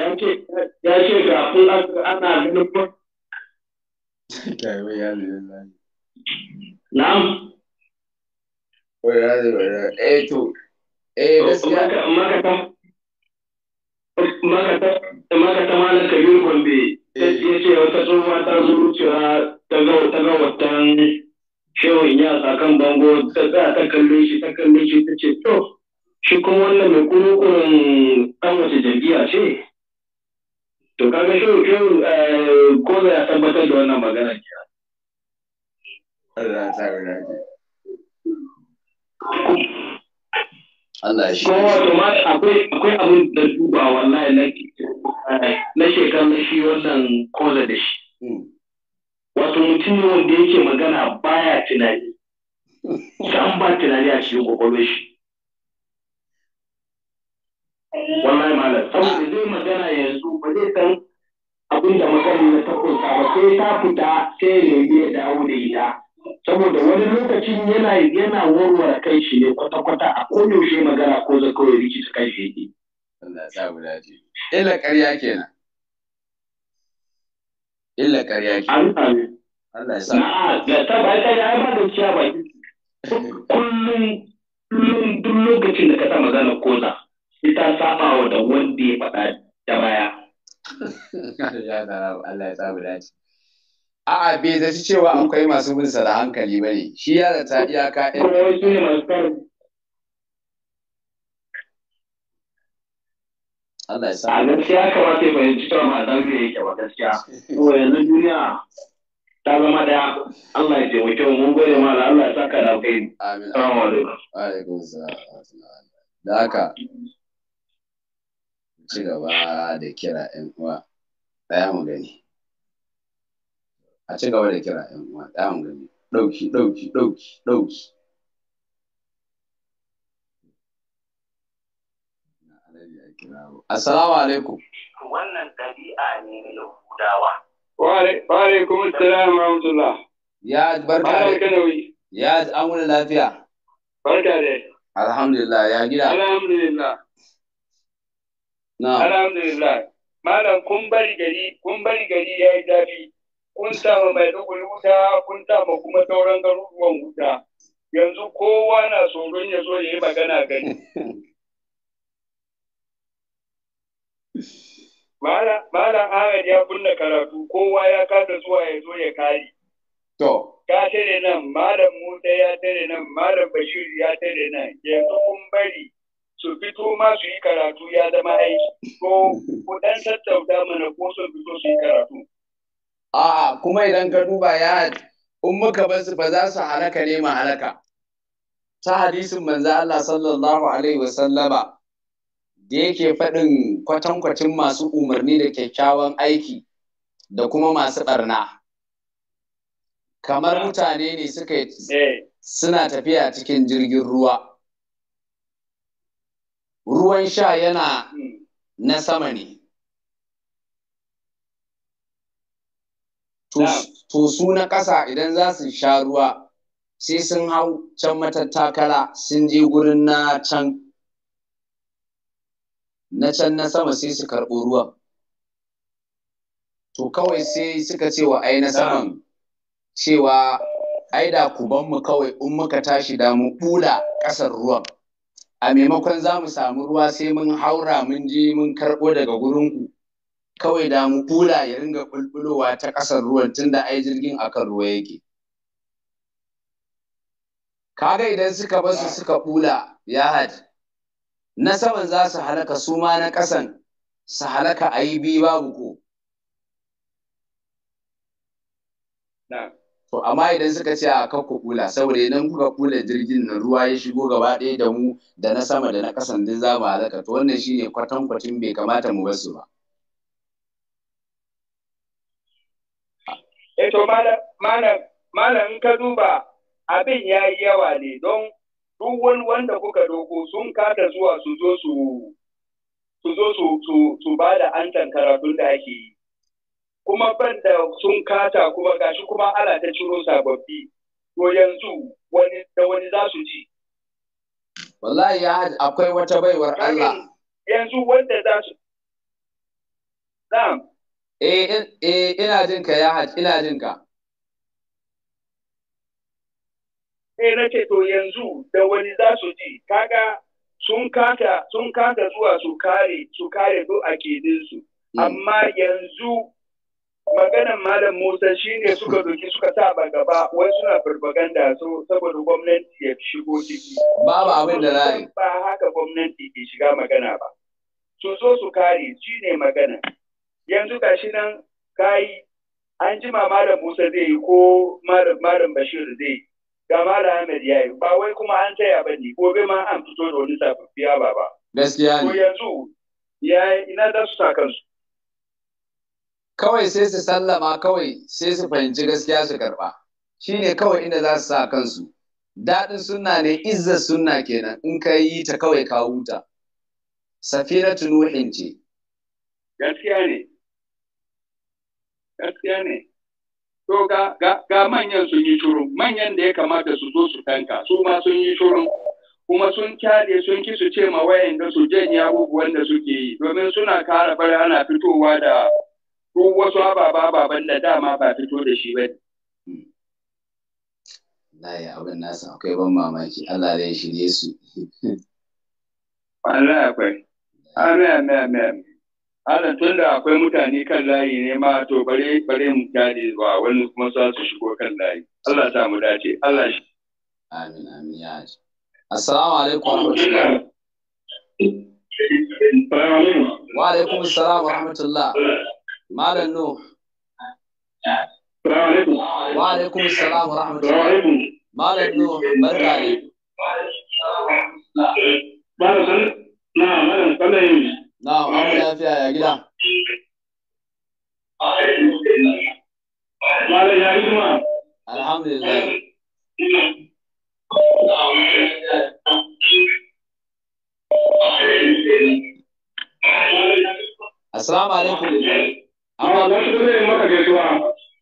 ya ce ga ana ganin ba na'am eh to eh gaskiya makata makata makata Eh, ya ce wata tsohuwa ta zo wucewa ta ga watan shehun yatsa kan bango ta tsaya ta kalle shi ta kalle shi ta ce to shi kuma wannan mai kurukurun ɗan wace jam'iyya ce to kaga shehun shehun eh, ko ya tabbatar da wannan magana ke Allah ya sa Allah shi. wato ma akwai akwai abin da duba wallahi na na shi wannan kola da shi. Hmm. Wato mutum ne wanda yake magana baya tunani. San ba tunani a cikin kwakwalwar shi. Wallahi malam saboda zai magana yanzu ba zai san abin da magana na takunsa ba sai ta fita sai ya ya dawo da ita. saboda wani lokacin yana yana warware kai shi ne kwata-kwata a koyaushe magana ko za kawai riki su kai shi ne Allah sa mu dace. Illa ƙarya kenan. Illa ƙarya kenan. An Allah ya sa. Na'a ta ba ta ya ba da ciya ba. Kullum kullum duk lokacin da ka sa magana ko koza ita saba wa da wanda ya faɗa da baya. Allah ya sa mu dace. A'a bai zaci cewa akwai masu bin da hankali ba shi ya zata iyaka ɗin. Kuma Allah ya sa. A kamata ya fahimci cewa zai yake gaskiya. yanzu duniya ta zama da ya taimake mu mun gode ma Allah ya Wa haka a ci gaba da kira yan uwa mu gani ɗauki ɗauki ɗauki ɗauki Assalamu alaikum. Wannan ɗabi'a ne na Yahudawa. Wa alaikum assalam wa rahmatullah. Ya barka da. Ya an wani lafiya. Barka da. Alhamdulillah ya gida. Alhamdulillah. Na. Alhamdulillah. Malam kun bari gari, kun bari gari ya yi zafi. kun sama mai dukkan wuta kun sama kuma sauran garuruwan wuta yanzu kowa na tsoron ya zo ya yi magana gani Malam Ahmed ya kunna karatu kowa ya kada zuwa ya zo ya kari. To. Ka tare nan, Malam Musa ya tare nan, Malam Bashir ya tare nan, yanzu kun bari su fito ma su yi karatu ya zama aiki ko ku dan tattauta mana ko sun fito su yi karatu. A'a kuma idan ka duba ya in muka bar su ba za su halaka ne ma halaka. Ta hadisin manzo Allah sallallahu alaihi wa sallama da yake faɗin kwatankwacin masu umarni da kyakkyawan aiki da kuma masu ɓarna. Kamar mutane ne suka eh. suna tafiya cikin jirgin ruwa. Ruwan sha yana hmm. na sama ne. to su na ƙasa idan za su sha ruwa sai sun hau can matattakala sun je gurin na can na can na sama sai su karɓo ruwa to kawai sai suka ce wa ai na saman cewa ai da kubanmu kawai in muka tashi da mu ɓula ƙasar ruwan a maimakon za mu samu ruwa sai mun haura mun je mun karɓo daga gurinku kawai da mu kula ya ringa bulbulowa ta kasar ruwan tunda ai jirgin akan ruwa yake kaga idan suka basu suka kula, ya had na saman za su halaka su ma na ƙasan su halaka a yi babu ko to amma idan suka ce a ku kula saboda idan kuka kula jirgin nan ruwa ya shigo gaba ɗaya da mu da na sama da na kasan din za mu halaka to wannan shine kwatankwacin bai kamata mu basu ba Eto, eh, to malam in ka duba abin ya yi yawa ne don duk wani wanda kuka doko sun kada zuwa su zo su su zo su su su ba da an karatun da ake yi kuma banda sun kata kuma gashi kuma ala ta ciro sababbi to yanzu wani da wani za su ji wallahi ya akwai wata baiwar Allah yanzu wanda za su na'am Eh, eh, ina jin ka ya hajji, ina jin ka. Eh, na ce to yanzu da wani za su ji, kaga sun kasa sun zuwa su kare su kare akidinsu. Hmm. Amma yanzu maganan Malam Musa shine suka doki suka sa ba gaba wai suna farfaganda so saboda gwamnati ya shigo ciki. Babu abin da ra'ayi. Ba haka gwamnati ke shiga magana ba. Su zo su kare shine magana. yanzu shi nan kayi an jima malam Musa zai yi ko malam Bashir zai yi ga malam Ahmed ya ba wai kuma an taya ba ne gobe ma an fito da wani sababbiya ba ba. Gaskiya ne. yanzu ya ina za su sa kansu. Kawai sai su sallama kawai sai su fahimci gaskiya su karba. Shi ne kawai inda za su sa kansu. Daɗin sunna ne izza sunna kenan in ka yi ta kawai ka huta. Safina tunuhin ce. Gaskiya ne. gaskiya ne to ga ga manyan sun yi shuru manyan da ya kamata su zo su tanka su ma sun yi shuru kuma sun kyale sun ki su ce ma da su janye abubuwan da suke yi domin suna kara bari ana fitowa da ko wasu ababa baban da dama ba fito da shi ba ya abin nasa akwai ban mamaki Allah zai shirye su. ya akwai. amen amen amen Alan tun da akwai mutane kan layi ne ma to bare bare mu kyale ba wani kuma sa su shigo kan layi. Allah ta mu dace. Allah shi. Amin amin ya ji. Assalamu alaikum warahmatullahi. Wa alaikum assalam warahmatullah. Malam no. Wa alaikum assalam Malam no barka ne. Malam na malam kallon Na, eh. an lafiya ya gida. Malam ya yi kuma. Alhamdulillah. Assalamu alaikum. Amma lokacin da maka gaisuwa.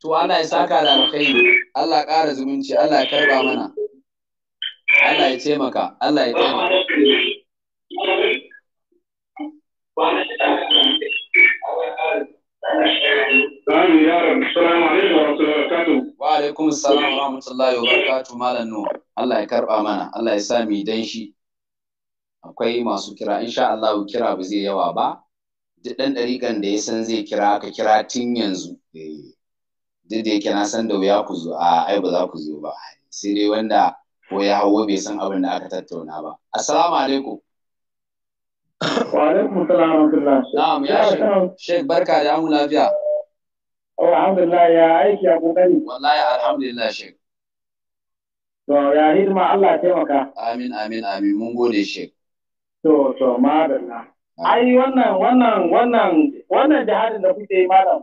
To ana yi saka da alkhairi. Allah ƙara zumunci, Allah ya karba mana. Allah ya taimaka, Allah ya taimaka. Amin ya rabu. alaikum Wa alaikum salam wa rahmatullahi wa barakatuh Malam Nuhu. Allah ya karba mana, Allah ya sa mu dan shi. Akwai masu kira, insha Allah kira ba zai yawa ba. Duk ɗan ɗariƙan da ya san zai kira aka kira tun yanzu. Eh, duk da yake na san da wuya ku zo, a ai ba za ku zo ba. Sai dai wanda ko ya hawo bai san abin da aka tattauna ba. Assalamu alaikum. Wa'alaikun salam Abdullah. Na'am ya Sheikh barka da mu lafiya. Oh, alhamdulillah ya aiki a kokari. Wallahi alhamdulillah Sheikh. To ya hidima Allah taimaka. Amin amin amin mun gode Sheikh. To to madalla. Ai wannan wannan wannan wannan jihadin da kuke yi malam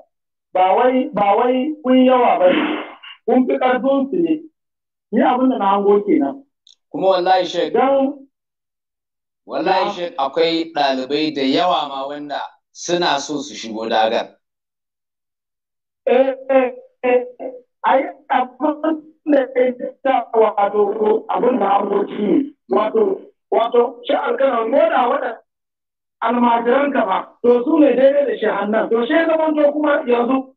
ba wai ba wai kun yawa ba ne. Kun fi karfin su ne. Ni abin da na hango kenan. Kuma wallahi Sheikh. Dan wallahi shi akwai ɗalibai da yawa ma wanda suna so su shigo dagar Eh, eh, eh da ta a wato abin da amurci wato wato shi alkanar moda wadda almajiran ka ba to su ne daidai da shi hannun to shi zaman to kuma yanzu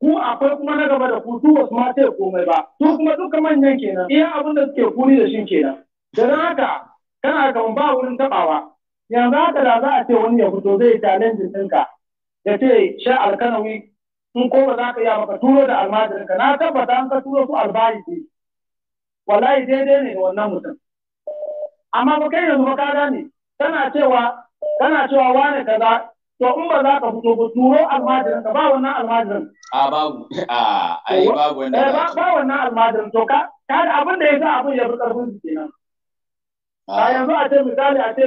ku akwai kuma na gaba da ku su mata ya komai ba su kuma duka manyan kenan iya abin da suke kuri da shi kenan dan haka kana kan ba wurin tabawa yanzu haka da za a ce wani ya fito zai challenge ɗinka ya ce sha alkanawi in ko ba za ka yi maka turo da almajirinka na tabbata an ka turo su albayi ne wallahi daidai ne wannan mutum amma ba kai yanzu ba ka gane kana cewa kana cewa wani kaza to in ba za ka fito ba turo almajirin ka ba wannan almajirin a babu a ai babu wannan eh, ba wannan almajirin to ka ka abin da yasa abin ya fi karfin su kenan a yanzu a ce misali a ce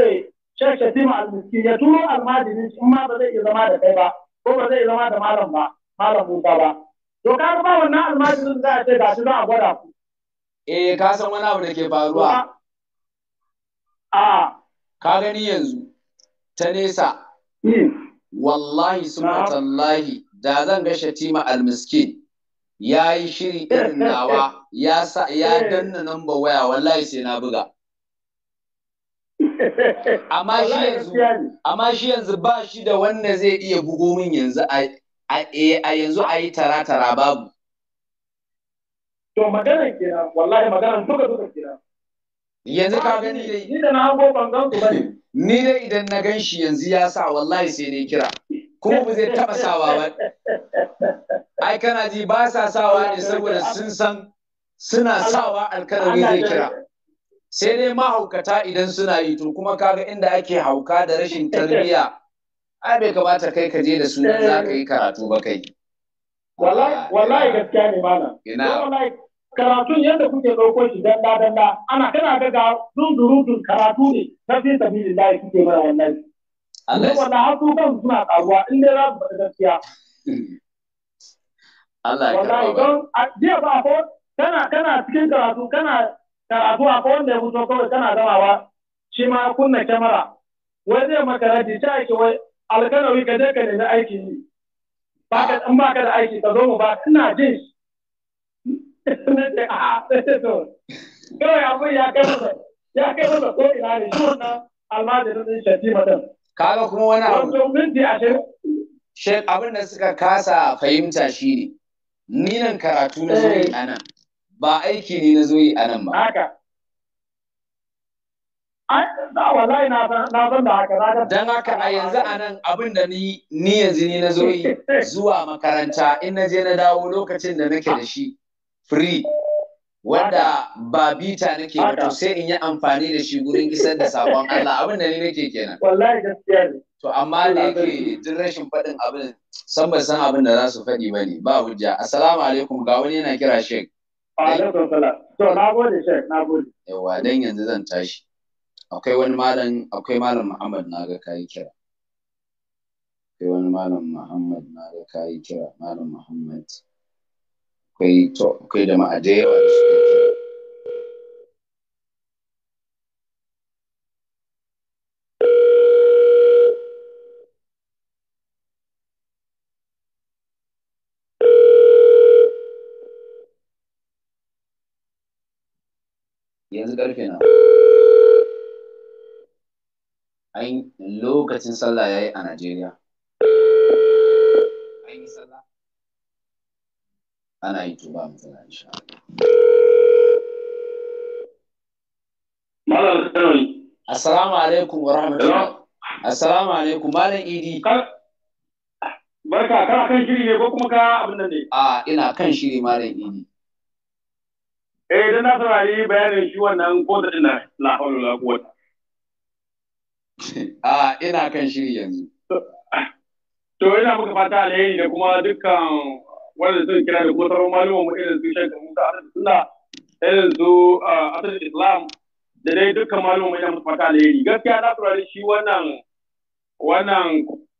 shek shatima al-miski ya turo almajirin shi ma ba zai iya zama da kai ba ko ba zai iya zama da malam ba malam musa ba to ka ba wannan almajirin za a ce ga shi za a gwada ku eh ka san wani abu da ke faruwa a ka gani yanzu ta nesa wallahi summa tallahi da zan ga shatima al-miskin ya yi shiri irin nawa ya eh. danna namba waya wallahi sai na buga amma shi yanzu ba shi da wanda zai iya bugo min yanzu a eh, yanzu a yi tara tara babu to magana kenan wallahi magana duka duka kenan yanzu ka gani dai ni da na hango ban gan ku bane ni dai idan na gan shi yanzu ya sa wallahi sai ne kira kuma ba zai taba sawa ba ai kana ji ba sa sawa ne saboda sun san suna sawa alkalami zai kira sai dai mahaukata idan suna yi to kuma kaga inda ake hauka da rashin tarbiyya ai bai kamata kai ka je da su za ka yi karatu ba kai wallahi gaskiya ne malam ina karatun yadda kuke ɗauko shi danda danda ana kana ga ga dundurutun karatu ne na fi sabilin da kuke mana wannan Allah wanda har su kan suna karuwa in dai za su faɗi gaskiya Allah ya karɓa ba jiya ba ko kana kana cikin karatu kana karatu akwai wanda ya fito kawai kana gamawa shi ma kunna kyamara wai zai maka raji ta ake wai alkanawi ka ka nemi aiki yi in ba ka da aiki ka zo mu ba ina jin shi kawai abin ya kai masa ya kai masa ko ina ne shi wannan almajirin din shatima din kaga kuma wani abu minti ashirin Shek abin da suka kasa fahimta shi ne, ni nan karatu na zai a nan, ba aiki ne na zoyi a nan ba. Haka. Don haka a yanzu a nan abin da ni yanzu ni na zoyi zuwa makaranta in na je na dawo lokacin da nake da shi free wanda ba bita nake ba to sai in yi amfani da shi gurin isar da sabon Allah abin da ni nake kenan. To amma da yake duk rashin faɗin abin san ba san abin da za su faɗi ba ne ba hujja. asalamu alaikum ga wani yana kira shek. Alaikum To na gode shek, na gode. Yawwa dan yanzu zan tashi. Akwai wani malam, akwai malam Muhammad na ga kai kira. Akwai wani malam Muhammad na ga kai kira, malam Muhammad. Akwai to akwai jama'a da yawa. yanzu karfe na ayin lokacin sallah ya yi a Najeriya Ayin sallah ana yi tuba matsala insha Allah Assalamu alaikum wa rahmatullah. Assalamu alaikum Malam Idi Barka kana kan shiri ne ko kuma ka abin nan ne A ah, ina kan shiri Malam Idi eh dan na saurari bayanin shi wannan kota din na la hawla wala a ah, ina kan shiri yanzu to ina muka fata alheri da kuma dukkan wanda sun kira da kuma sauran malumar mu irin su shaka musa asad irin su ah, asad islam da dai dukkan malumar mu ina muka fata alheri gaskiya na saurari shi wannan wannan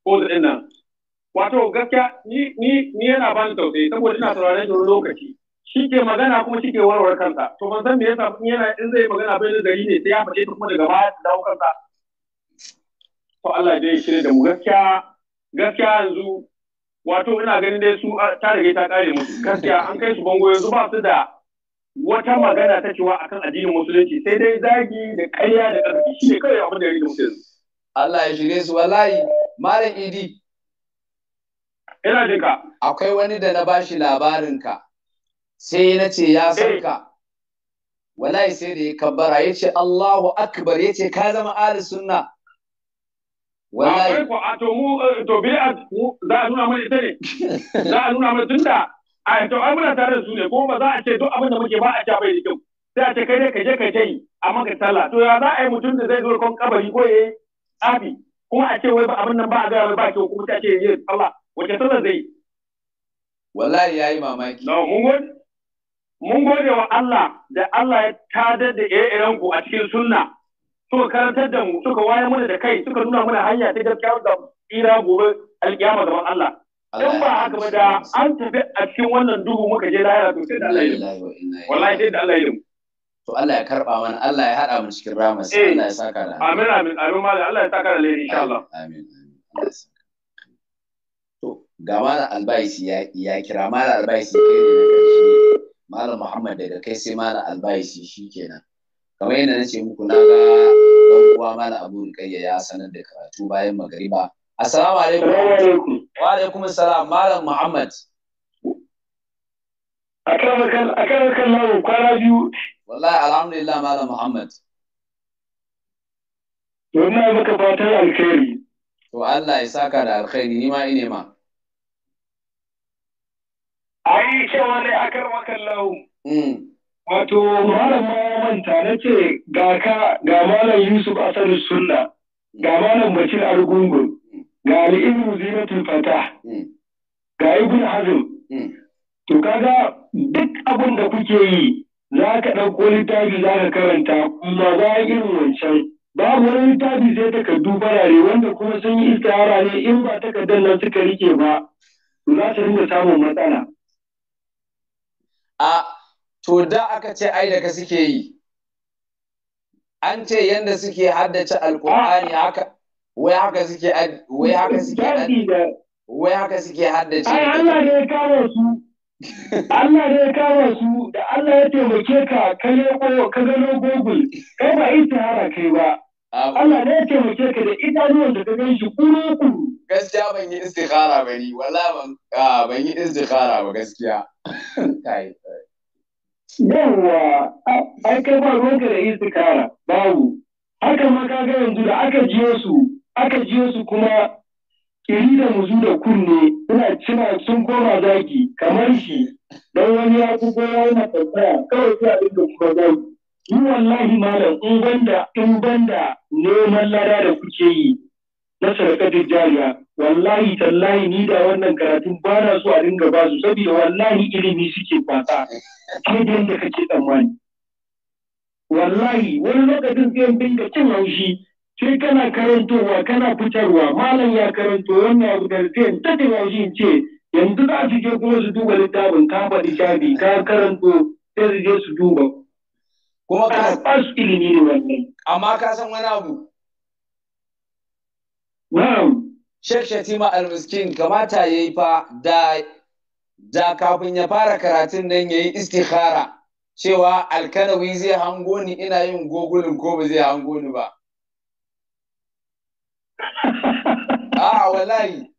kota din nan wato gaskiya ni ni yana bani tausayi saboda ina sauraron shi lokaci shi ke magana kuma shi ke warware kansa to ban san me yasa in yana in zai magana bai da gari ne sai ya fice ta kuma daga baya ta dawo kansa to Allah dai shi da mu gaskiya gaskiya yanzu wato ina ganin dai su ta rage ta kare musu gaskiya an kai su bango yanzu ba su da wata magana ta cewa akan addinin musulunci sai dai zagi da ƙarya da ƙarfi shi ne kawai abin da ya rage musu yanzu Allah ya shirye su wallahi malam idi ina jinka akwai wani da na bashi labarin ka sai na ce ya sarka. ka wallahi sai da ya kabbara ya ce Allahu akbar ya ce ka zama ahli sunna wallahi ko a to mu eh, to za a nuna mai ita ne za a nuna mana tunda a to ai muna tare da su ne ko ba za a ce duk abin da muke ba a ja bai da kyau sai a ce kai dai ka je ka je a maka sallah to ya za a yi mutum da zai zo kon kabari ko yi tsafi kuma a ce wai ba abin nan ba a ga ba kyau kuma ta ce yi sallah wace sallah zai yi wallahi yayi mamaki na mun gode mun gode wa Allah da Allah ya tada da ire ku a cikin sunna suka karantar da mu suka wayar mana da kai suka nuna mana hanya ta gaskiya ga tsira gobe alƙiyama gaban Allah in ba haka ba da an tafi a cikin wannan duhu muka je lahira to sai da Allah ya yi wallahi sai da Allah ya yi to Allah ya karba mana Allah ya hada mu cikin sai eh. Allah ya saka da amin amin amin malam Allah ya saka da lairi insha Allah amin to ga mallam albaisi ya kira mallam albaisi kai ne na karshe malam muhammad daga kai sai malam albashi shi kenan kamar yadda na ce muku na ga ɗan uwa malam abu rikayya ya sanar da karatu bayan magariba assalamu alaikum wa alaikum salam, malam muhammad akan akan nawo kwana biyu wallahi alhamdulillah malam muhammad to ina maka fatan alkhairi to Allah ya saka da alkhairi ni ma ine ma ai cewa ne akar makallahu hmm. wato malam ma ya manta na ce ga ka ga malam yusuf asadu sunna ga malam bashir argungun ga al'ilmu zinatul fata hmm. ga ibn hazm hmm. to kaga duk abin da kuke yi za ka ɗauko littafi za ka karanta kuma za a irin wancan babu wani littafi sai takardu farare wanda kuma sun yi istihara ne in ba takardar nan suka rike ba to za ta dinga samun matsala a to da aka ce ai da ka suke yi an ce yadda suke haddace alkur'ani haka wai haka suke wai haka suke wai haka suke haddace ai Allah ne ya kawo su Allah ne ya kawo su da Allah ya taimake ka ka leko ka gano Google kai ba istihara kai ba Allah ne ya taimake ka da idanuwan da ka gan shi kuru kuru gaskiya ban yi istikhara ba ni wala ban yi istikhara ba gaskiya kai wa ai kai ba ruwanka da istikhara babu haka ma ga yanzu da aka jiyo su aka jiyo su kuma iri da muzu da kunne suna cina sun koma zaki kamar shi Dan wani ya kuka yana tambaya kawai sai a dinga kuma zaki yi wallahi malam in banda in banda neman lada da kuke yi na sarakatar jariya wallahi tallahi ni da wannan karatun ba na so a dinga ba su saboda wallahi ilimi suke fasa, ke da yadda kake tsammani wallahi wani lokacin sai dinga cin haushi sai kana karantowa kana fitarwa malam ya karanto wannan abu fitar sai ta cin haushi in ce yanzu za su je kuma su duba littafin ka faɗi shafi ka karanto sai su je su duba kuma ka ba su ilimi ne wannan amma ka san wani abu Sheikh hmm. Shatima al-Miskin kamata ya yi fa da da kafin ya fara karatun nan ya yi istikhara cewa alkanawi zai hango ni ina yin gogulin ko ba zai hango ni ba. A ah, wallahi.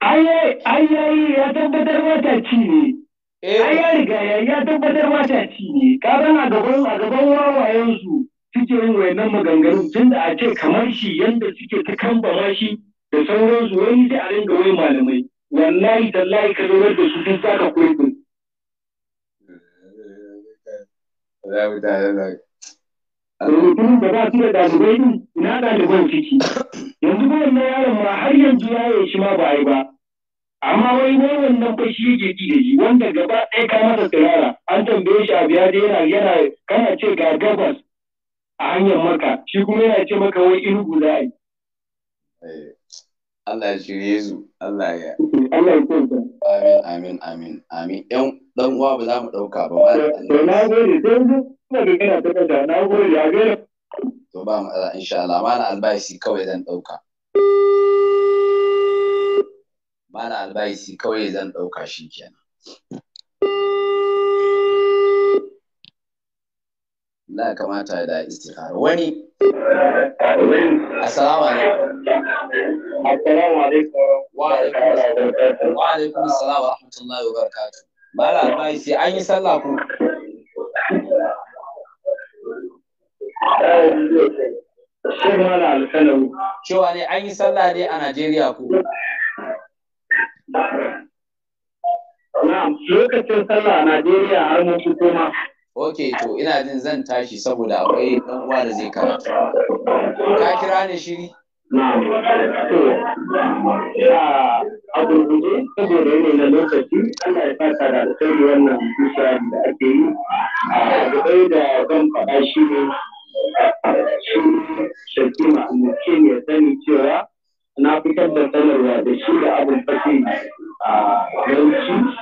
Ayayi ya tabbatar wata ci ne. Eh. Ayayi riga ya tabbatar wata ci ne. Karan a gaban su. suke yin wayannan maganganu, tun da a ce kamar shi yadda suke ta kambama shi da sauransu wani sai a ringa wai malamai wallahi tallahi ka zaunar da su duk za ka Rubutun da ba su da ɗalibai din ina ɗaliban ciki. Yanzu ba wannan yaron ma har yanzu yaye shi ma ba a yi ba. Amma wai wai wannan fa shi yake ji da shi wanda gaba ɗaya ka masa tsirara an tambaye shi a ya yana yana kana ce ga gabas a hanyar maka shi kuma yana ce maka wai inugu za a yi eh, Allah ya shirye su Allah ya Allah ya kyauta amin amin amin amin yan dan uwa ba za mu dauka ba to na gode dan na kana ta na ya to ba mu Allah Allah mana albashi kawai zan dauka na kamata da istikhara wani assalamu alaikum assalamu alaikum wa alaikum assalam wa rahmatullahi wa barakatuh mala albai sai an yi sallah ko Cewa ne an yi sallah ne a Najeriya ko? na lokacin sallah a Najeriya har mutu fito Ok, to ina jin zan tashi saboda akwai ɗan uwa da zai karatu. Ka kira ni shiri? a gurguje saboda yanayi na lokaci ana ya fasa da alkhairi wannan bishiyar da ake yi a gabai da zan faɗa shi ne shi shakima mutum ya sani cewa na fitar da sanarwa da shi da abin fasiri a yawanci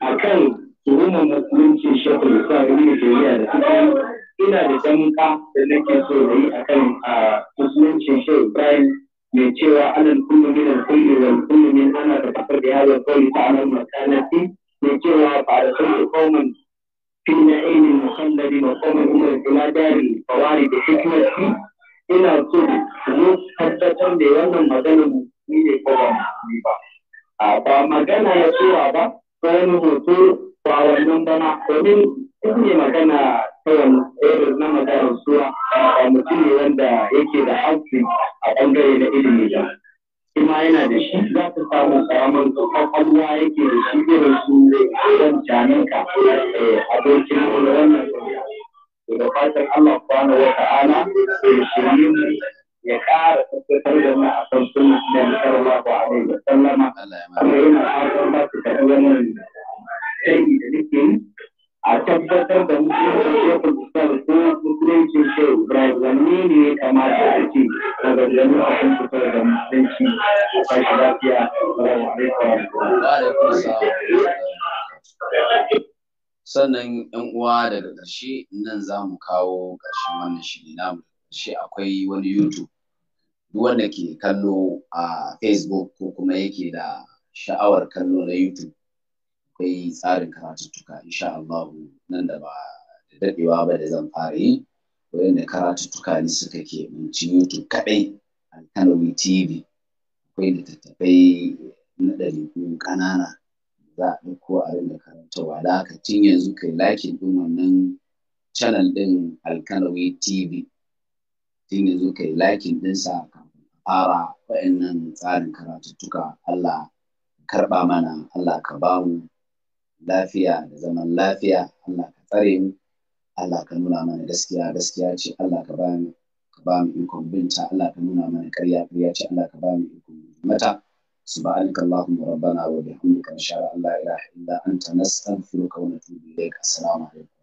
a kan tuhumar musulunci shekul islam ibn taymiya da suka ina da damka da nake so da yi akan a musuluncin shehu ibrahim mai cewa anan kullu min al kulli wal kullu min ana da kafar da yawon kawai ta alal makanati mai cewa ba da sun qauman fi na aini mukhalladi wa qauman umar ila dari fawari da hikmati ina so mu tabbatar da wannan maganar mu ne ko ba mu ba ba magana ya tsowa ba ko wani hoto ba wannan bana domin ne magana kawai irin na magana suwa a mutum ne wanda yake da haƙƙi a ɓangare na ilimi da kuma yana da shi za ka samu samun kwakwalwa yake da shi irin su don jaminka eh, abokin wannan da fatan Allah subhanahu wa ta'ala ya shirye mu ya ƙara tabbatar da mu akan sunna da sallallahu alaihi wa sallama kuma yana fatan ba su tafi wannan da nake yi a tabbatar da musulunci shekul islam ne ya kamata a a da musulunci kashi lafiya sannan yan uwa daga ƙarshe nan za mu kawo ƙarshen wannan shiri namu shi akwai wani youtube wanda ke kallo a facebook ko kuma yake da sha'awar kallo na youtube akwai tsarin karatuttuka insha Allah nan da ba da dadewa ba da zan fara yi wayanda karatuttuka ne suka ke manci YouTube kadai Alkanawi TV akwai da littattafai na ɗariku kanana za a ɗauko a rinda wa, da haka tun yanzu kai lakin ɗin wannan channel ɗin Alkanawi TV tun yanzu kai lakin ɗinsa kafin fara waɗannan tsarin karatuttuka Allah karɓa mana Allah ka bamu lafiya da zaman lafiya Allah ka tsare mu Allah nuna mana gaskiya gaskiya ce Allah ka ba mu ikon binta Allah ka nuna mana ƙarya ƙarya ce Allah ka ba mu ikon mata subhanaka allahumma rabbana wa bihamdika insha Allah la ilaha illa anta nastaghfiruka wa natubu ilayk assalamu alaikum